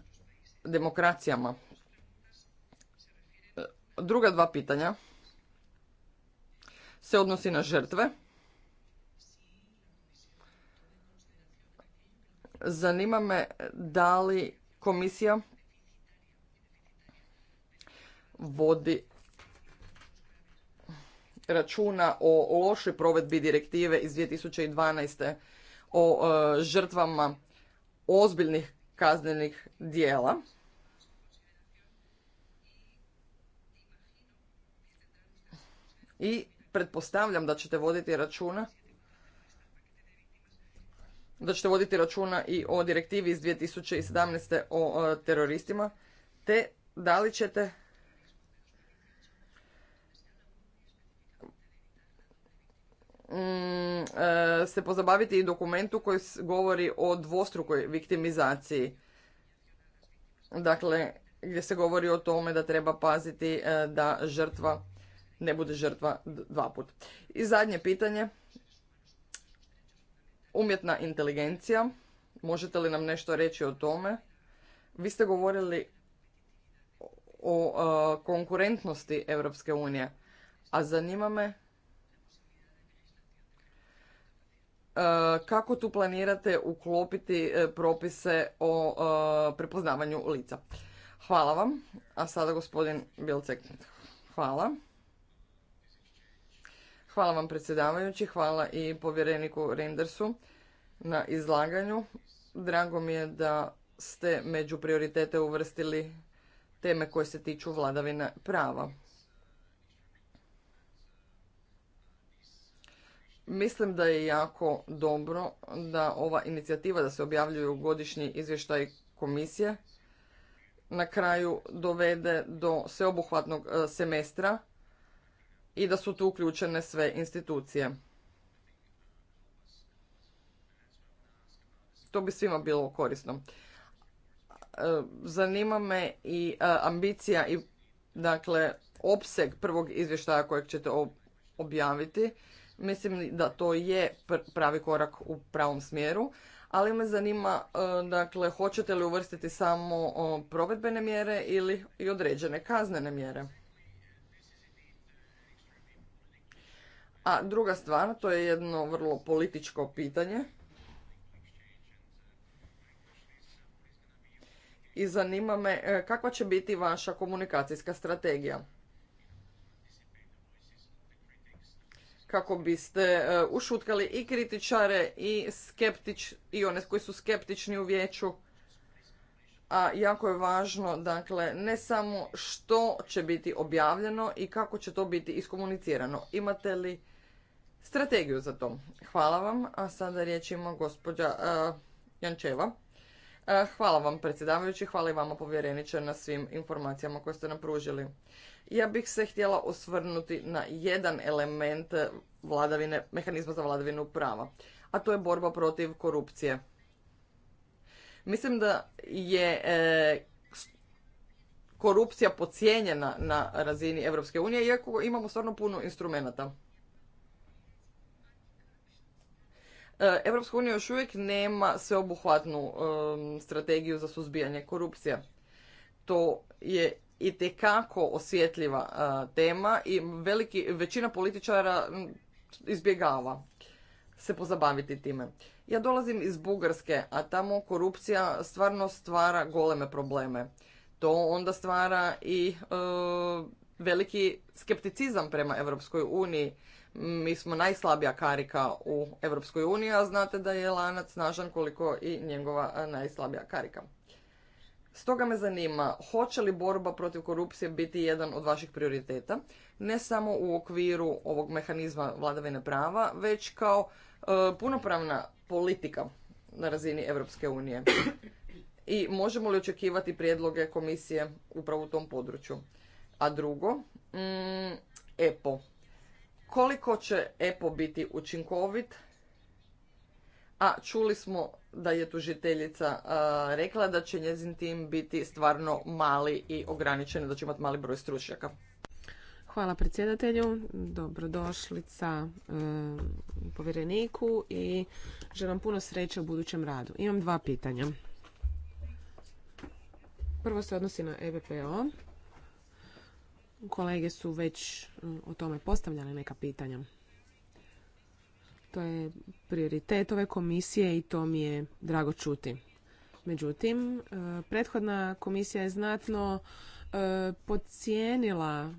demokracijama. Druga dva pitanja se odnosi na žrtve. Zanima me da li komisija vodi računa o lošoj provedbi direktive iz 2012. o e, žrtvama ozbiljnih kaznenih dijela. I pretpostavljam da ćete voditi računa da ćete voditi računa i o direktivi iz 2017. o teroristima, te da li ćete Mm, e, se pozabaviti i dokumentu koji govori o dvostrukoj viktimizaciji. Dakle, gdje se govori o tome da treba paziti e, da žrtva ne bude žrtva dva put. I zadnje pitanje. Umjetna inteligencija. Možete li nam nešto reći o tome? Vi ste govorili o e, konkurentnosti Europske unije, a zanima me E, kako tu planirate uklopiti e, propise o e, prepoznavanju lica. Hvala vam. A sada gospodin Bilcek. Hvala. Hvala vam predsjedavajući, hvala i povjereniku Rendersu na izlaganju. Drago mi je da ste među prioritete uvrstili teme koje se tiču vladavine prava. Mislim da je jako dobro da ova inicijativa da se objavljuju godišnji izvještaj komisije na kraju dovede do sveobuhvatnog e, semestra i da su tu uključene sve institucije. To bi svima bilo korisno. E, zanima me i e, ambicija i dakle opseg prvog izvještaja kojeg ćete objaviti Mislim da to je pravi korak u pravom smjeru, ali me zanima, e, dakle, hoćete li uvrstiti samo provedbene mjere ili i određene kaznene mjere? A druga stvar, to je jedno vrlo političko pitanje. I zanima me e, kakva će biti vaša komunikacijska strategija. kako biste e, ušutkali i kritičare i skeptič, i one koji su skeptični u vijeću. A jako je važno, dakle, ne samo što će biti objavljeno i kako će to biti iskomunicirano. Imate li strategiju za to? Hvala vam, a sada riječ ima gospođa e, Jančeva. E, hvala vam predsjedavajući, hvala i vama povjereniče na svim informacijama koje ste nam pružili. Ja bih se htjela osvrnuti na jedan element mehanizma za vladavinu prava, a to je borba protiv korupcije. Mislim da je e, korupcija pocijenjena na razini Europske unije, iako imamo stvarno puno instrumenata. Europska unija još uvijek nema sveobuhvatnu strategiju za suzbijanje korupcije. To je i itekako osjetljiva e, tema i veliki, većina političara izbjegava se pozabaviti time. Ja dolazim iz Bugarske, a tamo korupcija stvarno stvara goleme probleme. To onda stvara i e, veliki skepticizam prema Europskoj uniji mi smo najslabija karika u Europskoj uniji, a znate da je lanac snažan koliko i njegova najslabija karika. Stoga me zanima, hoće li borba protiv korupcije biti jedan od vaših prioriteta, ne samo u okviru ovog mehanizma vladavine prava, već kao e, punopravna politika na razini Europske unije. I možemo li očekivati prijedloge komisije upravo u tom području? A drugo, mm, EPO, koliko će EPO biti učinkovit, a čuli smo da je tužiteljica rekla da će njezin tim biti stvarno mali i ograničeni, da će imati mali broj stručnjaka. Hvala predsjedatelju, dobrodošlica e, povjereniku i želim puno sreće u budućem radu. Imam dva pitanja. Prvo se odnosi na EBPO Kolege su već mm, o tome postavljali neka pitanja. To je prioritet ove komisije i to mi je drago čuti. Međutim, e, prethodna komisija je znatno e, podcijenila e,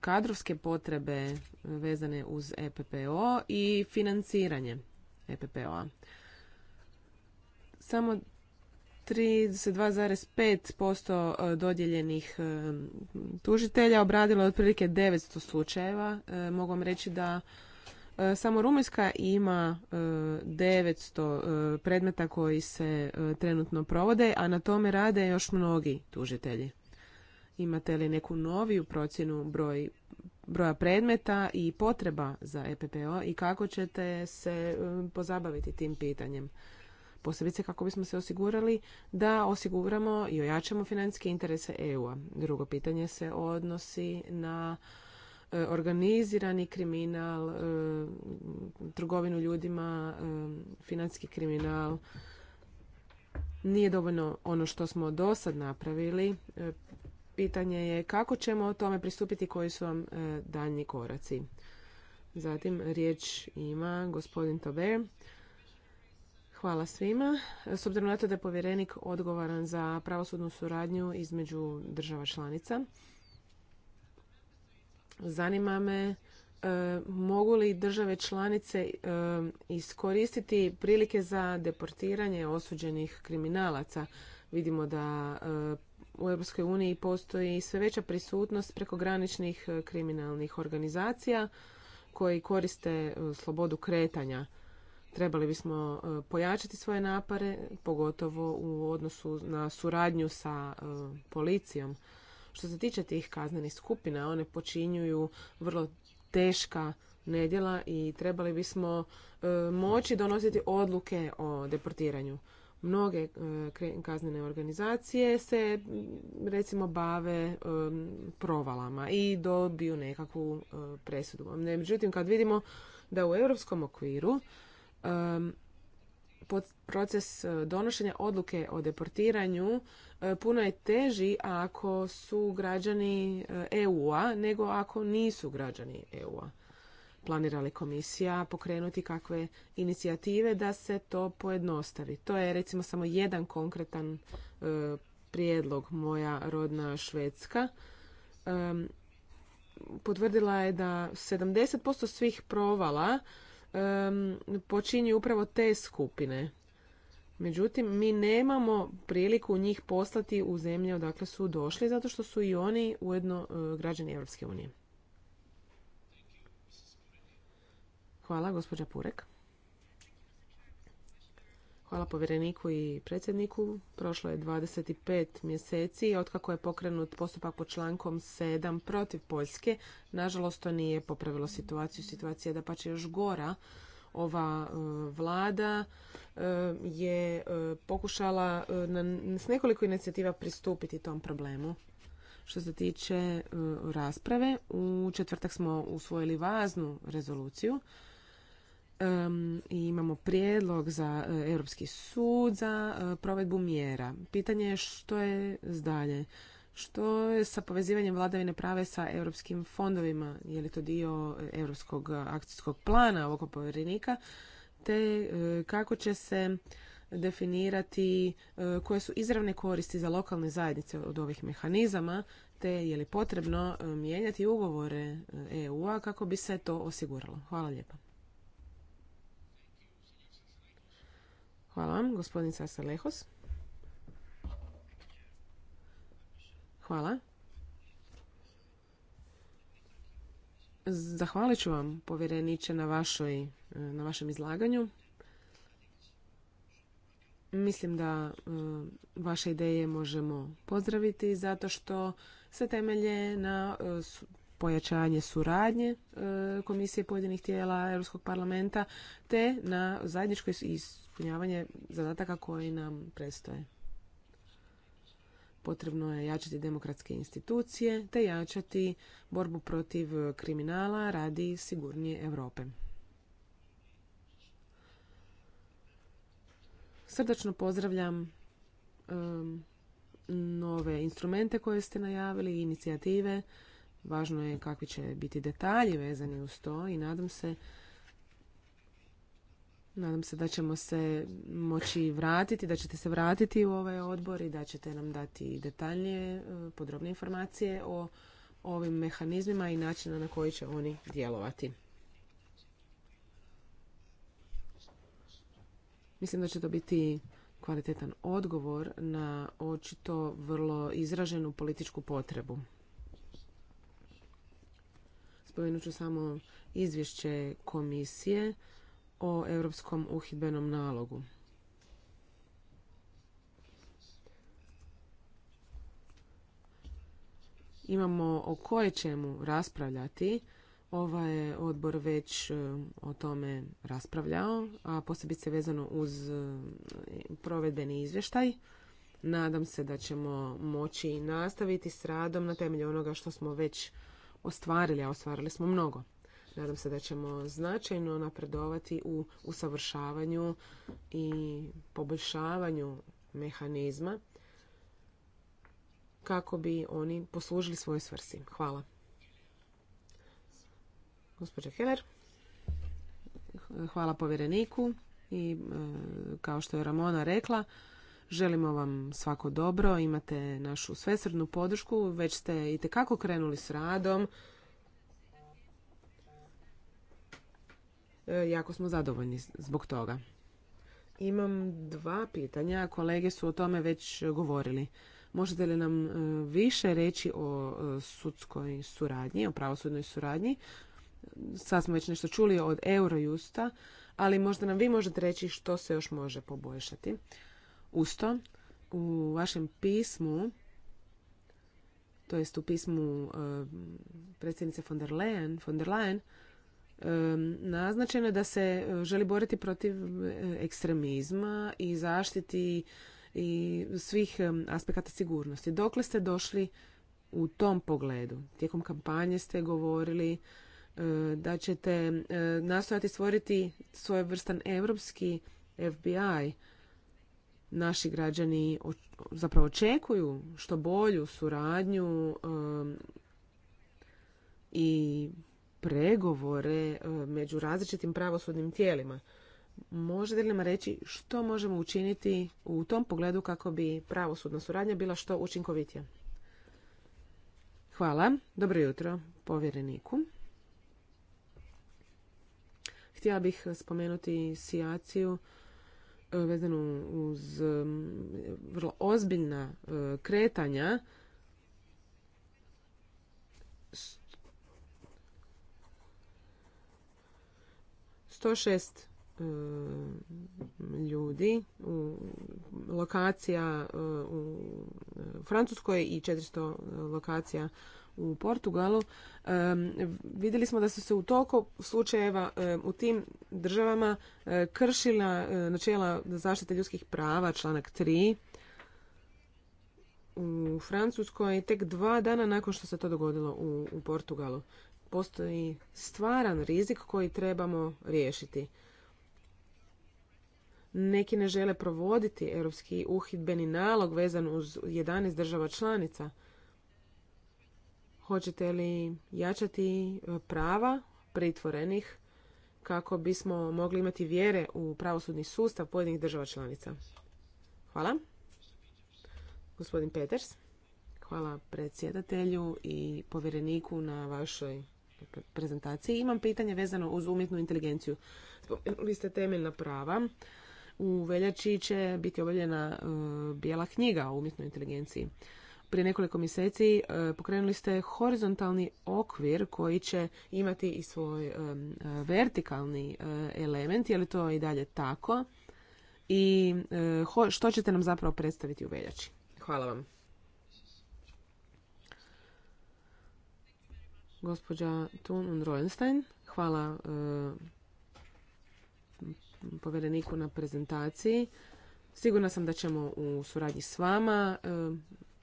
kadrovske potrebe vezane uz EPPO i financiranje EPPO-a. Samo 32,5% e, dodijeljenih e, tužitelja obradilo otprilike 900 slučajeva. E, mogu vam reći da samo Rumunjska ima 900 predmeta koji se trenutno provode, a na tome rade još mnogi tužitelji. Imate li neku noviju procjenu broja predmeta i potreba za EPPO i kako ćete se pozabaviti tim pitanjem? posebice kako bismo se osigurali da osiguramo i ojačamo financijske interese EU-a. Drugo pitanje se odnosi na e, organizirani kriminal, e, trgovinu ljudima, e, financijski kriminal. Nije dovoljno ono što smo do sad napravili. Pitanje je kako ćemo o tome pristupiti, koji su vam daljnji koraci. Zatim riječ ima gospodin Tober Hvala svima. S obzirom na to da je povjerenik odgovoran za pravosudnu suradnju između država članica, zanima me e, mogu li države članice e, iskoristiti prilike za deportiranje osuđenih kriminalaca. Vidimo da e, u Europskoj uniji postoji sve veća prisutnost prekograničnih kriminalnih organizacija koji koriste slobodu kretanja Trebali bismo e, pojačati svoje napare, pogotovo u odnosu na suradnju sa e, policijom. Što se tiče tih kaznenih skupina, one počinjuju vrlo teška nedjela i trebali bismo e, moći donositi odluke o deportiranju. Mnoge kaznene organizacije se recimo bave provalama i dobiju nekakvu presudu. Međutim, kad vidimo da u europskom okviru proces e, donošenja odluke o deportiranju e, puno je teži ako su građani e, EU-a nego ako nisu građani EU-a. Planira li komisija pokrenuti kakve inicijative da se to pojednostavi? To je recimo samo jedan konkretan prijedlog moja rodna Švedska. Potvrdila je da 70% svih provala počinju upravo te skupine. Međutim, mi nemamo priliku njih poslati u zemlje odakle su došli, zato što su i oni ujedno e, građani Europske unije. Hvala, gospođa Purek. Hvala povjereniku i predsjedniku. Prošlo je 25 mjeseci otkako je pokrenut postupak po člankom 7 protiv Poljske. Nažalost, to nije popravilo situaciju. Situacija je da pa još gora. Ova e, vlada e, je e, pokušala s nekoliko inicijativa pristupiti tom problemu. Što se tiče rasprave, u četvrtak smo usvojili važnu rezoluciju i imamo prijedlog za e, Europski sud za e, provedbu mjera. Pitanje je što je zdalje? Što je sa povezivanjem vladavine prave sa europskim fondovima? Je li to dio e, europskog akcijskog plana ovog povjerenika? Te kako će se definirati koje su izravne koristi za lokalne zajednice od ovih mehanizama, te je li potrebno mijenjati ugovore EU-a kako bi se to osiguralo? Hvala lijepa. Hvala vam, gospodin Lehos. Hvala. Zahvalit ću vam, povjereniče, na vašem izlaganju. Mislim da e, vaše ideje možemo pozdraviti zato što se temelje na e, pojačanje suradnje e, komisije pojedinih tijela Europskog parlamenta te na zajedničko ispunjavanje zadataka koji nam predstoje. Potrebno je jačati demokratske institucije te jačati borbu protiv kriminala radi sigurnije Europe. Srdačno pozdravljam nove instrumente koje ste najavili i inicijative Važno je kakvi će biti detalji vezani uz to i nadam se Nadam se da ćemo se moći vratiti, da ćete se vratiti u ovaj odbor i da ćete nam dati detaljnije, e, podrobne informacije o ovim mehanizmima i načina na koji će oni djelovati. Mislim da će to biti kvalitetan odgovor na očito vrlo izraženu političku potrebu. Spomenut ću samo izvješće komisije o Europskom uhidbenom nalogu. Imamo o koje čemu raspravljati. Ovaj je odbor već e, o tome raspravljao, a posebice vezano uz e, provedbeni izvještaj. Nadam se da ćemo moći nastaviti s radom na temelju onoga što smo već ostvarili, a ostvarili smo mnogo. Nadam se da ćemo značajno napredovati u usavršavanju i poboljšavanju mehanizma kako bi oni poslužili svojoj svrsi. Hvala. Gospođa Heller, hvala povjereniku i e, kao što je Ramona rekla, Želimo vam svako dobro, imate našu svesrdnu podršku, već ste i tekako krenuli s radom. E, jako smo zadovoljni zbog toga. Imam dva pitanja, kolege su o tome već govorili. Možete li nam e, više reći o e, sudskoj suradnji, o pravosudnoj suradnji? Sad smo već nešto čuli od Eurojusta, ali možda nam vi možete reći što se još može poboljšati. Usto, u vašem pismu, to jest u pismu predsjednice von der Leyen, von der Leyen naznačeno je da se e, želi boriti protiv e, ekstremizma i zaštiti i svih aspekata sigurnosti. Dokle ste došli u tom pogledu? Tijekom kampanje ste govorili e, da ćete nastojati stvoriti vrstan europski FBI naši građani zapravo očekuju što bolju suradnju um, i pregovore um, među različitim pravosudnim tijelima. Možete li nam reći što možemo učiniti u tom pogledu kako bi pravosudna suradnja bila što učinkovitija? Hvala. Dobro jutro povjereniku. Htjela bih spomenuti sijaciju vezano uz um, vrlo ozbiljna uh, kretanja sto šest uh, ljudi u lokacija uh, u Francuskoj i 400 lokacija u Portugalu, vidjeli smo da su se u toliko slučajeva u tim državama e, kršila e, načela zaštite ljudskih prava, članak 3, u Francuskoj tek dva dana nakon što se to dogodilo u, u Portugalu. Postoji stvaran rizik koji trebamo riješiti. Neki ne žele provoditi europski uhidbeni nalog vezan uz 11 država članica – Hoćete li jačati e, prava pritvorenih kako bismo mogli imati vjere u pravosudni sustav pojedinih država članica? Hvala. Gospodin Peters, hvala predsjedatelju i povjereniku na vašoj prezentaciji. Imam pitanje vezano uz umjetnu inteligenciju. Spomenuli ste temeljna prava. U veljači će biti obavljena e, bijela knjiga o umjetnoj inteligenciji prije nekoliko mjeseci e, pokrenuli ste horizontalni okvir koji će imati i svoj e, vertikalni e, element. Je li to i dalje tako? I što ćete nam zapravo predstaviti u veljači? Hvala vam. Gospođa Thun Roenstein, hvala povjereniku na prezentaciji. Sigurna sam da ćemo u suradnji s vama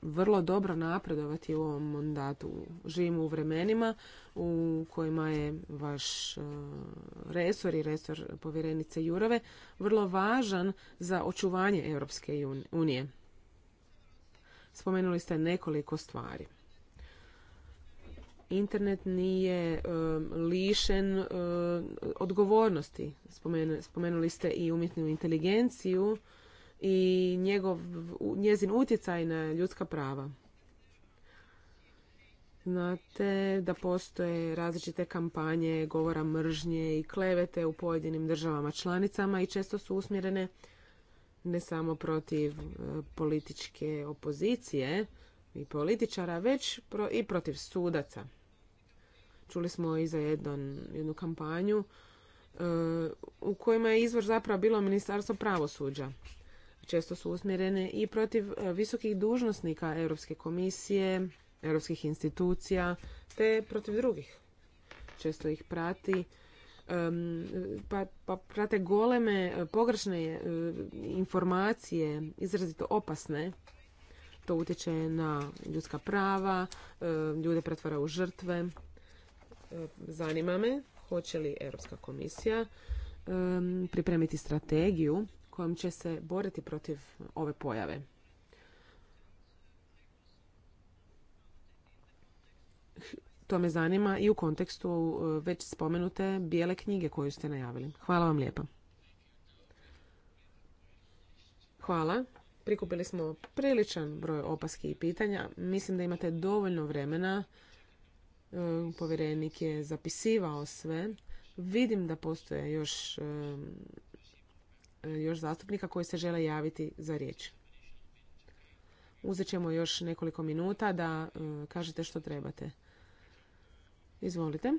vrlo dobro napredovati u ovom mandatu. Živimo u vremenima u kojima je vaš e, resor i resor povjerenice Jurove vrlo važan za očuvanje Europske unije. Spomenuli ste nekoliko stvari. Internet nije e, lišen e, odgovornosti. Spomenuli ste i umjetnu inteligenciju i njegov, njezin utjecaj na ljudska prava. Znate da postoje različite kampanje govora mržnje i klevete u pojedinim državama članicama i često su usmjerene ne samo protiv e, političke opozicije i političara, već i protiv sudaca. Čuli smo i za jednu kampanju e, u kojima je izvor zapravo bilo ministarstvo pravosuđa često su usmjerene i protiv e, visokih dužnosnika Europske komisije, europskih institucija, te protiv drugih. Često ih prati pa, pa, prate goleme e, pogrešne e, informacije, izrazito opasne. To utječe na ljudska prava, ljude pretvara u žrtve. Zanima me, hoće li Europska komisija pripremiti strategiju kojom će se boriti protiv ove pojave. To me zanima i u kontekstu e, već spomenute bijele knjige koju ste najavili. Hvala vam lijepa. Hvala. Prikupili smo priličan broj opaski i pitanja. Mislim da imate dovoljno vremena. E, povjerenik je zapisivao sve. Vidim da postoje još e, E, još zastupnika koji se žele javiti za riječ. Uzet ćemo još nekoliko minuta da e, kažete što trebate. Izvolite.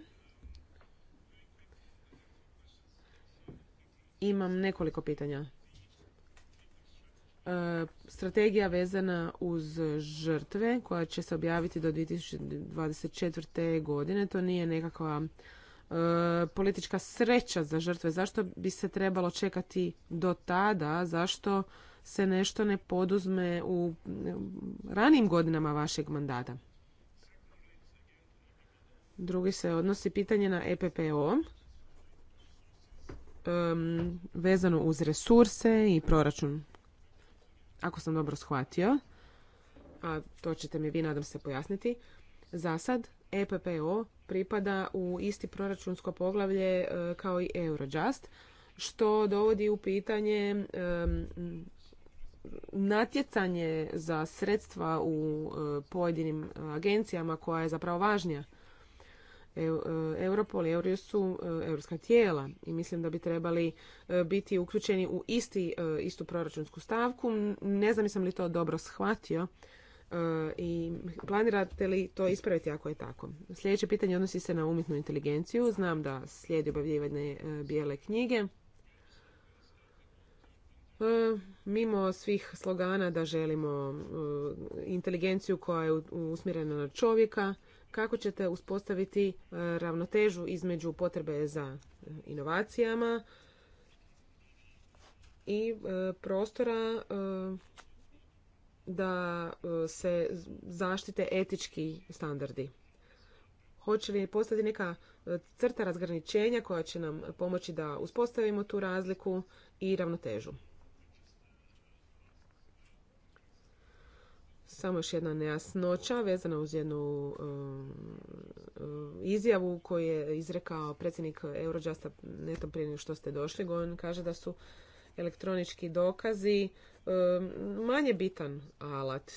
Imam nekoliko pitanja. E, strategija vezana uz žrtve koja će se objaviti do 2024. godine. To nije nekakva E, politička sreća za žrtve. Zašto bi se trebalo čekati do tada? Zašto se nešto ne poduzme u ranijim godinama vašeg mandata? Drugi se odnosi pitanje na EPPO e, vezano uz resurse i proračun. Ako sam dobro shvatio, a to ćete mi vi nadam se pojasniti, za sad EPPO pripada u isti proračunsko poglavlje e, kao i Eurojust, što dovodi u pitanje e, natjecanje za sredstva u e, pojedinim agencijama koja je zapravo važnija. Europol i Eurius su europska tijela i mislim da bi trebali biti uključeni u isti, istu proračunsku stavku. Ne znam li to dobro shvatio, E, i planirate li to ispraviti ako je tako? Sljedeće pitanje odnosi se na umjetnu inteligenciju. Znam da slijedi objavljivanje e, bijele knjige. E, mimo svih slogana da želimo inteligenciju koja je usmjerena na čovjeka, kako ćete uspostaviti ravnotežu između potrebe za inovacijama i prostora da e, se zaštite etički standardi. Hoće li postati neka e, crta razgraničenja koja će nam pomoći da uspostavimo tu razliku i ravnotežu? Samo još jedna nejasnoća vezana uz jednu e, izjavu koju je izrekao predsjednik Eurojusta netom prije nego što ste došli. On kaže da su elektronički dokazi manje bitan alat.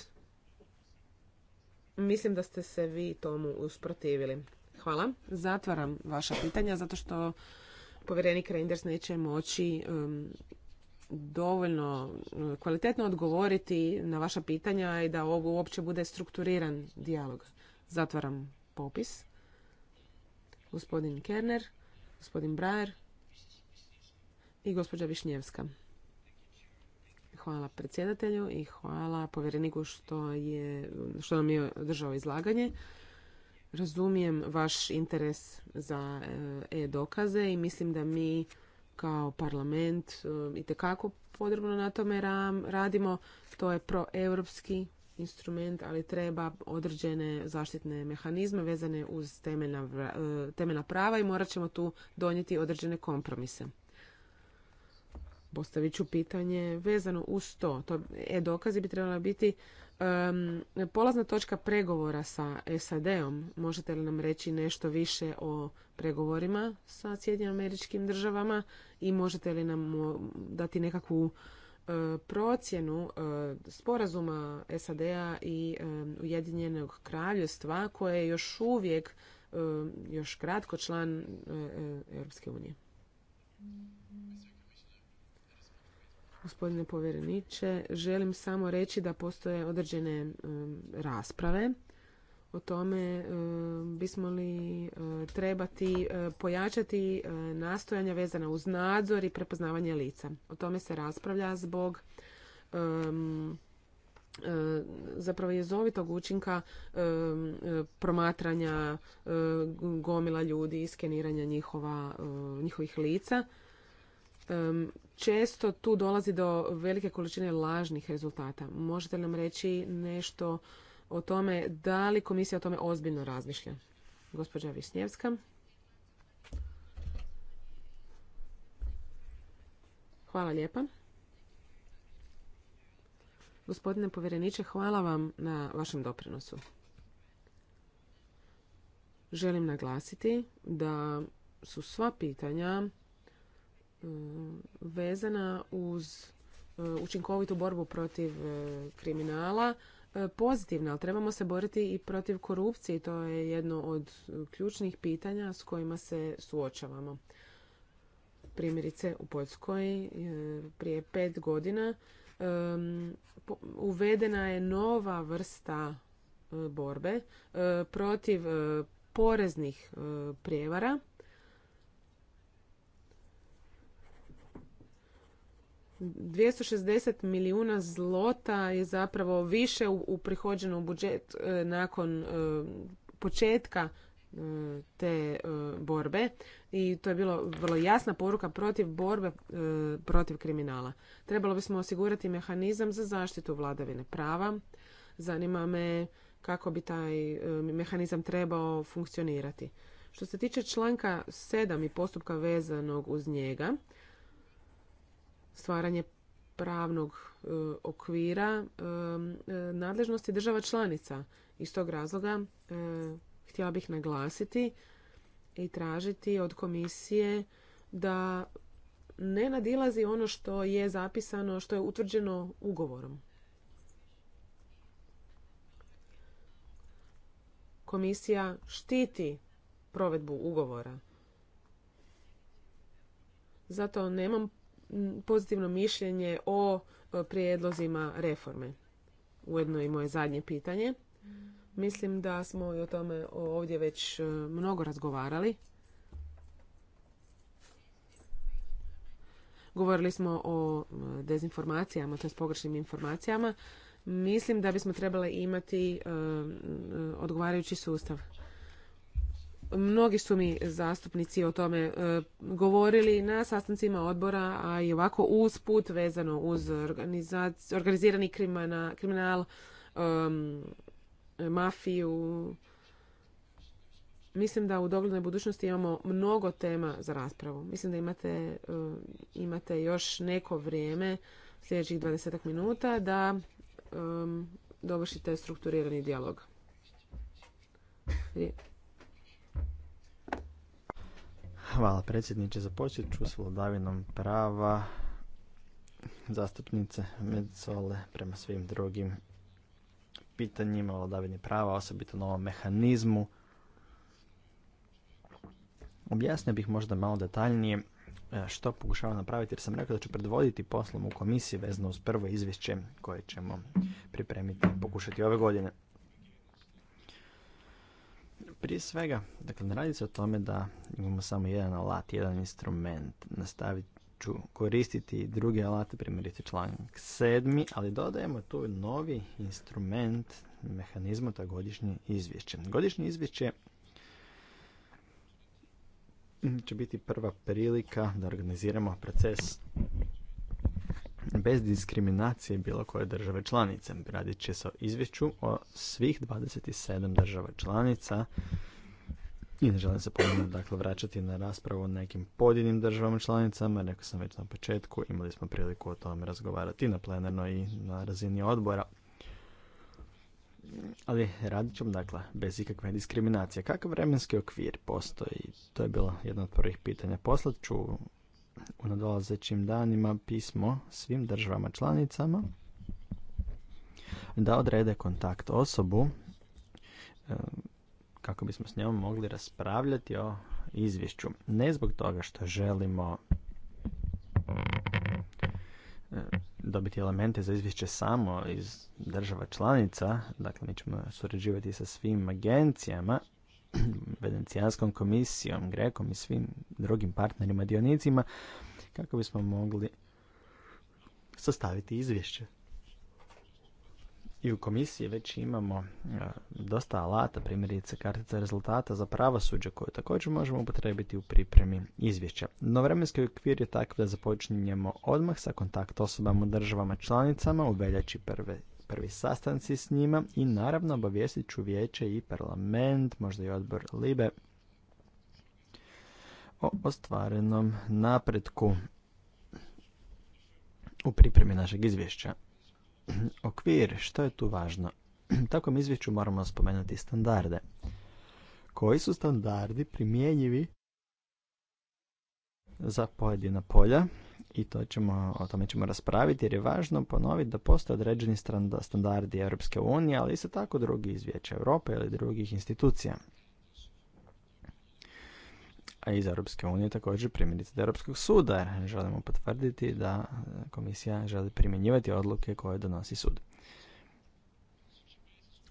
Mislim da ste se vi tomu usprotivili. Hvala. Zatvaram vaša pitanja zato što povjerenik Reinders neće moći dovoljno kvalitetno odgovoriti na vaša pitanja i da ovo uopće bude strukturiran dijalog. Zatvaram popis. Gospodin Kerner, gospodin Brajer, i gospođa Višnjevska. Hvala predsjedatelju i hvala povjereniku što, je, što nam je držao izlaganje. Razumijem vaš interes za e, e-dokaze i mislim da mi kao parlament e, i tekako podrobno na tome radimo. To je proeuropski instrument, ali treba određene zaštitne mehanizme vezane uz temeljna e, prava i morat ćemo tu donijeti određene kompromise. Postavit ću pitanje vezano uz to. to E-dokazi bi trebala biti polazna točka pregovora sa SAD-om. Možete li nam reći nešto više o pregovorima sa Sjedinim američkim državama i možete li nam dati nekakvu e, procjenu e, sporazuma SAD-a i e, Ujedinjenog kraljevstva koje je još uvijek još kratko član Europske unije gospodine povjereniče. Želim samo reći da postoje određene rasprave o tome bismo li e, trebati e, pojačati e, nastojanja vezana uz nadzor i prepoznavanje lica. O tome se raspravlja zbog zapravo jezovitog učinka promatranja gomila ljudi i skeniranja njihovih lica često tu dolazi do velike količine lažnih rezultata. Možete li nam reći nešto o tome da li komisija o tome ozbiljno razmišlja? Gospođa Visnjevska. Hvala lijepa. Gospodine povjereniče, hvala vam na vašem doprinosu. Želim naglasiti da su sva pitanja vezana uz e, učinkovitu borbu protiv e, kriminala e, pozitivna, ali trebamo se boriti i protiv korupcije. To je jedno od ključnih pitanja s kojima se suočavamo. Primjerice u Poljskoj prije pet godina uvedena je nova vrsta borbe protiv poreznih prijevara 260 milijuna zlota je zapravo više uprihođeno u budžet e, nakon e, početka e, te borbe i to je bilo vrlo jasna poruka protiv borbe protiv kriminala. Trebalo bismo osigurati mehanizam za zaštitu vladavine prava. Zanima me kako bi taj mehanizam trebao funkcionirati. Što se tiče članka 7 i postupka vezanog uz njega, stvaranje pravnog e, okvira e, e, nadležnosti država članica. Iz tog razloga htjela bih naglasiti i tražiti od komisije da ne nadilazi ono što je zapisano, što je utvrđeno ugovorom. Komisija štiti provedbu ugovora. Zato nemam pozitivno mišljenje o prijedlozima reforme. Ujedno i moje zadnje pitanje. Mislim da smo i o tome ovdje već e, mnogo razgovarali. Govorili smo o dezinformacijama, to pogrešnim informacijama. Mislim da bismo trebali imati e, odgovarajući sustav. Mnogi su mi zastupnici o tome e, govorili na sastancima odbora, a i ovako usput vezano uz organizirani kriminal, mafiju. Mislim da u doglednoj budućnosti imamo mnogo tema za raspravu. Mislim da imate, e, imate još neko vrijeme, sljedećih 20 minuta, da dovršite strukturirani dijalog. Hvala predsjedniče. Započet ću s vladavinom prava zastupnice Medzole prema svim drugim pitanjima vladavini prava, osobito na ovom mehanizmu. Objasnio bih možda malo detaljnije e, što pokušavam napraviti jer sam rekao da ću predvoditi poslom u komisiji vezano uz prvo izvješće koje ćemo pripremiti pokušati ove godine. Prije svega, dakle, ne radi se o tome da imamo samo jedan alat, jedan instrument. Nastavit ću koristiti druge alate, primjerice članak sedmi, ali dodajemo tu novi instrument mehanizmu to godišnje izvješće. Godišnje izvješće će biti prva prilika da organiziramo proces bez diskriminacije bilo koje države članice. Radit će se o izvješću o svih 27 država članica i ne želim se ponovno dakle, vraćati na raspravu o nekim pojedinim državama članicama. Rekao sam već na početku, imali smo priliku o tome razgovarati na plenarnoj i na razini odbora. Ali radit ćemo dakle bez ikakve diskriminacije. Kakav vremenski okvir postoji? To je bilo jedno od prvih pitanja. Poslat ću u nadolazećim danima pismo svim državama članicama da odrede kontakt osobu e, kako bismo s njom mogli raspravljati o izvješću. Ne zbog toga što želimo e, dobiti elemente za izvješće samo iz država članica, dakle mi ćemo surađivati sa svim agencijama, (clears throat) Venecijanskom komisijom, Grekom i svim drugim partnerima, dionicima, kako bismo mogli sastaviti izvješće. I u komisiji već imamo e, dosta alata, primjerice kartica rezultata za pravosuđe koju također možemo upotrebiti u pripremi izvješća. No vremenski okvir je takav da započinjemo odmah sa kontakt osobama u državama članicama u veljači prve prvi sastanci s njima i naravno obavijestit ću vijeće i parlament, možda i odbor Libe, o ostvarenom napretku u pripremi našeg izvješća. Okvir, što je tu važno? U takvom izvješću moramo spomenuti standarde. Koji su standardi primjenjivi za pojedina polja? i to ćemo, o tome ćemo raspraviti jer je važno ponoviti da postoje određeni standardi Europske unije, ali isto tako drugi iz Vijeća Europe ili drugih institucija. A iz Europske unije također primjerice Europskog suda. Želimo potvrditi da e, komisija želi primjenjivati odluke koje donosi sud.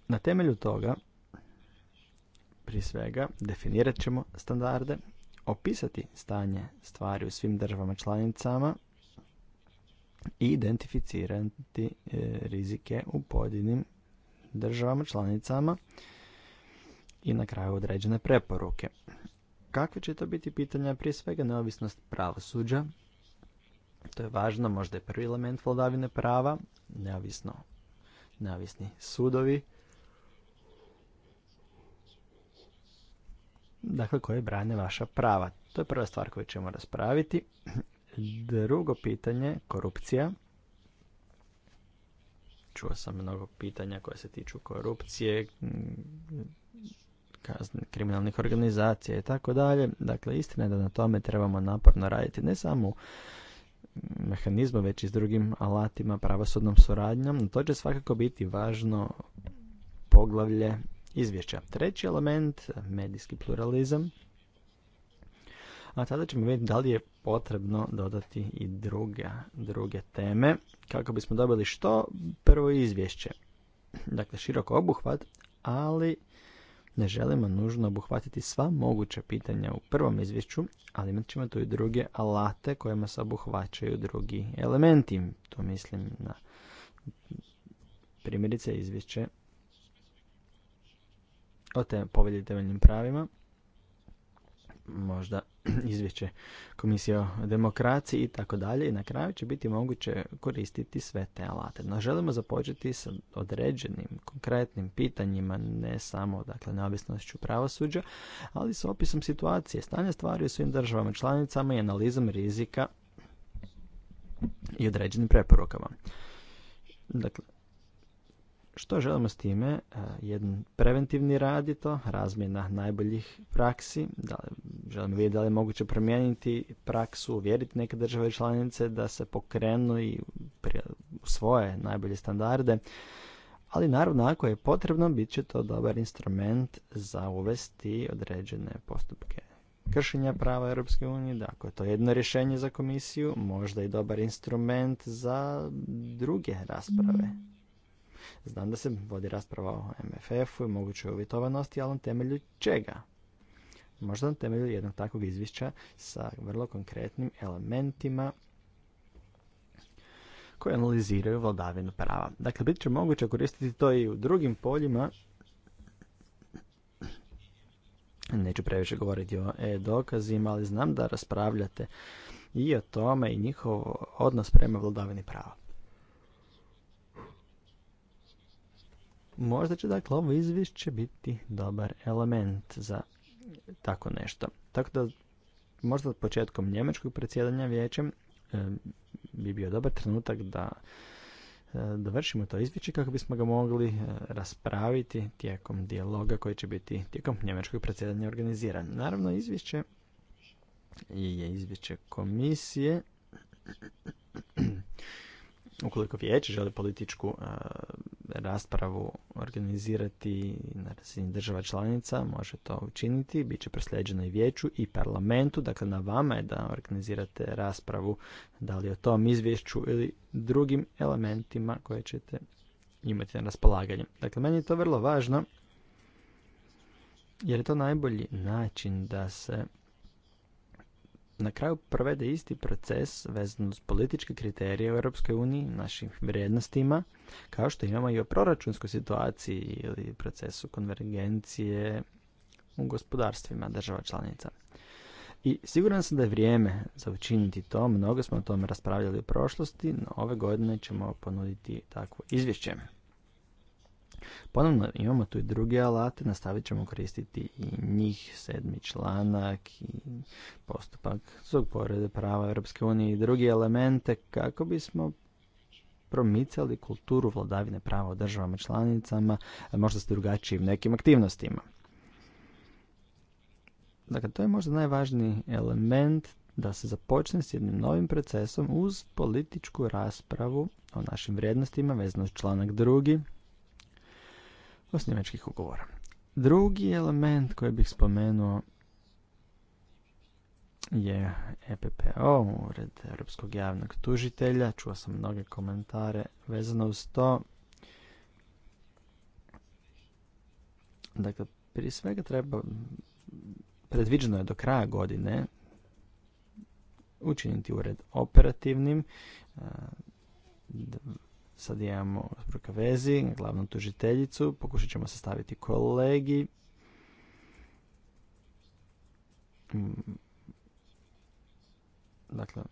Na temelju toga, prije svega, definirat ćemo standarde, opisati stanje stvari u svim državama članicama i identificirati e, rizike u pojedinim državama članicama i na kraju određene preporuke. Kakve će to biti pitanja? Prije svega neovisnost pravosuđa. To je važno, možda je prvi element vladavine prava, neovisno, neovisni sudovi dakle koje brane vaša prava. To je prva stvar koju ćemo raspraviti. Drugo pitanje, korupcija. Čuo sam mnogo pitanja koje se tiču korupcije, kazne, kriminalnih organizacija i tako dalje. Dakle, istina je da na tome trebamo naporno raditi ne samo u mehanizmu, već i s drugim alatima, pravosudnom suradnjom. To će svakako biti važno poglavlje izvješća. Treći element, medijski pluralizam, a tada ćemo vidjeti da li je potrebno dodati i druge, druge teme kako bismo dobili što prvo izvješće. Dakle, širok obuhvat, ali ne želimo nužno obuhvatiti sva moguća pitanja u prvom izvješću, ali imat ćemo tu i druge alate kojima se obuhvaćaju drugi elementi. To mislim na primjerice izvješće o te povelji temeljnim pravima, možda (clears throat) izvješće komisije o demokraciji i tako dalje i na kraju će biti moguće koristiti sve te alate. No želimo započeti sa određenim konkretnim pitanjima, ne samo dakle neovisnošću pravosuđa, ali sa opisom situacije, stanja stvari u svim državama članicama i analizom rizika i određenim preporukama. Dakle, što želimo s time? E, jedan preventivni rad je to, razmjena najboljih praksi. Da želimo vidjeti da li je moguće promijeniti praksu, uvjeriti neke države članice da se pokrenu i svoje najbolje standarde. Ali naravno ako je potrebno, bit će to dobar instrument za uvesti određene postupke kršenja prava Europske unije, da to je jedno rješenje za komisiju, možda i dobar instrument za druge rasprave Znam da se vodi rasprava o MFF-u i mogućoj uvjetovanosti, ali na temelju čega? Možda na temelju jednog takvog izvješća sa vrlo konkretnim elementima koje analiziraju vladavinu prava. Dakle, bit će moguće koristiti to i u drugim poljima. Neću previše govoriti o e-dokazima, ali znam da raspravljate i o tome i njihov odnos prema vladavini prava. Možda će dakle ovo izvješće biti dobar element za tako nešto. Tako da možda početkom njemačkog predsjedanja vijećem e, bi bio dobar trenutak da e, dovršimo to izvješće kako bismo ga mogli e, raspraviti tijekom dijaloga koji će biti tijekom njemačkog predsjedanja organiziran. Naravno izvješće je izvješće komisije ukoliko vijeće želi političku raspravu organizirati na razini država članica, može to učiniti, bit će presljeđeno i vijeću i parlamentu, dakle na vama je da organizirate raspravu da li o tom izvješću ili drugim elementima koje ćete imati na raspolaganju. Dakle, meni je to vrlo važno jer je to najbolji način da se na kraju provede isti proces vezan uz političke kriterije u Europskoj uniji, našim vrijednostima, kao što imamo i o proračunskoj situaciji ili procesu konvergencije u gospodarstvima država članica. I siguran sam da je vrijeme za učiniti to, mnogo smo o tome raspravljali u prošlosti, no ove godine ćemo ponuditi takvo izvješće. Ponovno imamo tu i druge alate, nastavit ćemo koristiti i njih, sedmi članak i postupak zbog porede prava Europske unije i drugi elemente kako bismo promicali kulturu vladavine prava u državama članicama, možda s drugačijim nekim aktivnostima. Dakle, to je možda najvažniji element da se započne s jednim novim procesom uz političku raspravu o našim vrijednostima vezano uz članak drugi osnivačkih ugovora. Drugi element koji bih spomenuo je EPPO, Ured Europskog javnog tužitelja. Čuo sam mnoge komentare vezano uz to. Dakle, prije svega treba, predviđeno je do kraja godine, učiniti ured operativnim. Sad imamo spruka vezi, glavnu tužiteljicu, pokušat ćemo sastaviti kolegi. Dakle,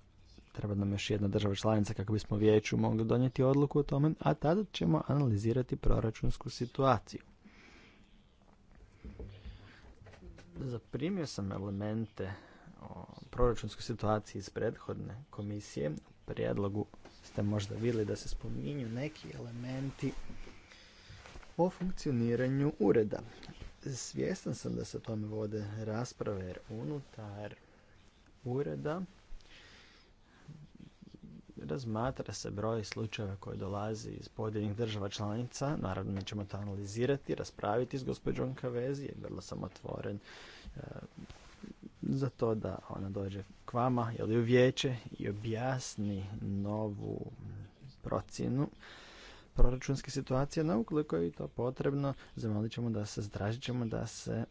treba nam još jedna država članica kako bismo vijeću mogli donijeti odluku o tome, a tada ćemo analizirati proračunsku situaciju. Zaprimio sam elemente o proračunskoj situaciji iz prethodne komisije u prijedlogu ste možda vidjeli da se spominju neki elementi o funkcioniranju ureda. Svjestan sam da se o tome vode rasprave jer unutar ureda razmatra se broj slučajeva koji dolazi iz pojedinih država članica. Naravno, mi ćemo to analizirati, raspraviti s gospođom Kavezi, je vrlo sam otvoren za to da ona dođe k vama ili u vijeće i objasni novu procjenu proračunske situacije, no ukoliko je to potrebno, zamolit ćemo da se, zdražit ćemo da se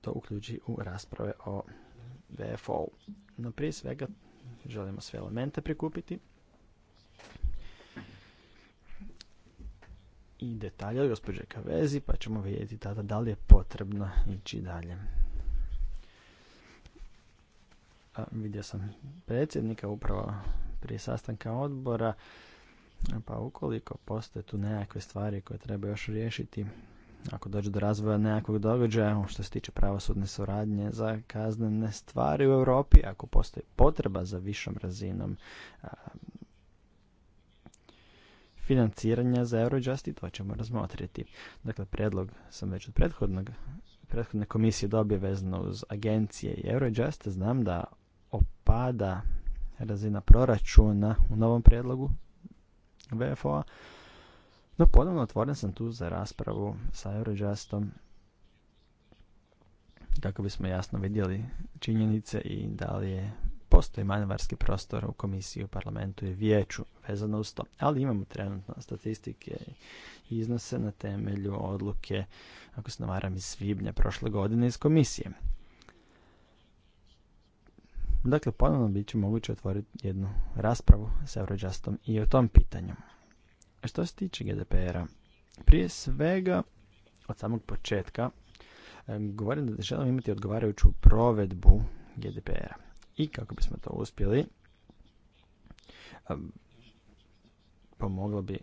to uključi u rasprave o VFO-u. No prije svega želimo sve elemente prikupiti i detalje od gospođe Kavezi, pa ćemo vidjeti tada da li je potrebno ići dalje vidio sam predsjednika upravo prije sastanka odbora, pa ukoliko postoje tu nekakve stvari koje treba još riješiti, ako dođe do razvoja nekakvog događaja ono što se tiče pravosudne suradnje za kaznene stvari u Europi, ako postoji potreba za višom razinom financiranja za Eurojust i to ćemo razmotriti. Dakle, predlog sam već od prethodnog prethodne komisije dobio vezano uz agencije i Eurojust. Znam da opada razina proračuna u novom prijedlogu VFO-a, no ponovno otvoren sam tu za raspravu sa Eurojustom kako bismo jasno vidjeli činjenice i da li je postoji manevarski prostor u komisiji, u parlamentu i vijeću vezano uz to. Ali imamo trenutno statistike i iznose na temelju odluke, ako se navaram, iz svibnja prošle godine iz komisije. Dakle, ponovno bit će moguće otvoriti jednu raspravu s Eurojustom i o tom pitanju. Što se tiče GDPR-a, prije svega, od samog početka, govorim da želim imati odgovarajuću provedbu GDPR-a. I kako bismo to uspjeli, pomoglo bi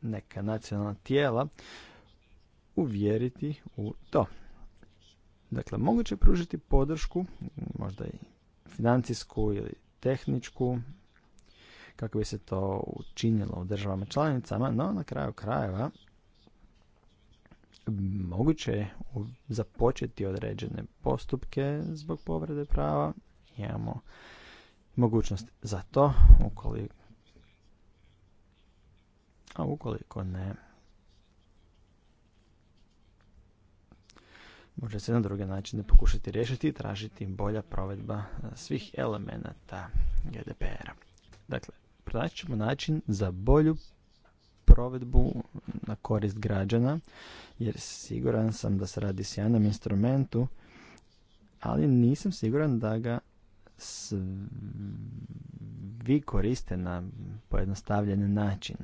neka nacionalna tijela uvjeriti u to. Dakle, moguće pružiti podršku, možda i financijsku ili tehničku kako bi se to učinilo u državama članicama, no na kraju krajeva moguće je započeti određene postupke zbog povrede prava. Imamo mogućnost za to, ukoliko a ukoliko ne, može se na druge načine pokušati riješiti i tražiti bolja provedba e, svih elemenata GDPR-a. Dakle, pronaći ćemo način za bolju provedbu na korist građana, jer siguran sam da se radi sjajnom instrumentu, ali nisam siguran da ga vi koriste na pojednostavljen način.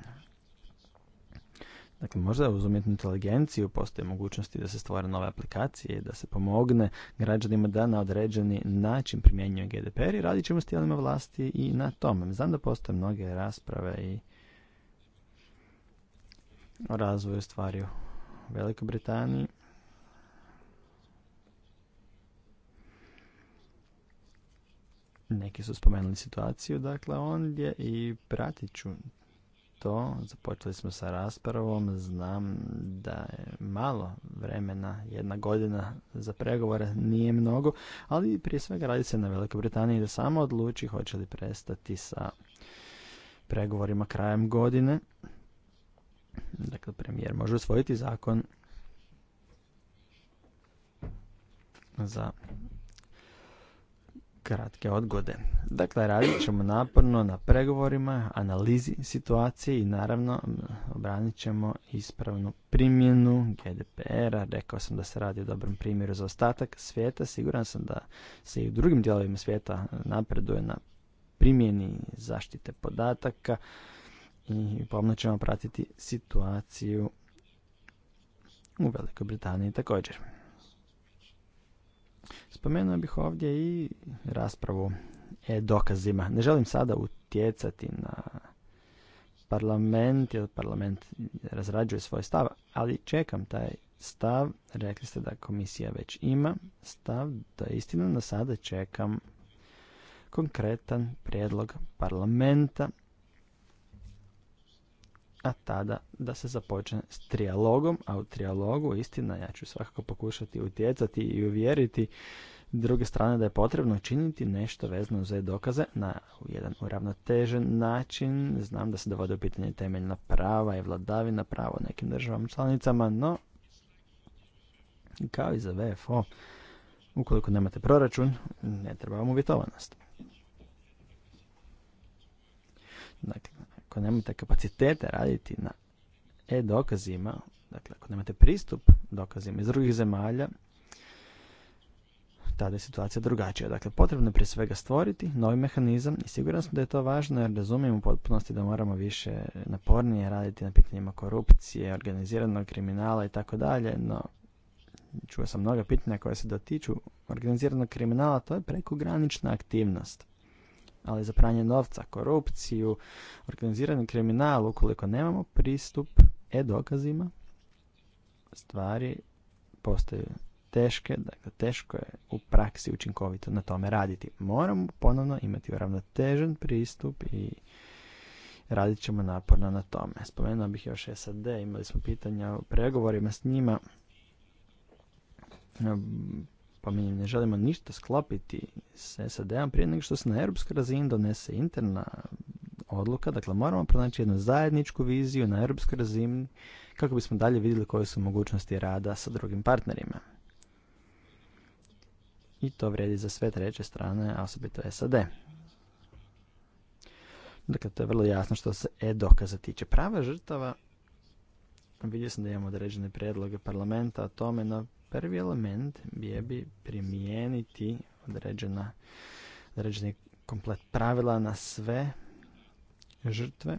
Dakle, možda uz umjetnu inteligenciju postoje mogućnosti da se stvore nove aplikacije, da se pomogne građanima da na određeni način primjenjuju GDPR i radit ćemo s tijelima vlasti i na tome. Znam da postoje mnoge rasprave i o razvoju stvari u Velikoj Britaniji. Neki su spomenuli situaciju, dakle ondje i pratit ću to. Započeli smo sa raspravom. Znam da je malo vremena, jedna godina za pregovore nije mnogo, ali prije svega radi se na Velikoj Britaniji da samo odluči hoće li prestati sa pregovorima krajem godine. Dakle, premijer može usvojiti zakon za kratke odgode. Dakle, radit ćemo naporno na pregovorima, analizi situacije i naravno obranit ćemo ispravnu primjenu GDPR-a. Rekao sam da se radi o dobrom primjeru za ostatak svijeta. Siguran sam da se i u drugim dijelovima svijeta napreduje na primjeni zaštite podataka i pomno ćemo pratiti situaciju u Velikoj Britaniji također. Spomenuo bih ovdje i raspravu e-dokazima. Ne želim sada utjecati na parlament, jer parlament razrađuje svoj stav, ali čekam taj stav. Rekli ste da komisija već ima stav, da je istina, na sada čekam konkretan prijedlog parlamenta a tada da se započne s trijalogom, a u trijalogu istina ja ću svakako pokušati utjecati i uvjeriti druge strane da je potrebno činiti nešto vezano za dokaze na jedan uravnotežen način. Znam da se dovode u pitanje temeljna prava i vladavina prava u nekim državama članicama, no kao i za VFO, ukoliko nemate proračun, ne treba vam uvjetovanost. Dakle, ako nemate kapacitete raditi na e-dokazima, dakle ako nemate pristup dokazima iz drugih zemalja, tada je situacija drugačija. Dakle, potrebno je prije svega stvoriti novi mehanizam i siguran sam da je to važno jer razumijem u potpunosti da moramo više napornije raditi na pitanjima korupcije, organiziranog kriminala i tako dalje, no čuo sam mnoga pitanja koja se dotiču organiziranog kriminala, to je prekogranična aktivnost ali za pranje novca, korupciju, organizirani kriminal, ukoliko nemamo pristup e-dokazima, stvari postaju teške, dakle teško je u praksi učinkovito na tome raditi. Moramo ponovno imati uravnotežen pristup i radit ćemo naporno na tome. Spomenuo bih još SAD, imali smo pitanja o pregovorima s njima pa mi ne želimo ništa sklopiti s SAD-om prije nego što se na europskoj razini donese interna odluka. Dakle, moramo pronaći jednu zajedničku viziju na europskoj razini kako bismo dalje vidjeli koje su mogućnosti rada sa drugim partnerima. I to vrijedi za sve treće strane, a osobito SAD. Dakle, to je vrlo jasno što se e-dokaza tiče prava žrtava. Vidio sam da imamo određene predloge parlamenta o tome, no Prvi element bi bi primijeniti određena, određeni komplet pravila na sve žrtve.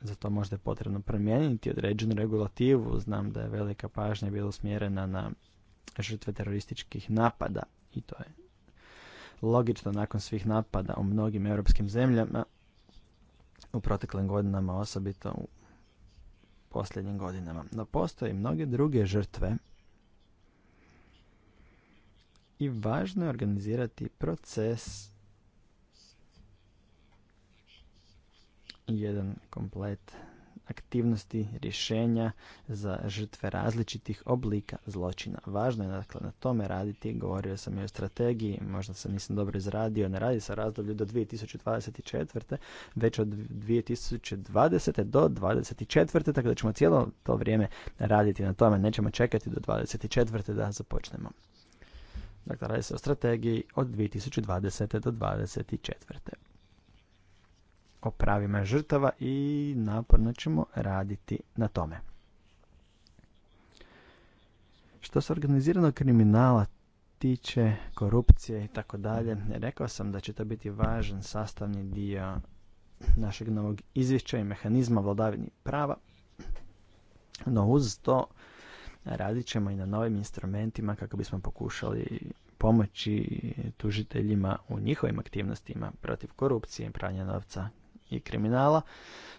Zato možda je potrebno promijeniti određenu regulativu. Znam da je velika pažnja bila usmjerena na žrtve terorističkih napada i to je logično nakon svih napada u mnogim europskim zemljama u proteklim godinama, osobito u posljednjim godinama. No postoje i mnoge druge žrtve i važno je organizirati proces jedan komplet aktivnosti, rješenja za žrtve različitih oblika zločina. Važno je dakle na tome raditi, govorio sam i o strategiji, možda sam nisam dobro izradio, ne radi se razdoblju do 2024. već od 2020. do 2024. tako da ćemo cijelo to vrijeme raditi na tome, nećemo čekati do 2024. da započnemo. Dakle, radi se o strategiji od 2020. do 2024. O pravima žrtava i naporno ćemo raditi na tome. Što se organiziranog kriminala tiče, korupcije i tako dalje, rekao sam da će to biti važan sastavni dio našeg novog izvješća i mehanizma vladavini prava. No uz to Radit ćemo i na novim instrumentima kako bismo pokušali pomoći tužiteljima u njihovim aktivnostima protiv korupcije, pranja novca i kriminala,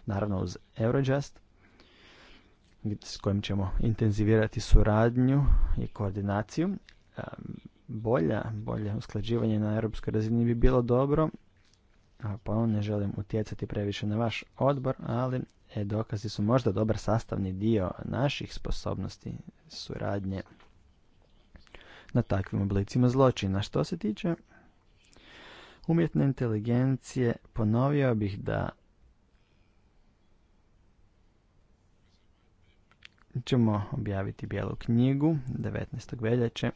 naravno uz Eurojust s kojim ćemo intenzivirati suradnju i koordinaciju. Bolja, bolje usklađivanje na europskoj razini bi bilo dobro, a ne želim utjecati previše na vaš odbor, ali e-dokazi su možda dobar sastavni dio naših sposobnosti suradnje na takvim oblicima zločina. Što se tiče umjetne inteligencije, ponovio bih da ćemo objaviti bijelu knjigu 19. veljače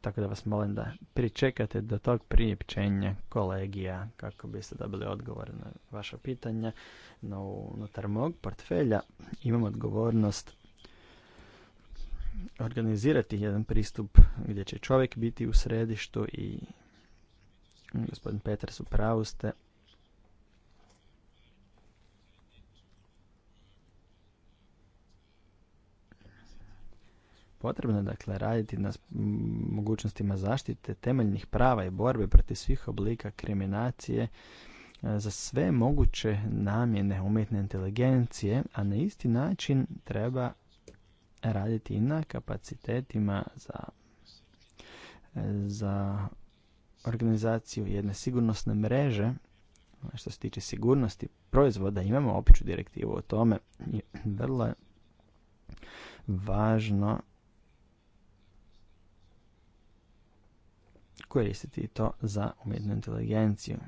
tako da vas molim da pričekate do tog priopćenja kolegija kako biste dobili odgovor na vaša pitanja. No, unutar mog portfelja imam odgovornost organizirati jedan pristup gdje će čovjek biti u središtu i gospodin Petar su pravu ste Potrebno je dakle raditi na mogućnostima zaštite temeljnih prava i borbe protiv svih oblika kriminacije e, za sve moguće namjene umjetne inteligencije, a na isti način treba raditi i na kapacitetima za, e, za organizaciju jedne sigurnosne mreže što se tiče sigurnosti proizvoda imamo opću direktivu o tome i vrlo važno koristiti to za umjetnu inteligenciju.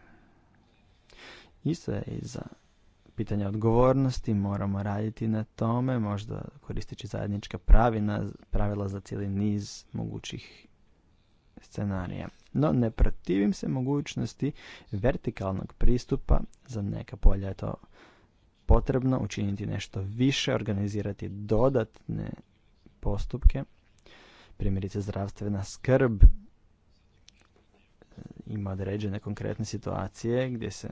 Isto je i za pitanje odgovornosti, moramo raditi na tome, možda koristići zajednička pravila za cijeli niz mogućih scenarija. No ne protivim se mogućnosti vertikalnog pristupa, za neka polja je to potrebno učiniti nešto više, organizirati dodatne postupke, primjerice zdravstvena skrb ima određene konkretne situacije gdje se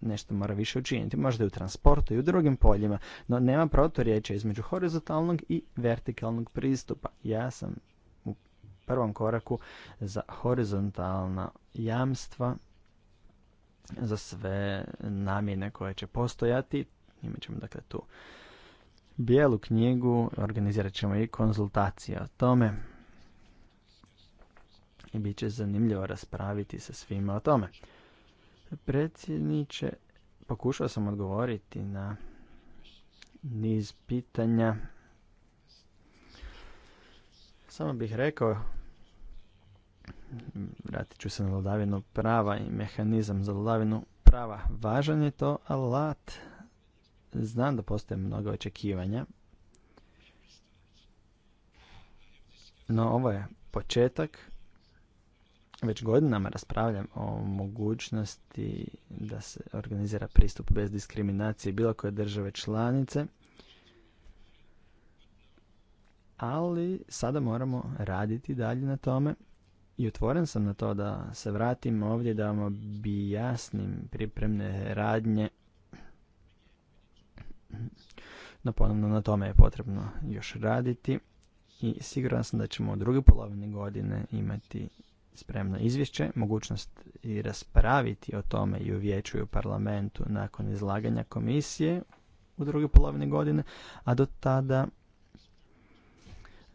nešto mora više učiniti, možda i u transportu i u drugim poljima, no nema riječi između horizontalnog i vertikalnog pristupa. Ja sam u prvom koraku za horizontalna jamstva za sve namjene koje će postojati. Imat ćemo dakle tu bijelu knjigu, organizirat ćemo i konzultacije o tome i bit će zanimljivo raspraviti sa svima o tome. Predsjedniče, pokušao sam odgovoriti na niz pitanja. Samo bih rekao, vratit ću se na vladavinu prava i mehanizam za vladavinu prava. Važan je to alat. Znam da postoje mnogo očekivanja. No ovo je početak već godinama raspravljam o mogućnosti da se organizira pristup bez diskriminacije bilo koje države članice, ali sada moramo raditi dalje na tome i otvoren sam na to da se vratim ovdje da vam objasnim pripremne radnje. No ponovno na tome je potrebno još raditi i siguran sam da ćemo u drugoj polovini godine imati spremno izvješće, mogućnost i raspraviti o tome i u vijeću i u parlamentu nakon izlaganja komisije u drugoj polovini godine, a do tada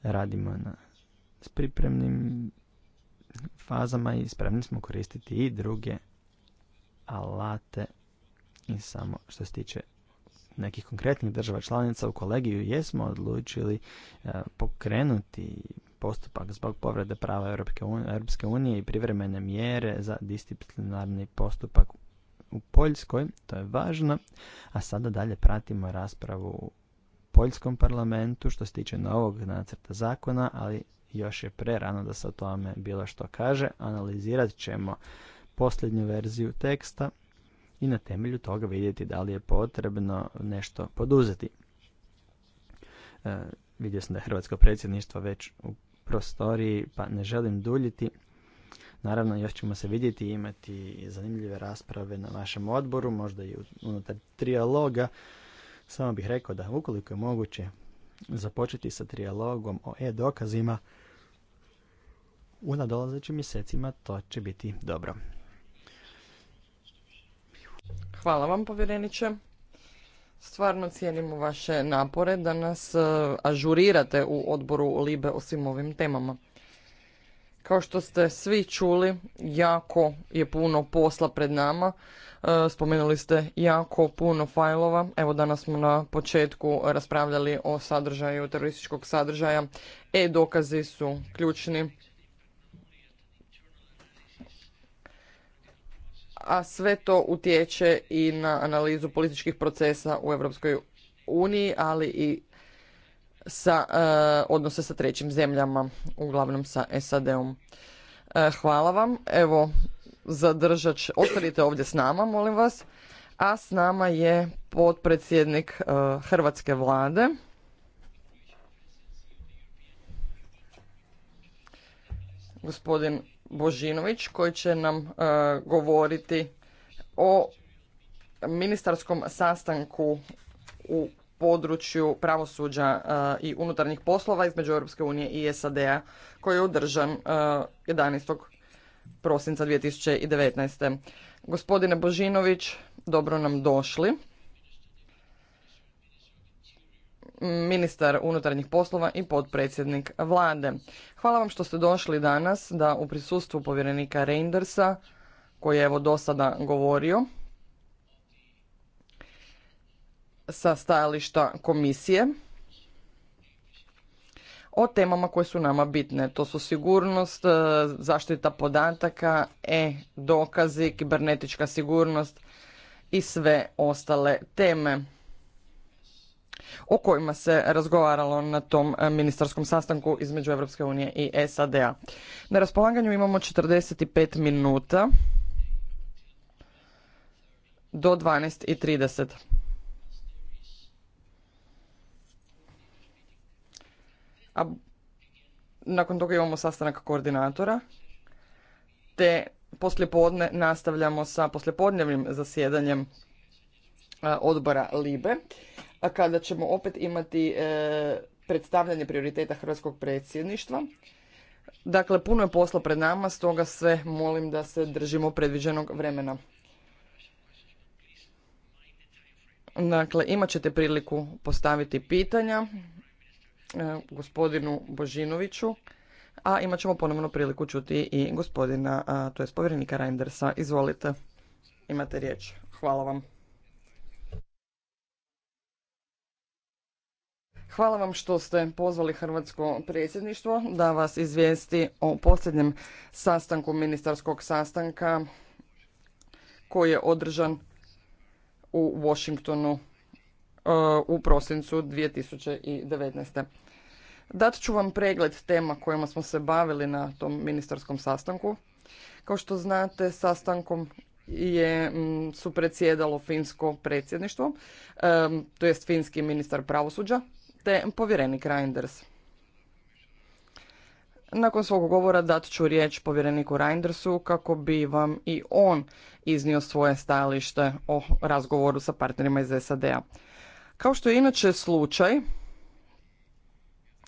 radimo na, s pripremnim fazama i spremni smo koristiti i druge alate i samo što se tiče nekih konkretnih država članica u kolegiju jesmo odlučili e, pokrenuti postupak zbog povrede prava Europske unije i privremene mjere za disciplinarni postupak u Poljskoj, to je važno, a sada dalje pratimo raspravu u Poljskom parlamentu što se tiče novog nacrta zakona, ali još je prerano da se o tome bilo što kaže, analizirat ćemo posljednju verziju teksta i na temelju toga vidjeti da li je potrebno nešto poduzeti. E, Vidio sam da je Hrvatsko predsjedništvo već u prostoriji, pa ne želim duljiti. Naravno, još ćemo se vidjeti i imati zanimljive rasprave na vašem odboru, možda i unutar trijaloga. Samo bih rekao da ukoliko je moguće započeti sa trijalogom o e-dokazima u nadolazećim mjesecima, to će biti dobro. Hvala vam, povjereniče. Stvarno cijenimo vaše napore da nas e, ažurirate u odboru Libe o svim ovim temama. Kao što ste svi čuli, jako je puno posla pred nama. E, spomenuli ste jako puno fajlova. Evo danas smo na početku raspravljali o sadržaju terorističkog sadržaja. E-dokazi su ključni a sve to utječe i na analizu političkih procesa u Europskoj uniji, ali i sa uh, odnose sa trećim zemljama, uglavnom sa SAD-om. E, hvala vam. Evo, zadržat ovdje s nama, molim vas. A s nama je potpredsjednik e, Hrvatske vlade. Gospodin Božinović koji će nam e, govoriti o ministarskom sastanku u području pravosuđa e, i unutarnjih poslova između Europske unije i SAD-a koji je održan 11. E, prosinca 2019. Gospodine Božinović, dobro nam došli ministar unutarnjih poslova i potpredsjednik vlade. Hvala vam što ste došli danas da u prisustvu povjerenika Reindersa, koji je evo do sada govorio, sa stajališta komisije o temama koje su nama bitne. To su sigurnost, e, zaštita podataka, e-dokazi, kibernetička sigurnost i sve ostale teme o kojima se razgovaralo na tom e, ministarskom sastanku između Europske unije i SAD-a. Na raspolaganju imamo 45 minuta do 12.30. A nakon toga imamo sastanak koordinatora, te poslijepodne nastavljamo sa poslijepodnevnim zasjedanjem e, odbora LIBE kada ćemo opet imati e, predstavljanje prioriteta hrvatskog predsjedništva. Dakle, puno je posla pred nama, stoga sve molim da se držimo predviđenog vremena. Dakle, imat ćete priliku postaviti pitanja e, gospodinu Božinoviću, a imat ćemo ponovno priliku čuti i gospodina, to je povjerenika Reindersa. Izvolite, imate riječ. Hvala vam. Hvala vam što ste pozvali Hrvatsko predsjedništvo da vas izvijesti o posljednjem sastanku ministarskog sastanka koji je održan u Washingtonu uh, u prosincu 2019. Dat ću vam pregled tema kojima smo se bavili na tom ministarskom sastanku. Kao što znate, sastankom je, mm, su predsjedalo finsko predsjedništvo, um, to jest finski ministar pravosuđa, te povjerenik Reinders. Nakon svog govora dat ću riječ povjereniku Reindersu kako bi vam i on iznio svoje stajalište o razgovoru sa partnerima iz SAD-a. Kao što je inače slučaj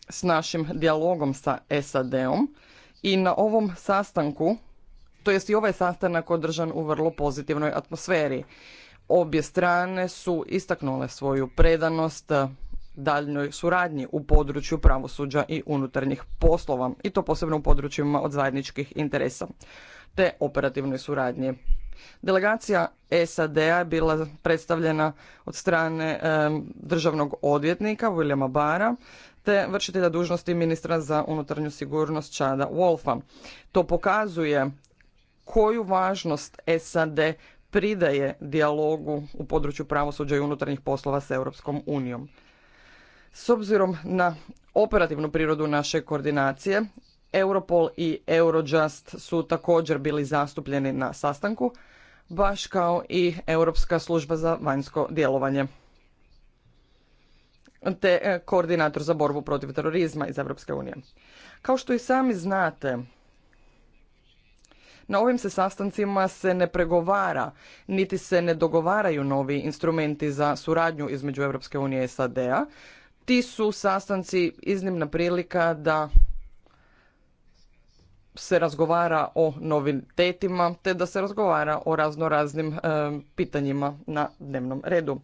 s našim dijalogom sa SAD-om i na ovom sastanku, to jest i ovaj sastanak održan u vrlo pozitivnoj atmosferi. Obje strane su istaknule svoju predanost daljnjoj suradnji u području pravosuđa i unutarnjih poslova i to posebno u područjima od zajedničkih interesa te operativnoj suradnji. Delegacija SAD-a je bila predstavljena od strane državnog odvjetnika Williama Bara te vršitelja dužnosti ministra za unutarnju sigurnost Čada Wolfa. To pokazuje koju važnost SAD pridaje dijalogu u području pravosuđa i unutarnjih poslova s Europskom unijom. S obzirom na operativnu prirodu naše koordinacije, Europol i Eurojust su također bili zastupljeni na sastanku, baš kao i Europska služba za vanjsko djelovanje te e, koordinator za borbu protiv terorizma iz Europske unije. Kao što i sami znate, na ovim se sastancima se ne pregovara, niti se ne dogovaraju novi instrumenti za suradnju između Europske unije i SAD-a, ti su sastanci iznimna prilika da se razgovara o novitetima te da se razgovara o raznoraznim e, pitanjima na dnevnom redu.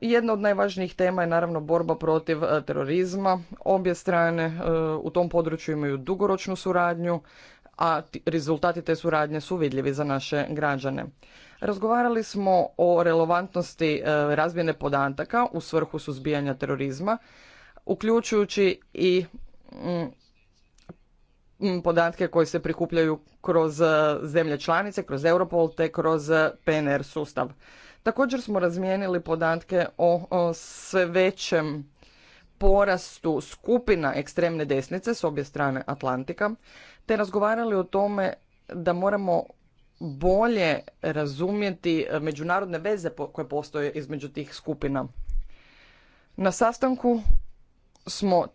Jedna od najvažnijih tema je naravno borba protiv e, terorizma. Obje strane e, u tom području imaju dugoročnu suradnju, a rezultati te suradnje su vidljivi za naše građane. Razgovarali smo o relevantnosti e, razmjene podataka u svrhu suzbijanja terorizma, uključujući i mm, mm, podatke koji se prikupljaju kroz e, zemlje članice, kroz Europol te kroz e, PNR sustav. Također smo razmijenili podatke o sve većem porastu skupina ekstremne desnice s obje strane Atlantika, te razgovarali o tome da moramo bolje razumjeti e, međunarodne veze koje postoje između tih skupina. Na sastanku smo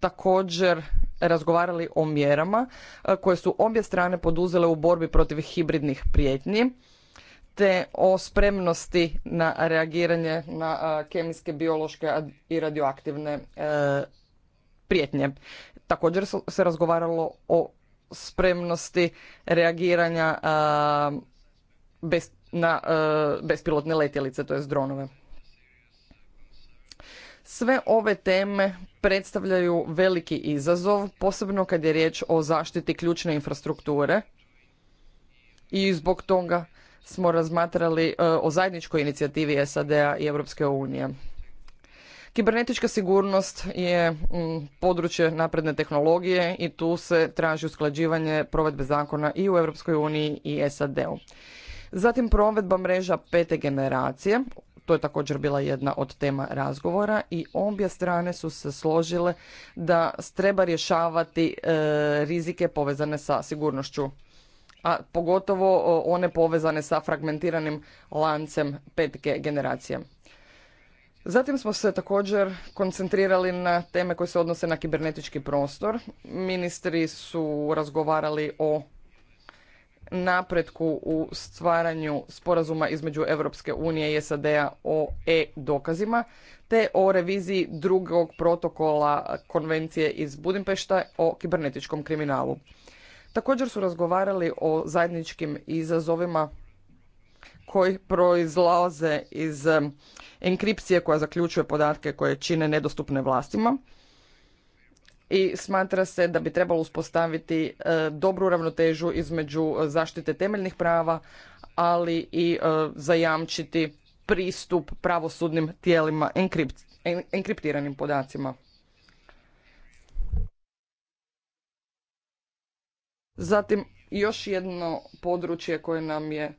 također razgovarali o mjerama e, koje su obje strane poduzele u borbi protiv hibridnih prijetnji te o spremnosti na reagiranje na e, kemijske, biološke i radioaktivne prijetnje. Također se razgovaralo o spremnosti reagiranja bez, na bespilotne letjelice, to je dronove. Sve ove teme predstavljaju veliki izazov, posebno kad je riječ o zaštiti ključne infrastrukture i zbog toga smo razmatrali o zajedničkoj inicijativi SAD-a i Europske unije. Kibernetička sigurnost je mm, područje napredne tehnologije i tu se traži usklađivanje provedbe zakona i u Europskoj uniji i SAD-u. Zatim provedba mreža pete generacije, to je također bila jedna od tema razgovora i obje strane su se složile da treba rješavati e, rizike povezane sa sigurnošću a pogotovo one povezane sa fragmentiranim lancem petke generacije. Zatim smo se također koncentrirali na teme koje se odnose na kibernetički prostor. Ministri su razgovarali o napretku u stvaranju sporazuma između Europske unije i SAD-a o e-dokazima, te o reviziji drugog protokola konvencije iz Budimpešta o kibernetičkom kriminalu. Također su razgovarali o zajedničkim izazovima koji proizlaze iz enkripcije koja zaključuje podatke koje čine nedostupne vlastima i smatra se da bi trebalo uspostaviti e, dobru ravnotežu između zaštite temeljnih prava, ali i e, zajamčiti pristup pravosudnim tijelima enkriptiranim podacima. Zatim, još jedno područje koje nam je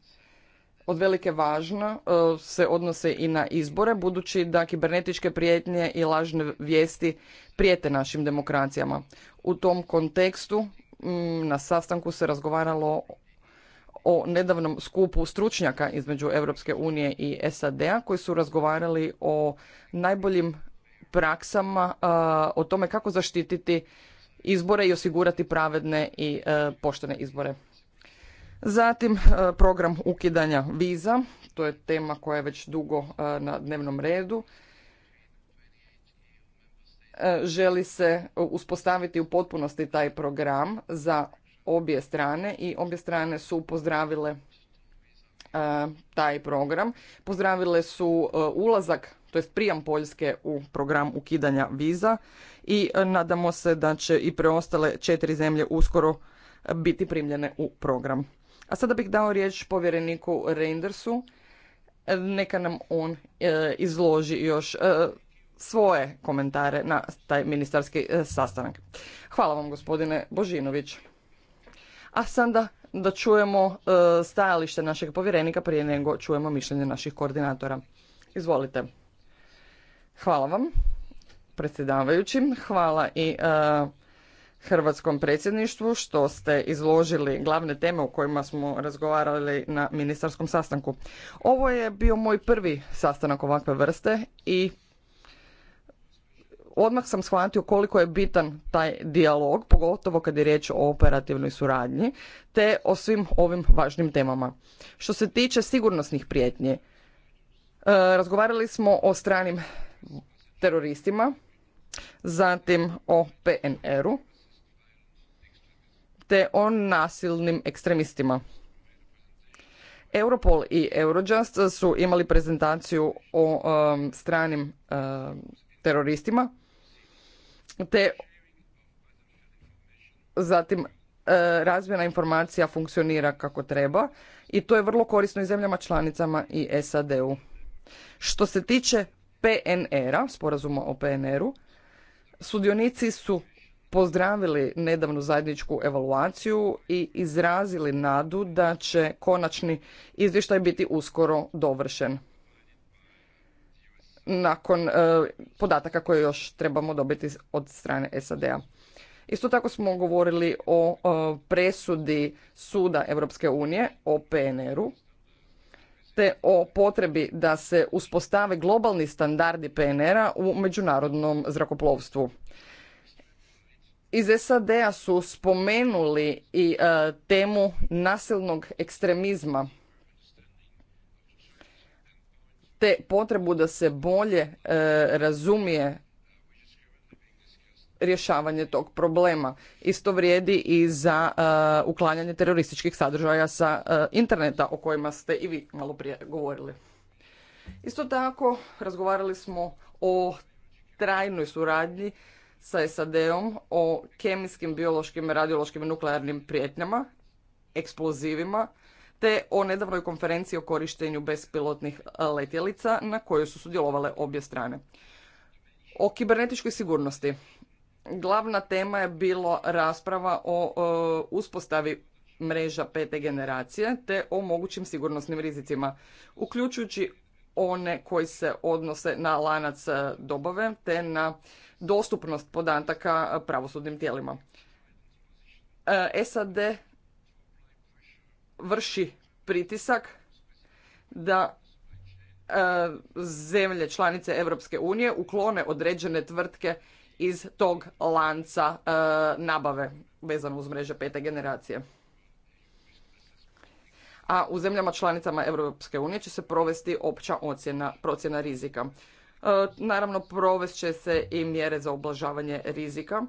od velike važna e, se odnose i na izbore, budući da kibernetičke prijetnje i lažne vijesti prijete našim demokracijama. U tom kontekstu mm, na sastanku se razgovaralo o nedavnom skupu stručnjaka između Europske unije i SAD-a koji su razgovarali o najboljim praksama, e, o tome kako zaštititi izbore i osigurati pravedne i e, poštene izbore. Zatim e, program ukidanja viza, to je tema koja je već dugo e, na dnevnom redu. E, želi se uspostaviti u potpunosti taj program za obje strane i obje strane su pozdravile taj program. Pozdravile su ulazak, to jest prijam Poljske u program ukidanja viza i nadamo se da će i preostale četiri zemlje uskoro biti primljene u program. A sada bih dao riječ povjereniku Reindersu, neka nam on e, izloži još e, svoje komentare na taj ministarski e, sastanak. Hvala vam gospodine Božinović. A sada da čujemo stajalište našeg povjerenika prije nego čujemo mišljenje naših koordinatora. Izvolite. Hvala vam predsjedavajući. Hvala i hrvatskom predsjedništvu što ste izložili glavne teme o kojima smo razgovarali na ministarskom sastanku. Ovo je bio moj prvi sastanak ovakve vrste i odmah sam shvatio koliko je bitan taj dijalog, pogotovo kad je riječ o operativnoj suradnji, te o svim ovim važnim temama. Što se tiče sigurnosnih prijetnje, razgovarali smo o stranim teroristima, zatim o PNR-u, te o nasilnim ekstremistima. Europol i Eurojust su imali prezentaciju o um, stranim um, teroristima, te zatim uh, razmjena informacija funkcionira kako treba i to je vrlo korisno i zemljama članicama i SAD-u. Što se tiče PNR-a, sporazuma o PNR-u, sudionici su pozdravili nedavnu zajedničku evaluaciju i izrazili nadu da će konačni izvještaj biti uskoro dovršen nakon e, podataka koje još trebamo dobiti od strane SAD-a. Isto tako smo govorili o, e, presudi suda Europske unije o PNR-u te o potrebi da se uspostave globalni standardi PNR-a u međunarodnom zrakoplovstvu iz SAD-a su spomenuli i e, temu nasilnog ekstremizma te potrebu da se bolje e, razumije rješavanje tog problema. Isto vrijedi i za e, uklanjanje terorističkih sadržaja sa interneta o kojima ste i vi malo prije govorili. Isto tako razgovarali smo o trajnoj suradnji sa SAD-om o kemijskim, biološkim, radiološkim i nuklearnim prijetnjama, eksplozivima, te o nedavnoj konferenciji o korištenju bespilotnih e, letjelica na kojoj su sudjelovale obje strane. O kibernetičkoj sigurnosti. Glavna tema je bilo rasprava o, o e, uspostavi mreža pete generacije te o mogućim sigurnosnim rizicima, uključujući one koji se odnose na lanac e, dobave te na dostupnost podataka pravosudnim tijelima. E, SAD vrši pritisak da e, zemlje članice Europske unije uklone određene tvrtke iz tog lanca e, nabave vezano uz mreže pete generacije. A u zemljama članicama Europske unije će se provesti opća ocjena, procjena rizika. E, naravno, provest će se i mjere za oblažavanje rizika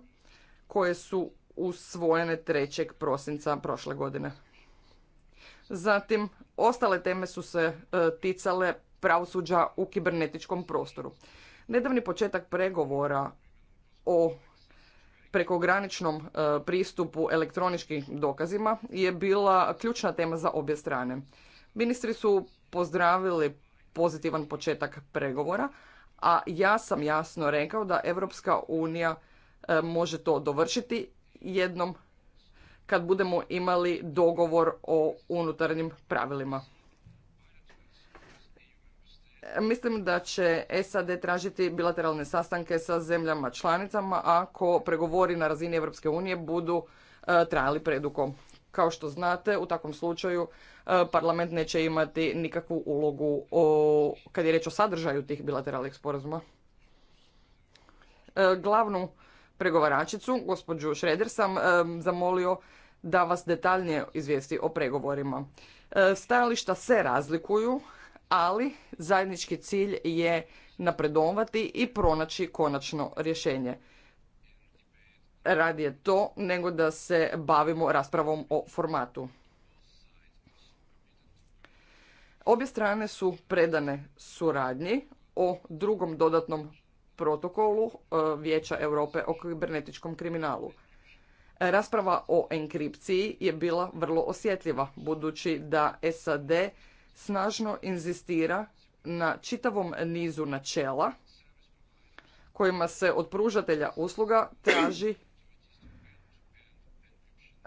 koje su usvojene 3. prosinca prošle godine. Zatim, ostale teme su se e, ticale pravosuđa u kibernetičkom prostoru. Nedavni početak pregovora o prekograničnom e, pristupu elektroničkim dokazima je bila ključna tema za obje strane. Ministri su pozdravili pozitivan početak pregovora, a ja sam jasno rekao da Europska unija e, može to dovršiti jednom kad budemo imali dogovor o unutarnjim pravilima. Mislim da će SAD tražiti bilateralne sastanke sa zemljama članicama ako pregovori na razini Europske unije budu e, trajali predugo. Kao što znate, u takvom slučaju e, parlament neće imati nikakvu ulogu o, kad je reč o sadržaju tih bilateralnih sporazuma. E, glavnu pregovaračicu, gospođu Šreder, sam e, zamolio da vas detaljnije izvijesti o pregovorima. Stajališta se razlikuju, ali zajednički cilj je napredovati i pronaći konačno rješenje radije to nego da se bavimo raspravom o formatu. Obje strane su predane suradnji o drugom dodatnom protokolu e, Vijeća Europe o kibernetičkom kriminalu. Rasprava o enkripciji je bila vrlo osjetljiva, budući da SAD snažno inzistira na čitavom nizu načela kojima se od pružatelja usluga traži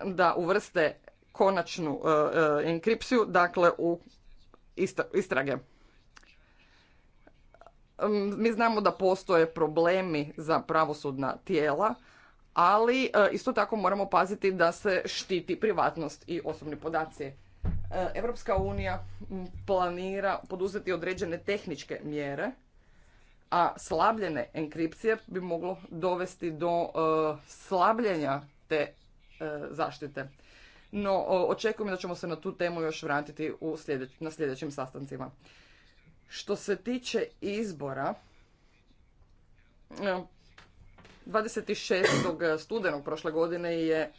da uvrste konačnu e, e, enkripciju, dakle u istrage. Mi znamo da postoje problemi za pravosudna tijela, ali e, isto tako moramo paziti da se štiti privatnost i osobni podaci. Europska unija planira poduzeti određene tehničke mjere, a slabljene enkripcije bi moglo dovesti do slabljenja te E, zaštite. No, očekujem da ćemo se na tu temu još vratiti u sljedeć, na sljedećim sastancima. Što se tiče izbora, 26. E, studenog prošle godine je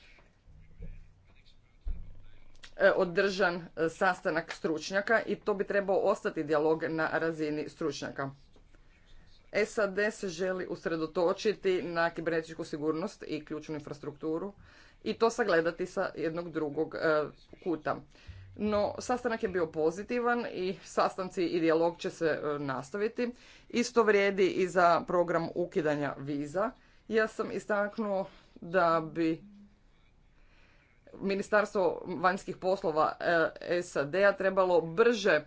e, održan sastanak stručnjaka i to bi trebao ostati dijalog na razini stručnjaka. SAD se želi usredotočiti na kibernetičku sigurnost i ključnu infrastrukturu, i to sagledati sa jednog drugog e, kuta. No, sastanak je bio pozitivan i sastanci i dijalog će se e, nastaviti. Isto vrijedi i za program ukidanja viza. Ja sam istaknuo da bi Ministarstvo vanjskih poslova e, SAD-a trebalo brže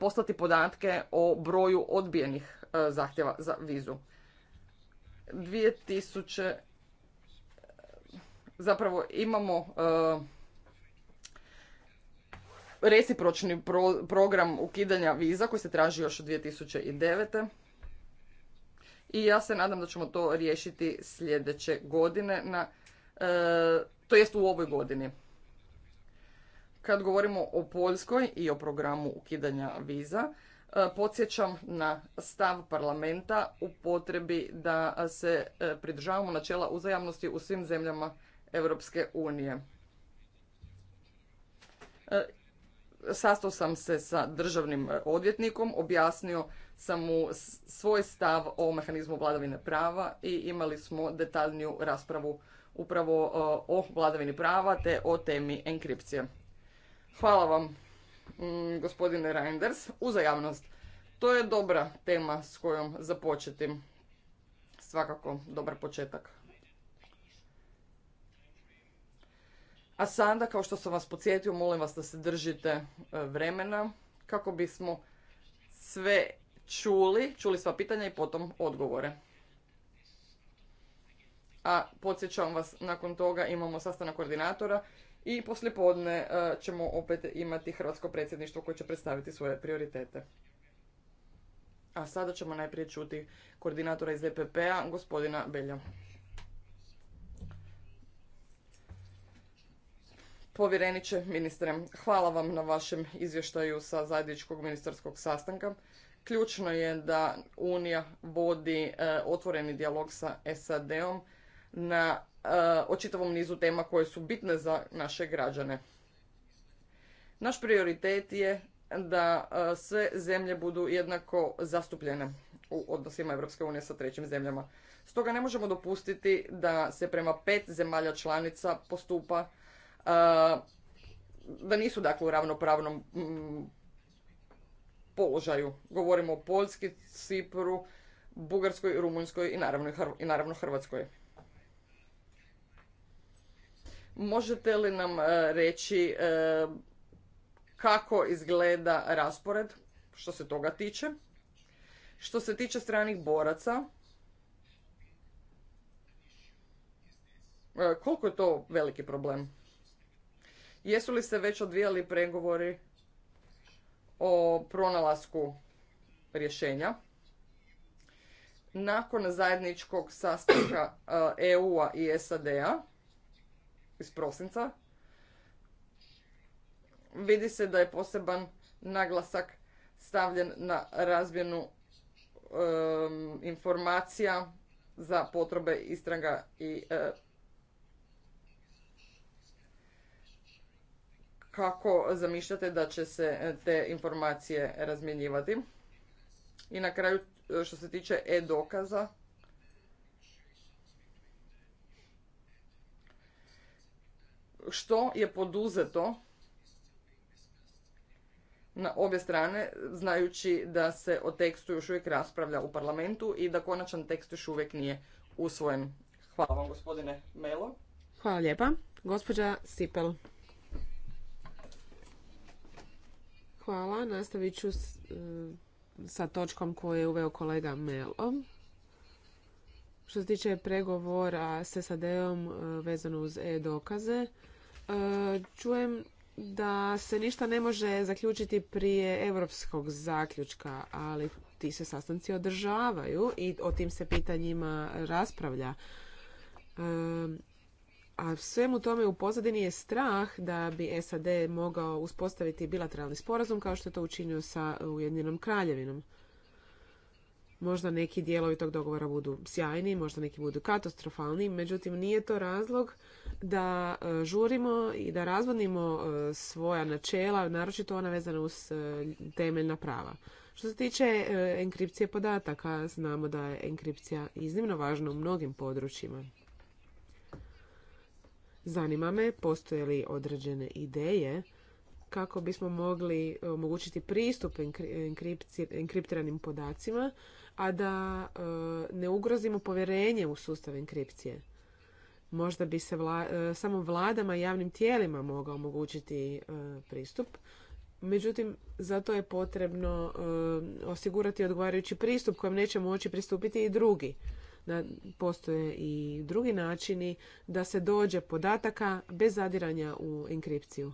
poslati podatke o broju odbijenih zahtjeva za vizu zapravo imamo e, recipročni program ukidanja viza koji se traži još od 2009. I ja se nadam da ćemo to riješiti sljedeće godine, na, e, to jest u ovoj godini. Kad govorimo o Poljskoj i o programu ukidanja viza, e, podsjećam na stav parlamenta u potrebi da se pridržavamo načela uzajamnosti u svim zemljama Europske unije. E, sastao sam se sa državnim e, odvjetnikom, objasnio sam mu svoj stav o mehanizmu vladavine prava i imali smo detaljniju raspravu upravo e, o vladavini prava te o temi enkripcije. Hvala vam, mm, gospodine Reinders, uzajamnost. To je dobra tema s kojom započeti. Svakako dobar početak. A sada, kao što sam vas podsjetio, molim vas da se držite e, vremena kako bismo sve čuli, čuli sva pitanja i potom odgovore. A podsjećam vas, nakon toga imamo sastanak koordinatora i poslijepodne e, ćemo opet imati Hrvatsko predsjedništvo koje će predstaviti svoje prioritete. A sada ćemo najprije čuti koordinatora iz EPP-a, gospodina Belja. Povjereniče, ministre, hvala vam na vašem izvještaju sa zajedničkog ministarskog sastanka. Ključno je da Unija vodi e, otvoreni dijalog sa SAD-om na e, očitavom nizu tema koje su bitne za naše građane. Naš prioritet je da e, sve zemlje budu jednako zastupljene u odnosima Europske unije sa trećim zemljama. Stoga ne možemo dopustiti da se prema pet zemalja članica postupa da nisu dakle u ravnopravnom mm, položaju. Govorimo o Poljski, Cipru, Bugarskoj, Rumunjskoj i i naravno Hrvatskoj. Možete li nam e, reći e, kako izgleda raspored što se toga tiče? Što se tiče stranih boraca, e, koliko je to veliki problem? Jesu li se već odvijali pregovori o pronalasku rješenja? Nakon zajedničkog sastanka EU-a e i SAD-a iz prosinca, vidi se da je poseban naglasak stavljen na razmjenu e, informacija za potrebe istraga i e, kako zamišljate da će se e, te informacije razmjenjivati. I na kraju e, što se tiče e-dokaza, što je poduzeto na obje strane, znajući da se o tekstu još uvijek raspravlja u parlamentu i da konačan tekst još uvijek nije usvojen. Hvala vam gospodine Melo. Hvala lijepa. Gospođa Sipel. Hvala. Nastavit ću e, sa točkom koju je uveo kolega Melo. Što se tiče pregovora s SAD-om e, vezano uz e-dokaze, e, čujem da se ništa ne može zaključiti prije europskog zaključka, ali ti se sastanci održavaju i o tim se pitanjima raspravlja a svemu tome u pozadini je strah da bi SAD mogao uspostaviti bilateralni sporazum kao što je to učinio sa Ujedinjenom kraljevinom. Možda neki dijelovi tog dogovora budu sjajni, možda neki budu katastrofalni, međutim nije to razlog da e, žurimo i da razvodnimo e, svoja načela, naročito ona vezana uz e, temeljna prava. Što se tiče enkripcije podataka, znamo da je enkripcija iznimno važna u mnogim područjima Zanima me, postoje li određene ideje kako bismo mogli omogućiti pristup enkriptiranim podacima, a da e, ne ugrozimo povjerenje u sustav enkripcije. Možda bi se e, samo vladama i javnim tijelima mogao omogućiti e, pristup. Međutim, zato je potrebno osigurati odgovarajući pristup kojem neće moći pristupiti i drugi da postoje i drugi načini da se dođe podataka bez zadiranja u enkripciju.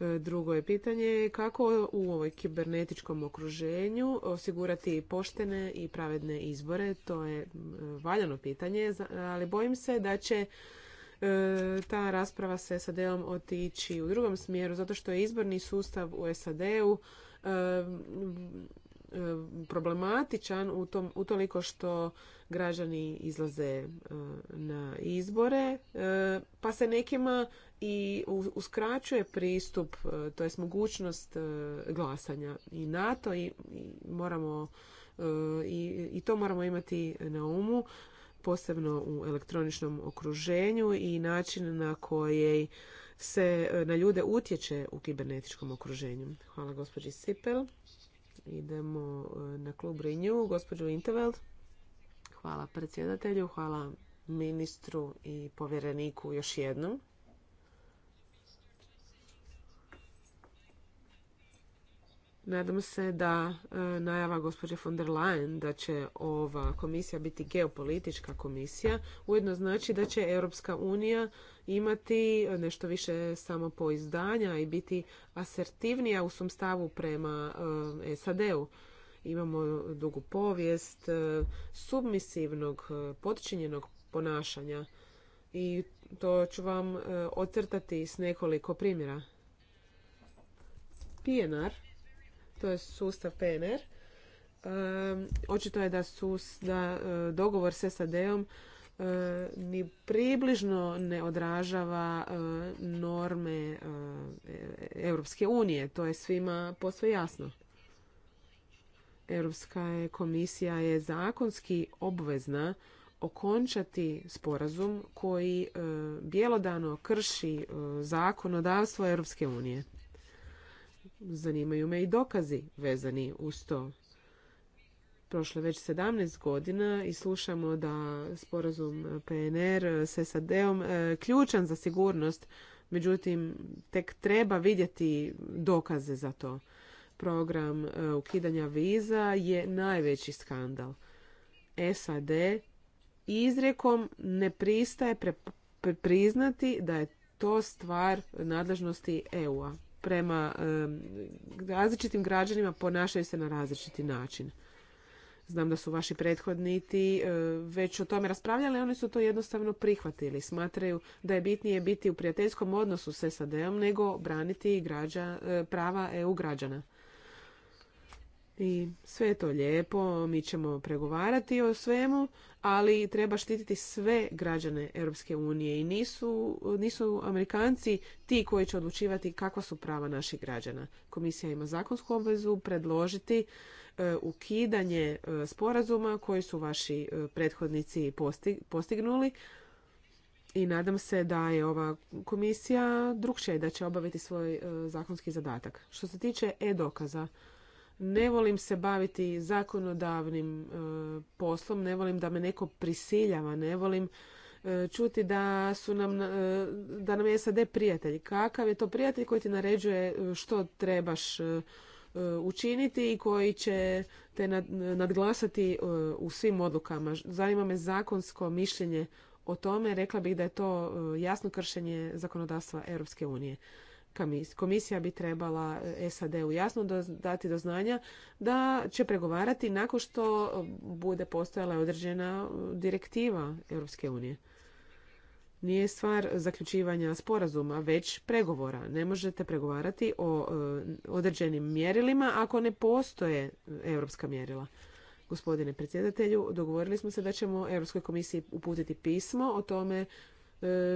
E, drugo je pitanje kako u ovoj kibernetičkom okruženju osigurati poštene i pravedne izbore. To je e, valjano pitanje, ali bojim se da će e, ta rasprava se SAD-om otići u drugom smjeru, zato što je izborni sustav u SAD-u E, problematičan u tom, utoliko što građani izlaze e, na izbore, e, pa se nekima i uskraćuje pristup, to jest mogućnost glasanja i NATO i, i moramo i, i to moramo imati na umu posebno u elektroničnom okruženju i način na koji se na ljude utječe u kibernetičkom okruženju. Hvala gospođi Sipel. Idemo e, na klub Rinju, Gospođu Interveld. Hvala predsjedatelju, hvala ministru i povjereniku još jednom. Nadam se da e, najava gospođe von der Leyen da će ova komisija biti geopolitička komisija ujedno znači da će Europska unija imati nešto više samo poizdanja i biti asertivnija u svom stavu prema e, SAD-u. Imamo dugu povijest e, submisivnog, podčinjenog ponašanja i to ću vam ocrtati s nekoliko primjera. PNR to je sustav PNR. Očito je da, da e, dogovor s SAD-om e, ni približno ne odražava e, norme Europske unije. To je svima posve jasno. Europska komisija je zakonski obvezna okončati sporazum koji bjelodano krši zakonodavstvo Europske unije zanimaju me i dokazi vezani uz to. Prošlo već 17 godina i slušamo da sporazum PNR s SAD-om e, ključan za sigurnost, međutim tek treba vidjeti dokaze za to. Program e, ukidanja viza je najveći skandal. SAD izrijekom ne pristaje priznati da je to stvar nadležnosti EU-a prema različitim građanima ponašaju se na različiti način. Znam da su vaši prethodniti eh, već o tome raspravljali, oni su to jednostavno prihvatili. Smatraju da je bitnije biti u prijateljskom odnosu s SAD-om nego braniti eh, prava EU građana. I sve je to lijepo, mi ćemo pregovarati o svemu, ali treba štititi sve građane Europske unije i nisu, nisu Amerikanci ti koji će odlučivati kakva su prava naših građana. Komisija ima zakonsku obvezu predložiti e, ukidanje e, sporazuma koji su vaši e, prethodnici postignuli i nadam se da je ova komisija drukčija i da će obaviti svoj zakonski zadatak. Što se tiče e-dokaza, ne volim se baviti zakonodavnim e, poslom, ne volim da me neko prisiljava, ne volim e, čuti da, su nam, e, da nam je SAD prijatelj. Kakav je to prijatelj koji ti naređuje što trebaš učiniti i koji će te nadglasati u svim odlukama. Zanima me zakonsko mišljenje o tome. Rekla bih da je to jasno kršenje zakonodavstva Europske unije. Komisija bi trebala e, SAD-u jasno dati do znanja da će pregovarati nakon što bude postojala određena e, direktiva Europske unije. Nije stvar zaključivanja sporazuma, već pregovora. Ne možete pregovarati o e, određenim mjerilima ako ne postoje europska mjerila. Gospodine predsjedatelju, dogovorili smo se da ćemo Europskoj komisiji uputiti pismo o tome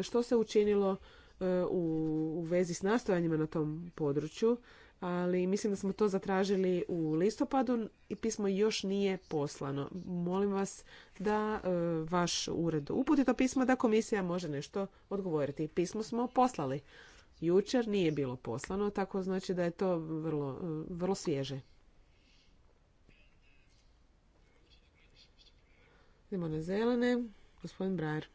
što se učinilo E, u vezi s nastojanjima na tom području, ali mislim da smo to zatražili u listopadu i pismo još nije poslano. Molim vas da e, vaš ured uputi to pismo da komisija može nešto odgovoriti. Pismo smo poslali. Jučer nije bilo poslano, tako znači da je to vrlo, e, vrlo svježe. Idemo na zelene. Gospodin Brajer.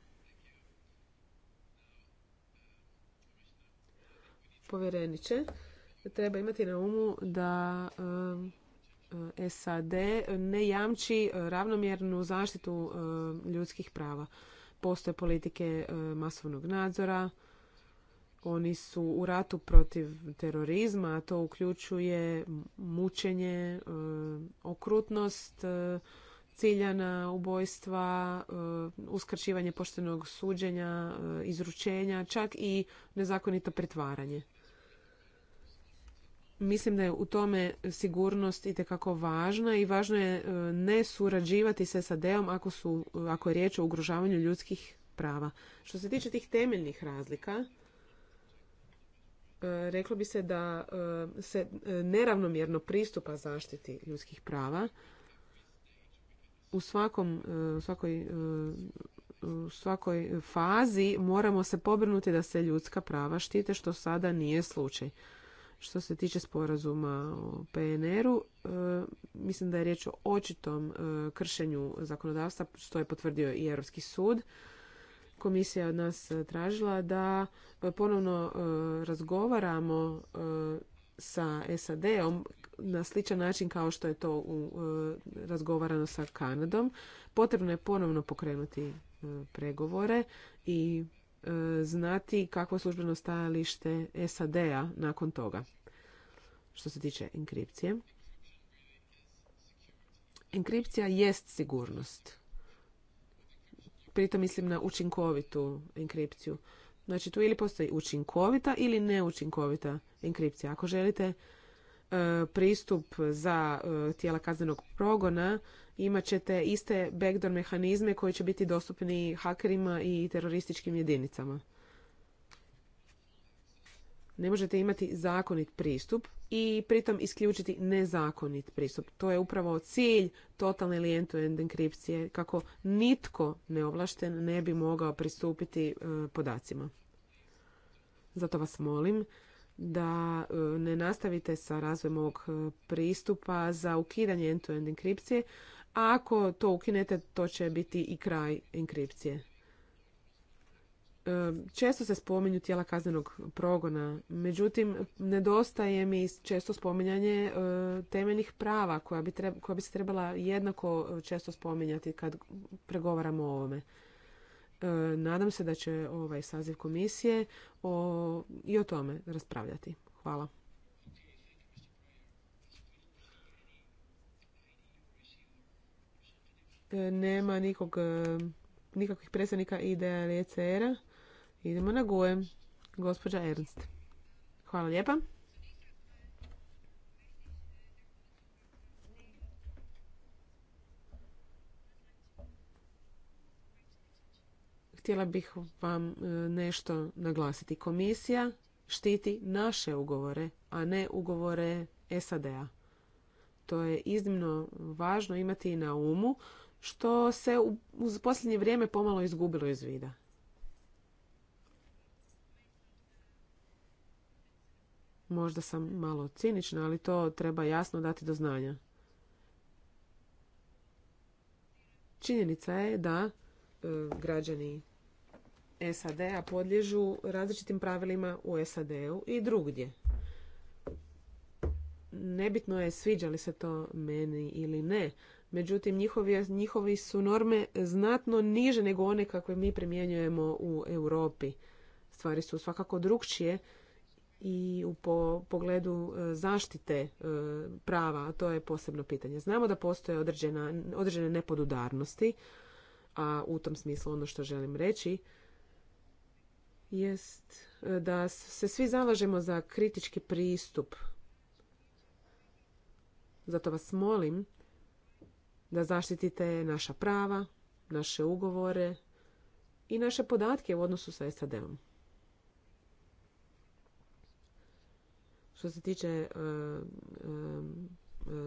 povjereniče, treba imati na umu da e, e, SAD ne jamči e, ravnomjernu zaštitu ljudskih prava. Postoje politike masovnog nadzora, oni su u ratu protiv terorizma, a to uključuje mučenje, okrutnost, ciljana ubojstva, uskraćivanje poštenog suđenja, izručenja, čak i nezakonito pritvaranje. Mislim da je u tome sigurnost itekako važna i važno je e, ne surađivati se sa DEOM ako, su, ako je riječ o ugrožavanju ljudskih prava. Što se tiče tih temeljnih razlika, e, reklo bi se da e, se neravnomjerno pristupa zaštiti ljudskih prava. U, svakom, u svakoj u svakoj fazi moramo se pobrinuti da se ljudska prava štite, što sada nije slučaj. Što se tiče sporazuma o PNR-u, e, mislim da je riječ o očitom e, kršenju zakonodavstva, što je potvrdio i Europski sud. Komisija je od nas e, tražila da ponovno razgovaramo sa SAD-om na sličan način kao što je to razgovarano sa Kanadom. Potrebno je ponovno pokrenuti pregovore i znati kakvo službeno stajalište SAD-a nakon toga što se tiče enkripcije. Enkripcija jest sigurnost. Pritom mislim na učinkovitu enkripciju. Znači tu ili postoji učinkovita ili neučinkovita enkripcija. Ako želite E, pristup za e, tijela kaznenog progona, imat ćete iste backdoor mehanizme koji će biti dostupni hakerima i terorističkim jedinicama. Ne možete imati zakonit pristup i pritom isključiti nezakonit pristup. To je upravo cilj totalne ili end end enkripcije kako nitko neovlašten ne bi mogao pristupiti e, podacima. Zato vas molim da e, ne nastavite sa razvojem ovog e, pristupa za ukidanje end-to-end enkripcije. A ako to ukinete, to će biti i kraj enkripcije. E, često se spominju tijela kaznenog progona, međutim nedostaje mi često spominjanje temeljnih prava koja bi, koja bi se trebala jednako često spominjati kad pregovaramo o ovome. E, nadam se da će ovaj saziv komisije o, i o tome raspravljati. Hvala. E, nema nikog, e, nikakvih predstavnika IDEA ili ECR-a. Idemo na GUE. Gospođa Ernst. Hvala lijepa. Htjela bih vam e, nešto naglasiti. Komisija štiti naše ugovore, a ne ugovore SAD-a. To je iznimno važno imati na umu, što se u posljednje vrijeme pomalo izgubilo iz vida. Možda sam malo cinična, ali to treba jasno dati do znanja. Činjenica je da e, građani SAD-a podliježu različitim pravilima u SAD-u i drugdje. Nebitno je sviđa li se to meni ili ne, međutim njihovi, njihovi su norme znatno niže nego one kakve mi primjenjujemo u Europi. Stvari su svakako drukčije i u pogledu e, zaštite e, prava, a to je posebno pitanje. Znamo da postoje određene nepodudarnosti, a u tom smislu ono što želim reći jest e, da se svi zalažemo za kritički pristup. Zato vas molim da zaštitite naša prava, naše ugovore i naše podatke u odnosu sa SAD-om. Što se tiče e, e,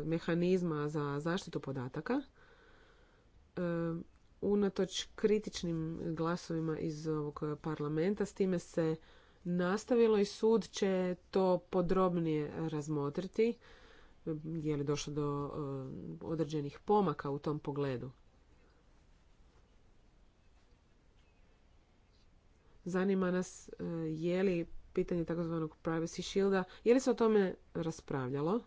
mehanizma za zaštitu podataka, unatoč kritičnim glasovima iz ovog parlamenta. S time se nastavilo i sud će to podrobnije razmotriti je li došlo do eh, određenih pomaka u tom pogledu. Zanima nas eh, je li pitanje takozvanog privacy shielda, je li se o tome raspravljalo?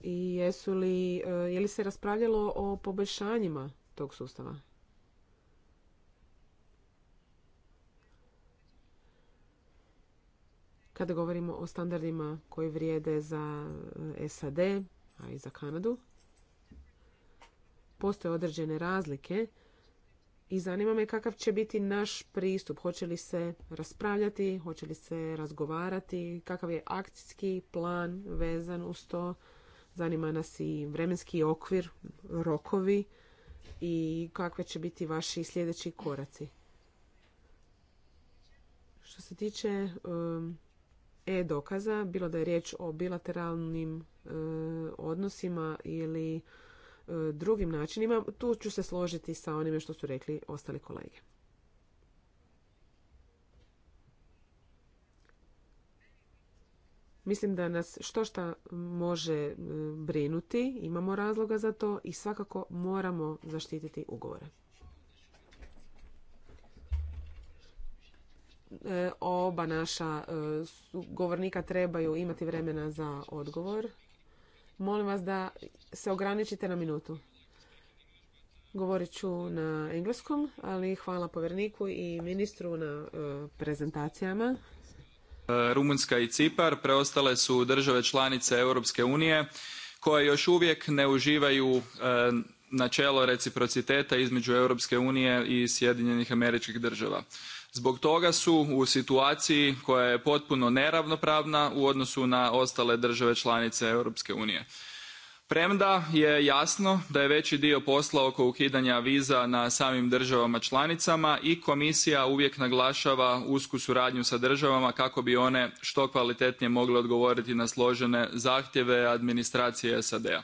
i jesu li, e, je li se raspravljalo o poboljšanjima tog sustava? Kada govorimo o standardima koji vrijede za e, SAD, a i za Kanadu, postoje određene razlike i zanima me kakav će biti naš pristup. Hoće li se raspravljati, hoće li se razgovarati, kakav je akcijski plan vezan uz to Zanima nas i vremenski okvir, rokovi i kakve će biti vaši sljedeći koraci. Što se tiče um, e-dokaza, bilo da je riječ o bilateralnim e, odnosima ili e, drugim načinima, tu ću se složiti sa onime što su rekli ostali kolege. Mislim da nas što šta može e, brinuti, imamo razloga za to i svakako moramo zaštititi ugovore. E, oba naša e, govornika trebaju imati vremena za odgovor. Molim vas da se ograničite na minutu. Govorit ću na engleskom, ali hvala povjerniku i ministru na prezentacijama. E, Rumunjska i Cipar preostale su države članice Europske unije koje još uvijek ne uživaju e, načelo reciprociteta između Europske unije i Sjedinjenih Američkih Država. Zbog toga su u situaciji koja je potpuno neravnopravna u odnosu na ostale države članice Europske unije premda je jasno da je veći dio posla oko ukidanja viza na samim državama članicama i komisija uvijek naglašava usku suradnju sa državama kako bi one što kvalitetnije mogle odgovoriti na složene zahtjeve administracije sad a.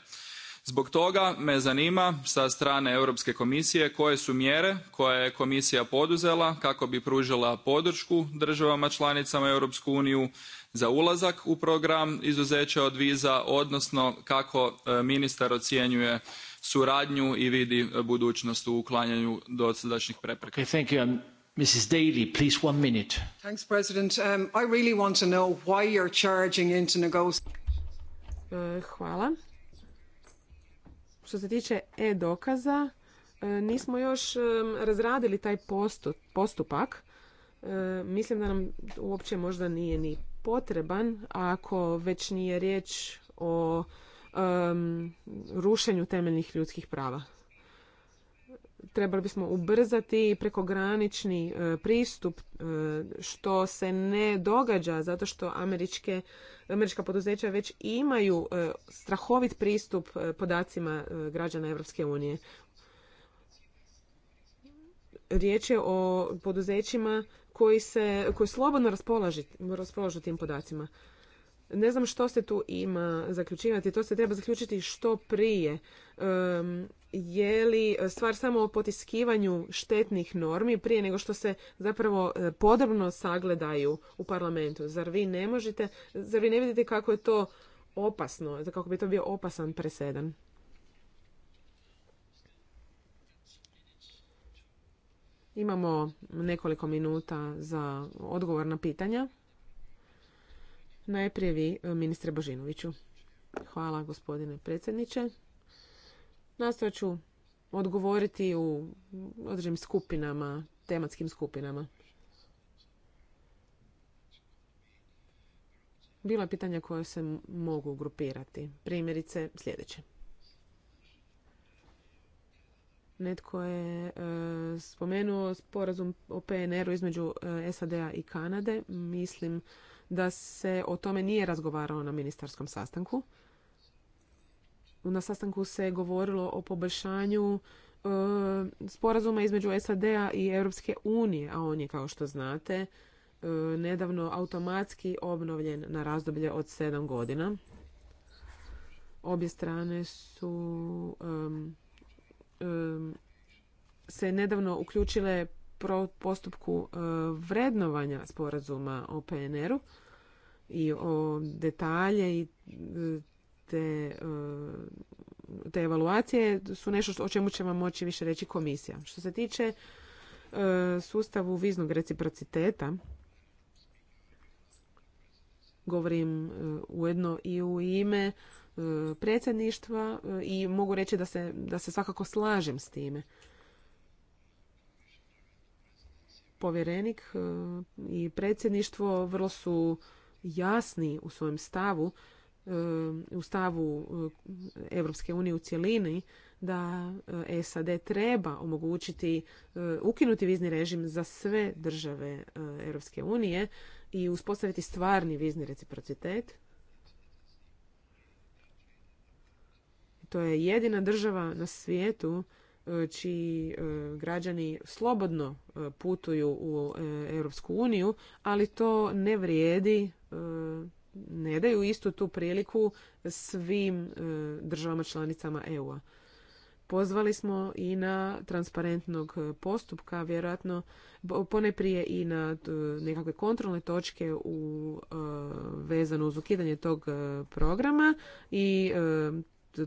zbog toga me zanima sa strane europske komisije koje su mjere koje je komisija poduzela kako bi pružila podršku državama članicama europske unije za ulazak u program izuzeća od viza odnosno kako e, ministar ocjenjuje suradnju i vidi e, budućnost u uklanjanju dosadašnjih prepreka. Mrs. Daly, to Hvala. Što se tiče e-dokaza, e, nismo još razradili taj postupak. Mislim da nam uopće možda nije ni potreban ako već nije riječ o rušenju temeljnih ljudskih prava. Trebali bismo ubrzati prekogranični e, pristup e, što se ne događa zato što američke, američka poduzeća već imaju e, strahovit pristup podacima građana Europske unije. Riječ je o poduzećima koji, se, koji slobodno raspolažu tim podacima. Ne znam što se tu ima zaključivati, to se treba zaključiti što prije. Um, je li stvar samo o potiskivanju štetnih normi prije nego što se zapravo e, podrobno sagledaju u parlamentu? Zar vi ne možete, zar vi ne vidite kako je to opasno, kako bi to bio opasan presedan? Imamo nekoliko minuta za odgovor na pitanja. Najprije vi, e, ministre Božinoviću. Hvala, gospodine predsjedniče. Nastojat ću odgovoriti u određenim skupinama, tematskim skupinama. Bilo je pitanja koje se mogu grupirati. Primjerice sljedeće. Netko je e, spomenuo sporazum o PNR-u između e, SAD-a i Kanade. Mislim da se o tome nije razgovarao na ministarskom sastanku. Na sastanku se govorilo o poboljšanju e, sporazuma između SAD-a i Europske unije, a on je, kao što znate, nedavno automatski obnovljen na razdoblje od sedam godina. Obje strane su se nedavno uključile postupku eh, vrednovanja sporazuma o PNR-u i o detalje i te, eh, te evaluacije su nešto o čemu će vam moći više reći komisija. Što se tiče eh, sustavu viznog reciprociteta, govorim ujedno i u ime E, predsjedništva e, i mogu reći da se, da se svakako slažem s time. Povjerenik e, i predsjedništvo vrlo su jasni u svojem stavu, u stavu Europske unije u cjelini, da SAD treba omogućiti ukinuti vizni režim za sve države Europske unije i uspostaviti stvarni vizni reciprocitet To je jedina država na svijetu e, čiji e, građani slobodno e, putuju u Europsku uniju, ali to ne vrijedi, ne daju istu tu priliku svim državama članicama EU-a. Pozvali smo i na transparentnog postupka, vjerojatno poneprije i na nekakve kontrolne točke u, vezano uz ukidanje tog programa i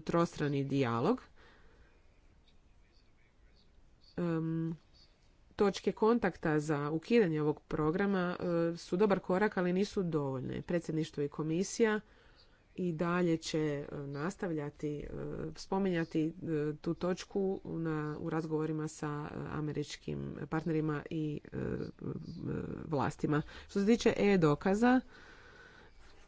trostrani dijalog. točke kontakta za ukidanje ovog programa e, su dobar korak, ali nisu dovoljne. Predsjedništvo i komisija i dalje će e, nastavljati e, spominjati tu točku u razgovorima sa američkim partnerima i vlastima. Što se tiče e-dokaza,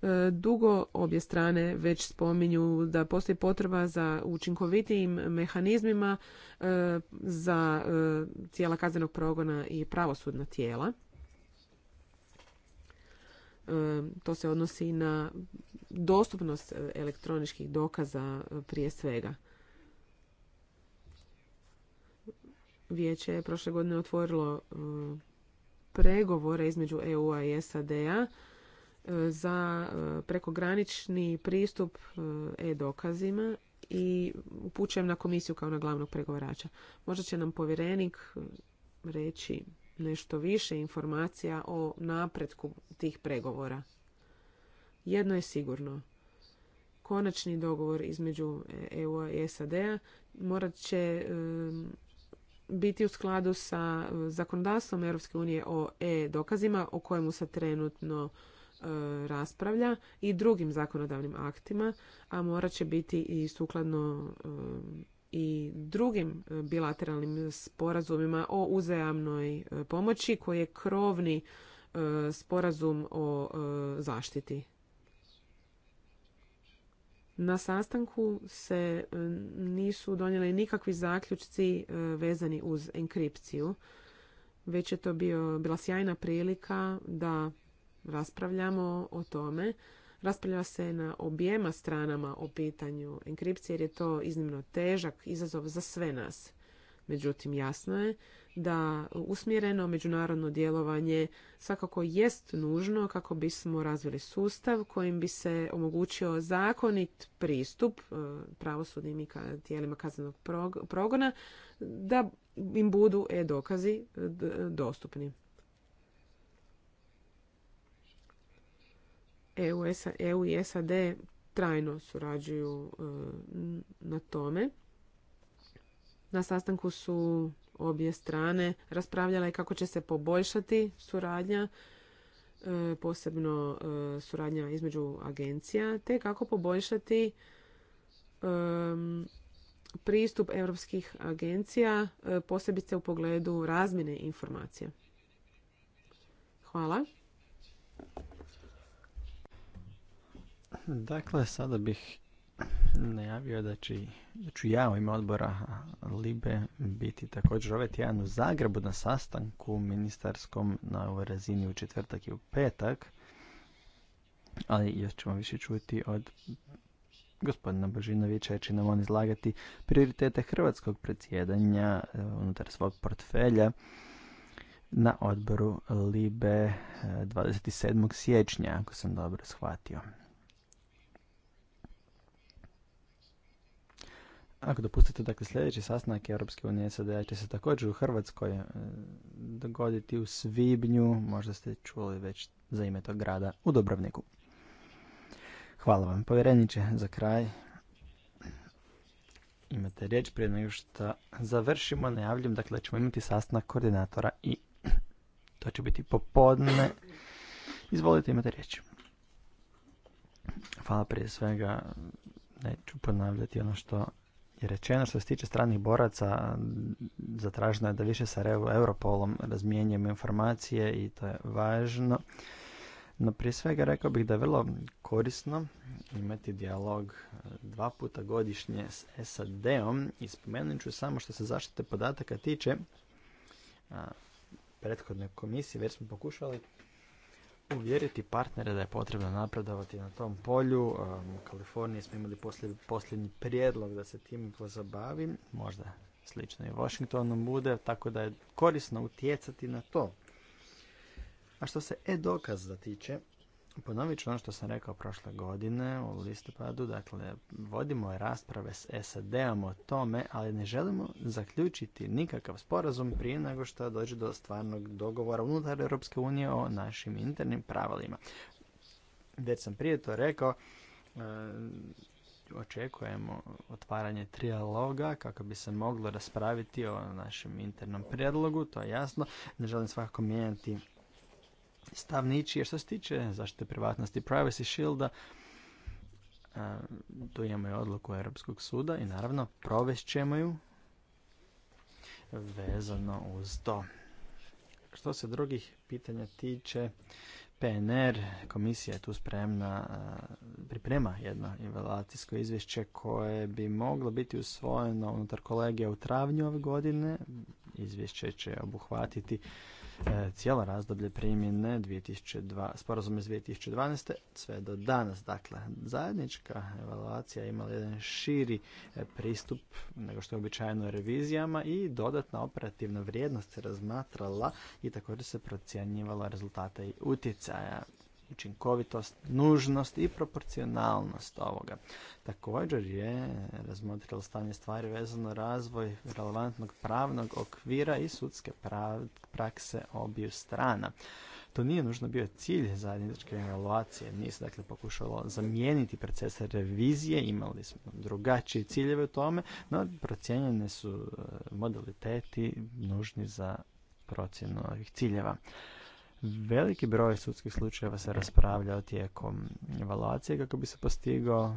E, dugo obje strane već spominju da postoji potreba za učinkovitijim mehanizmima e, za e, tijela kaznenog progona i pravosudna tijela. To se odnosi na dostupnost elektroničkih dokaza prije svega. Vijeće je prošle godine otvorilo pregovore između EU-a i SAD-a za e, prekogranični pristup e, e-dokazima i upućujem na komisiju kao na glavnog pregovarača. Možda će nam povjerenik e, reći nešto više informacija o napretku tih pregovora. Jedno je sigurno. Konačni dogovor između EU i SAD-a morat će biti u skladu sa zakonodavstvom Europske unije o e-dokazima o kojemu se trenutno E, raspravlja i drugim zakonodavnim aktima, a morat će biti i sukladno e, i drugim e, bilateralnim sporazumima o uzajamnoj pomoći koji je krovni sporazum o zaštiti. Na sastanku se nisu donijeli nikakvi zaključci vezani uz enkripciju, već je to bio, bila sjajna prilika da raspravljamo o tome. Raspravlja se na objema stranama o pitanju enkripcije jer je to iznimno težak izazov za sve nas. Međutim, jasno je da usmjereno međunarodno djelovanje svakako jest nužno kako bismo razvili sustav kojim bi se omogućio zakonit pristup e, pravosudnim i tijelima kaznenog progona da im budu e-dokazi dostupni. EU e i SAD trajno surađuju e, na tome. Na sastanku su obje strane raspravljale kako će se poboljšati suradnja, e, posebno suradnja između agencija, te kako poboljšati pristup europskih agencija, posebice u pogledu razmjene informacija. Hvala. Dakle, sada bih najavio da, će, da ću ja u ime odbora Libe biti također ovaj tjedan u Zagrebu na sastanku ministarskom na ovoj razini u četvrtak i u petak. Ali još ćemo više čuti od gospodina Božinovića, će nam on izlagati prioritete hrvatskog predsjedanja e, unutar svog portfelja na odboru Libe 27. E, siječnja, ako sam dobro shvatio. Ako dopustite, dakle, sljedeći sastanak Europske unije SAD će se također u Hrvatskoj e, dogoditi u Svibnju, možda ste čuli već za ime tog grada, u Dobrovniku. Hvala vam, povjereniče, za kraj. Imate riječ prije nego što završimo, najavljujem, dakle, ćemo imati sastanak koordinatora i to će biti popodne. Izvolite, imate riječ. Hvala prije svega, neću ponavljati ono što je rečeno što se tiče stranih boraca, zatraženo je da više sa Europolom razmijenjujemo informacije i to je važno. No prije svega rekao bih da je vrlo korisno imati dijalog e, dva puta godišnje s SAD-om i spomenut ću samo što se zaštite podataka tiče prethodne komisije, već smo pokušali uvjeriti partnere da je potrebno napredovati na tom polju. U Kaliforniji smo imali posljednji prijedlog da se tim pozabavim. možda slično i Washingtonu bude, tako da je korisno utjecati na to. A što se e-dokaza tiče, Ponovit ću ono što sam rekao prošle godine u listopadu, dakle vodimo rasprave s SAD-om o tome, ali ne želimo zaključiti nikakav sporazum prije nego što dođe do stvarnog dogovora unutar Europske unije o našim internim pravilima. Već sam prije to rekao, eh, očekujemo otvaranje trijaloga kako bi se moglo raspraviti o našem internom prijedlogu, to je jasno. Ne želim svakako mijenjati stav niči, jer što se tiče zaštite privatnosti Privacy Shielda, tu e, imamo i odluku Europskog suda i naravno provest ćemo ju vezano uz to. Što se drugih pitanja tiče, PNR, komisija je tu spremna, e, priprema jedno evaluacijsko izvješće koje bi moglo biti usvojeno unutar kolegija u travnju ove godine. Izvješće će obuhvatiti E, cijelo razdoblje primjene 2002, sporazum iz 2012. sve do danas. Dakle, zajednička evaluacija imala jedan širi e, pristup nego što je običajno revizijama i dodatna operativna vrijednost se razmatrala i također se procjenjivala rezultata i utjecaja učinkovitost, nužnost i proporcionalnost ovoga. Također je razmotrilo stanje stvari vezano razvoj relevantnog pravnog okvira i sudske prakse obiju strana. To nije nužno bio cilj zajedničke evaluacije, nije se dakle pokušalo zamijeniti proces revizije, imali smo drugačije ciljeve u tome, no procijenjene su eh, modaliteti nužni za procjenu ovih ciljeva. Veliki broj sudskih slučajeva se raspravljao tijekom evaluacije kako bi se postigao,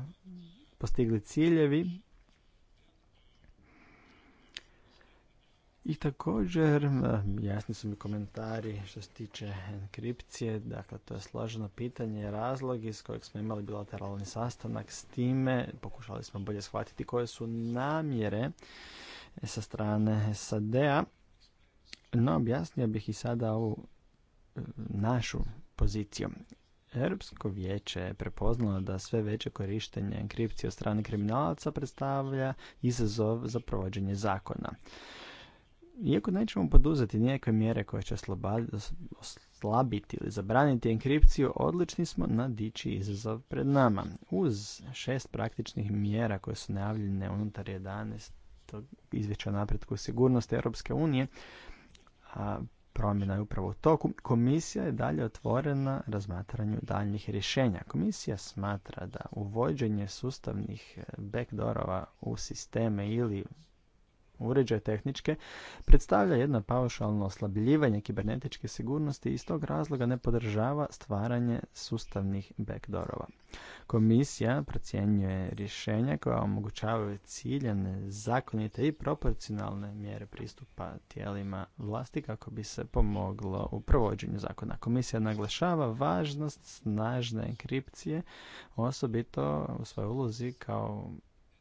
postigli ciljevi I također, eh, jasni su mi komentari što se tiče enkripcije, dakle to je složeno pitanje, razlog iz kojeg smo imali bilateralni sastanak s time, pokušali smo bolje shvatiti koje su namjere sa strane SAD-a, no objasnio bih i sada ovu našu poziciju. Europsko vijeće je prepoznalo da sve veće korištenje enkripcije od strane kriminalaca predstavlja izazov za provođenje zakona. Iako nećemo poduzeti nikakve mjere koje će oslabiti ili zabraniti enkripciju, odlični smo na dići izazov pred nama. Uz šest praktičnih mjera koje su najavljene unutar 11. izvješća napretku sigurnosti Europske unije, a promjena je upravo to. toku, komisija je dalje otvorena razmatranju daljnjih rješenja. Komisija smatra da uvođenje sustavnih backdoorova u sisteme ili uređaj tehničke predstavlja jedno paušalno oslabljivanje kibernetičke sigurnosti i iz tog razloga ne podržava stvaranje sustavnih backdoorova. Komisija procjenjuje rješenja koja omogućavaju ciljene zakonite i proporcionalne mjere pristupa tijelima vlasti kako bi se pomoglo u provođenju zakona. Komisija naglašava važnost snažne enkripcije, osobito u svojoj ulozi kao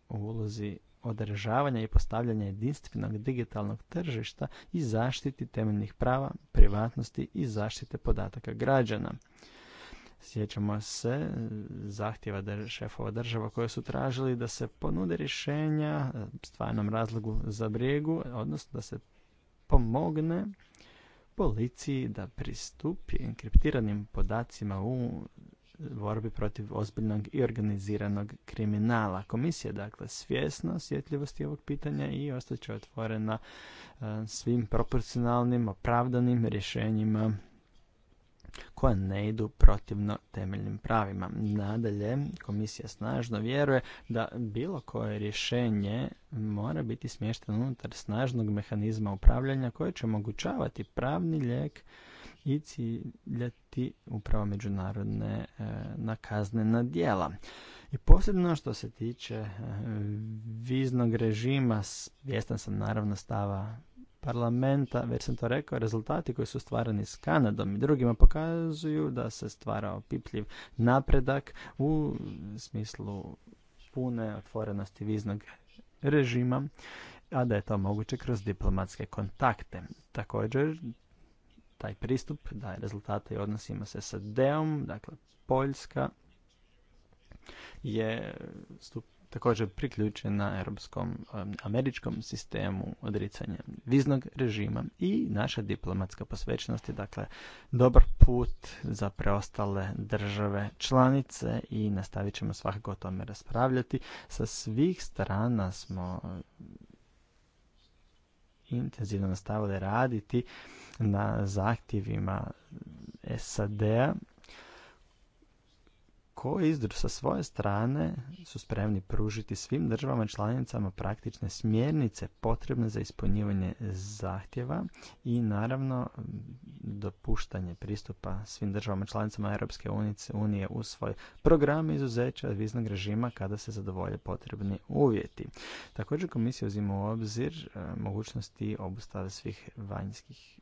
u ulozi održavanja i postavljanja jedinstvenog digitalnog tržišta i zaštiti temeljnih prava, privatnosti i zaštite podataka građana. Sjećamo se zahtjeva šefova država koje su tražili da se ponude rješenja e, stvarnom razlogu za brijegu, odnosno da se pomogne policiji da pristupi enkriptiranim podacima u borbi protiv ozbiljnog i organiziranog kriminala. Komisija je dakle svjesna osjetljivosti ovog pitanja i ostaće otvorena e, svim proporcionalnim, opravdanim rješenjima koja ne idu protivno temeljnim pravima. Nadalje, komisija snažno vjeruje da bilo koje rješenje mora biti smješteno unutar snažnog mehanizma upravljanja koje će omogućavati pravni lijek i ciljati upravo međunarodne nakazne na djela. I posebno što se tiče e, viznog režima, svjestan sam naravno stava parlamenta, već sam to rekao, rezultati koji su stvarani s Kanadom i drugima pokazuju da se stvara opipljiv napredak u smislu pune otvorenosti viznog režima, a da je to moguće kroz diplomatske kontakte. Također taj pristup daje rezultate i odnosima se sa DEOM, dakle Poljska je stup, također priključena europskom, američkom sistemu odricanja viznog režima i naša diplomatska posvećenost je dakle dobar put za preostale države članice i nastavit ćemo svakako o tome raspravljati. Sa svih strana smo intenzivno nastavili raditi na zahtjevima SAD-a koji sa svoje strane su spremni pružiti svim državama članicama praktične smjernice potrebne za ispunjivanje zahtjeva i naravno dopuštanje pristupa svim državama članicama Europske unije u svoj program izuzeća viznog režima kada se zadovolje potrebni uvjeti. Također komisija uzima u obzir e, mogućnosti obustave svih vanjskih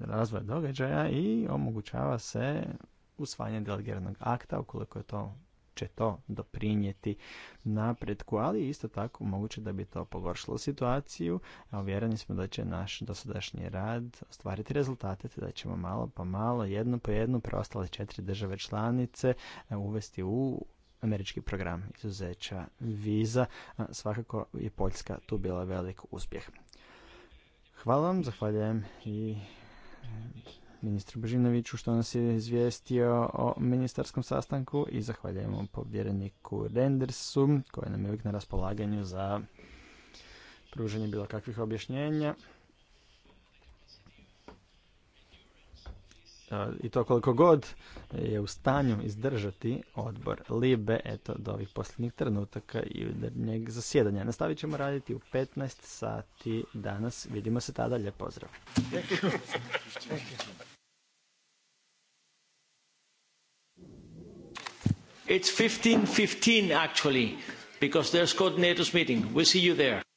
razvoja događaja i omogućava se usvajanje delegiranog akta ukoliko je to će to doprinijeti napretku, ali isto tako moguće da bi to pogoršilo situaciju. A uvjereni smo da će naš dosadašnji rad ostvariti rezultate, te da ćemo malo pa malo, jedno po jedno, preostale četiri države članice e, uvesti u američki program izuzeća viza. Svakako je Poljska tu bila velik uspjeh. Hvala vam, zahvaljujem i eh, ministru Božinoviću što nas je izvijestio o ministarskom sastanku i zahvaljujemo povjereniku Rendersu koji nam je uvijek na raspolaganju za pružanje bilo kakvih objašnjenja. i to koliko god je u stanju izdržati odbor Libe, eto, do ovih posljednjih trenutaka i udarnjeg zasjedanja. Nastavit ćemo raditi u 15 sati danas. Vidimo se tada. Lijep pozdrav. It's 15.15 actually, because there's coordinators meeting. We'll see you there.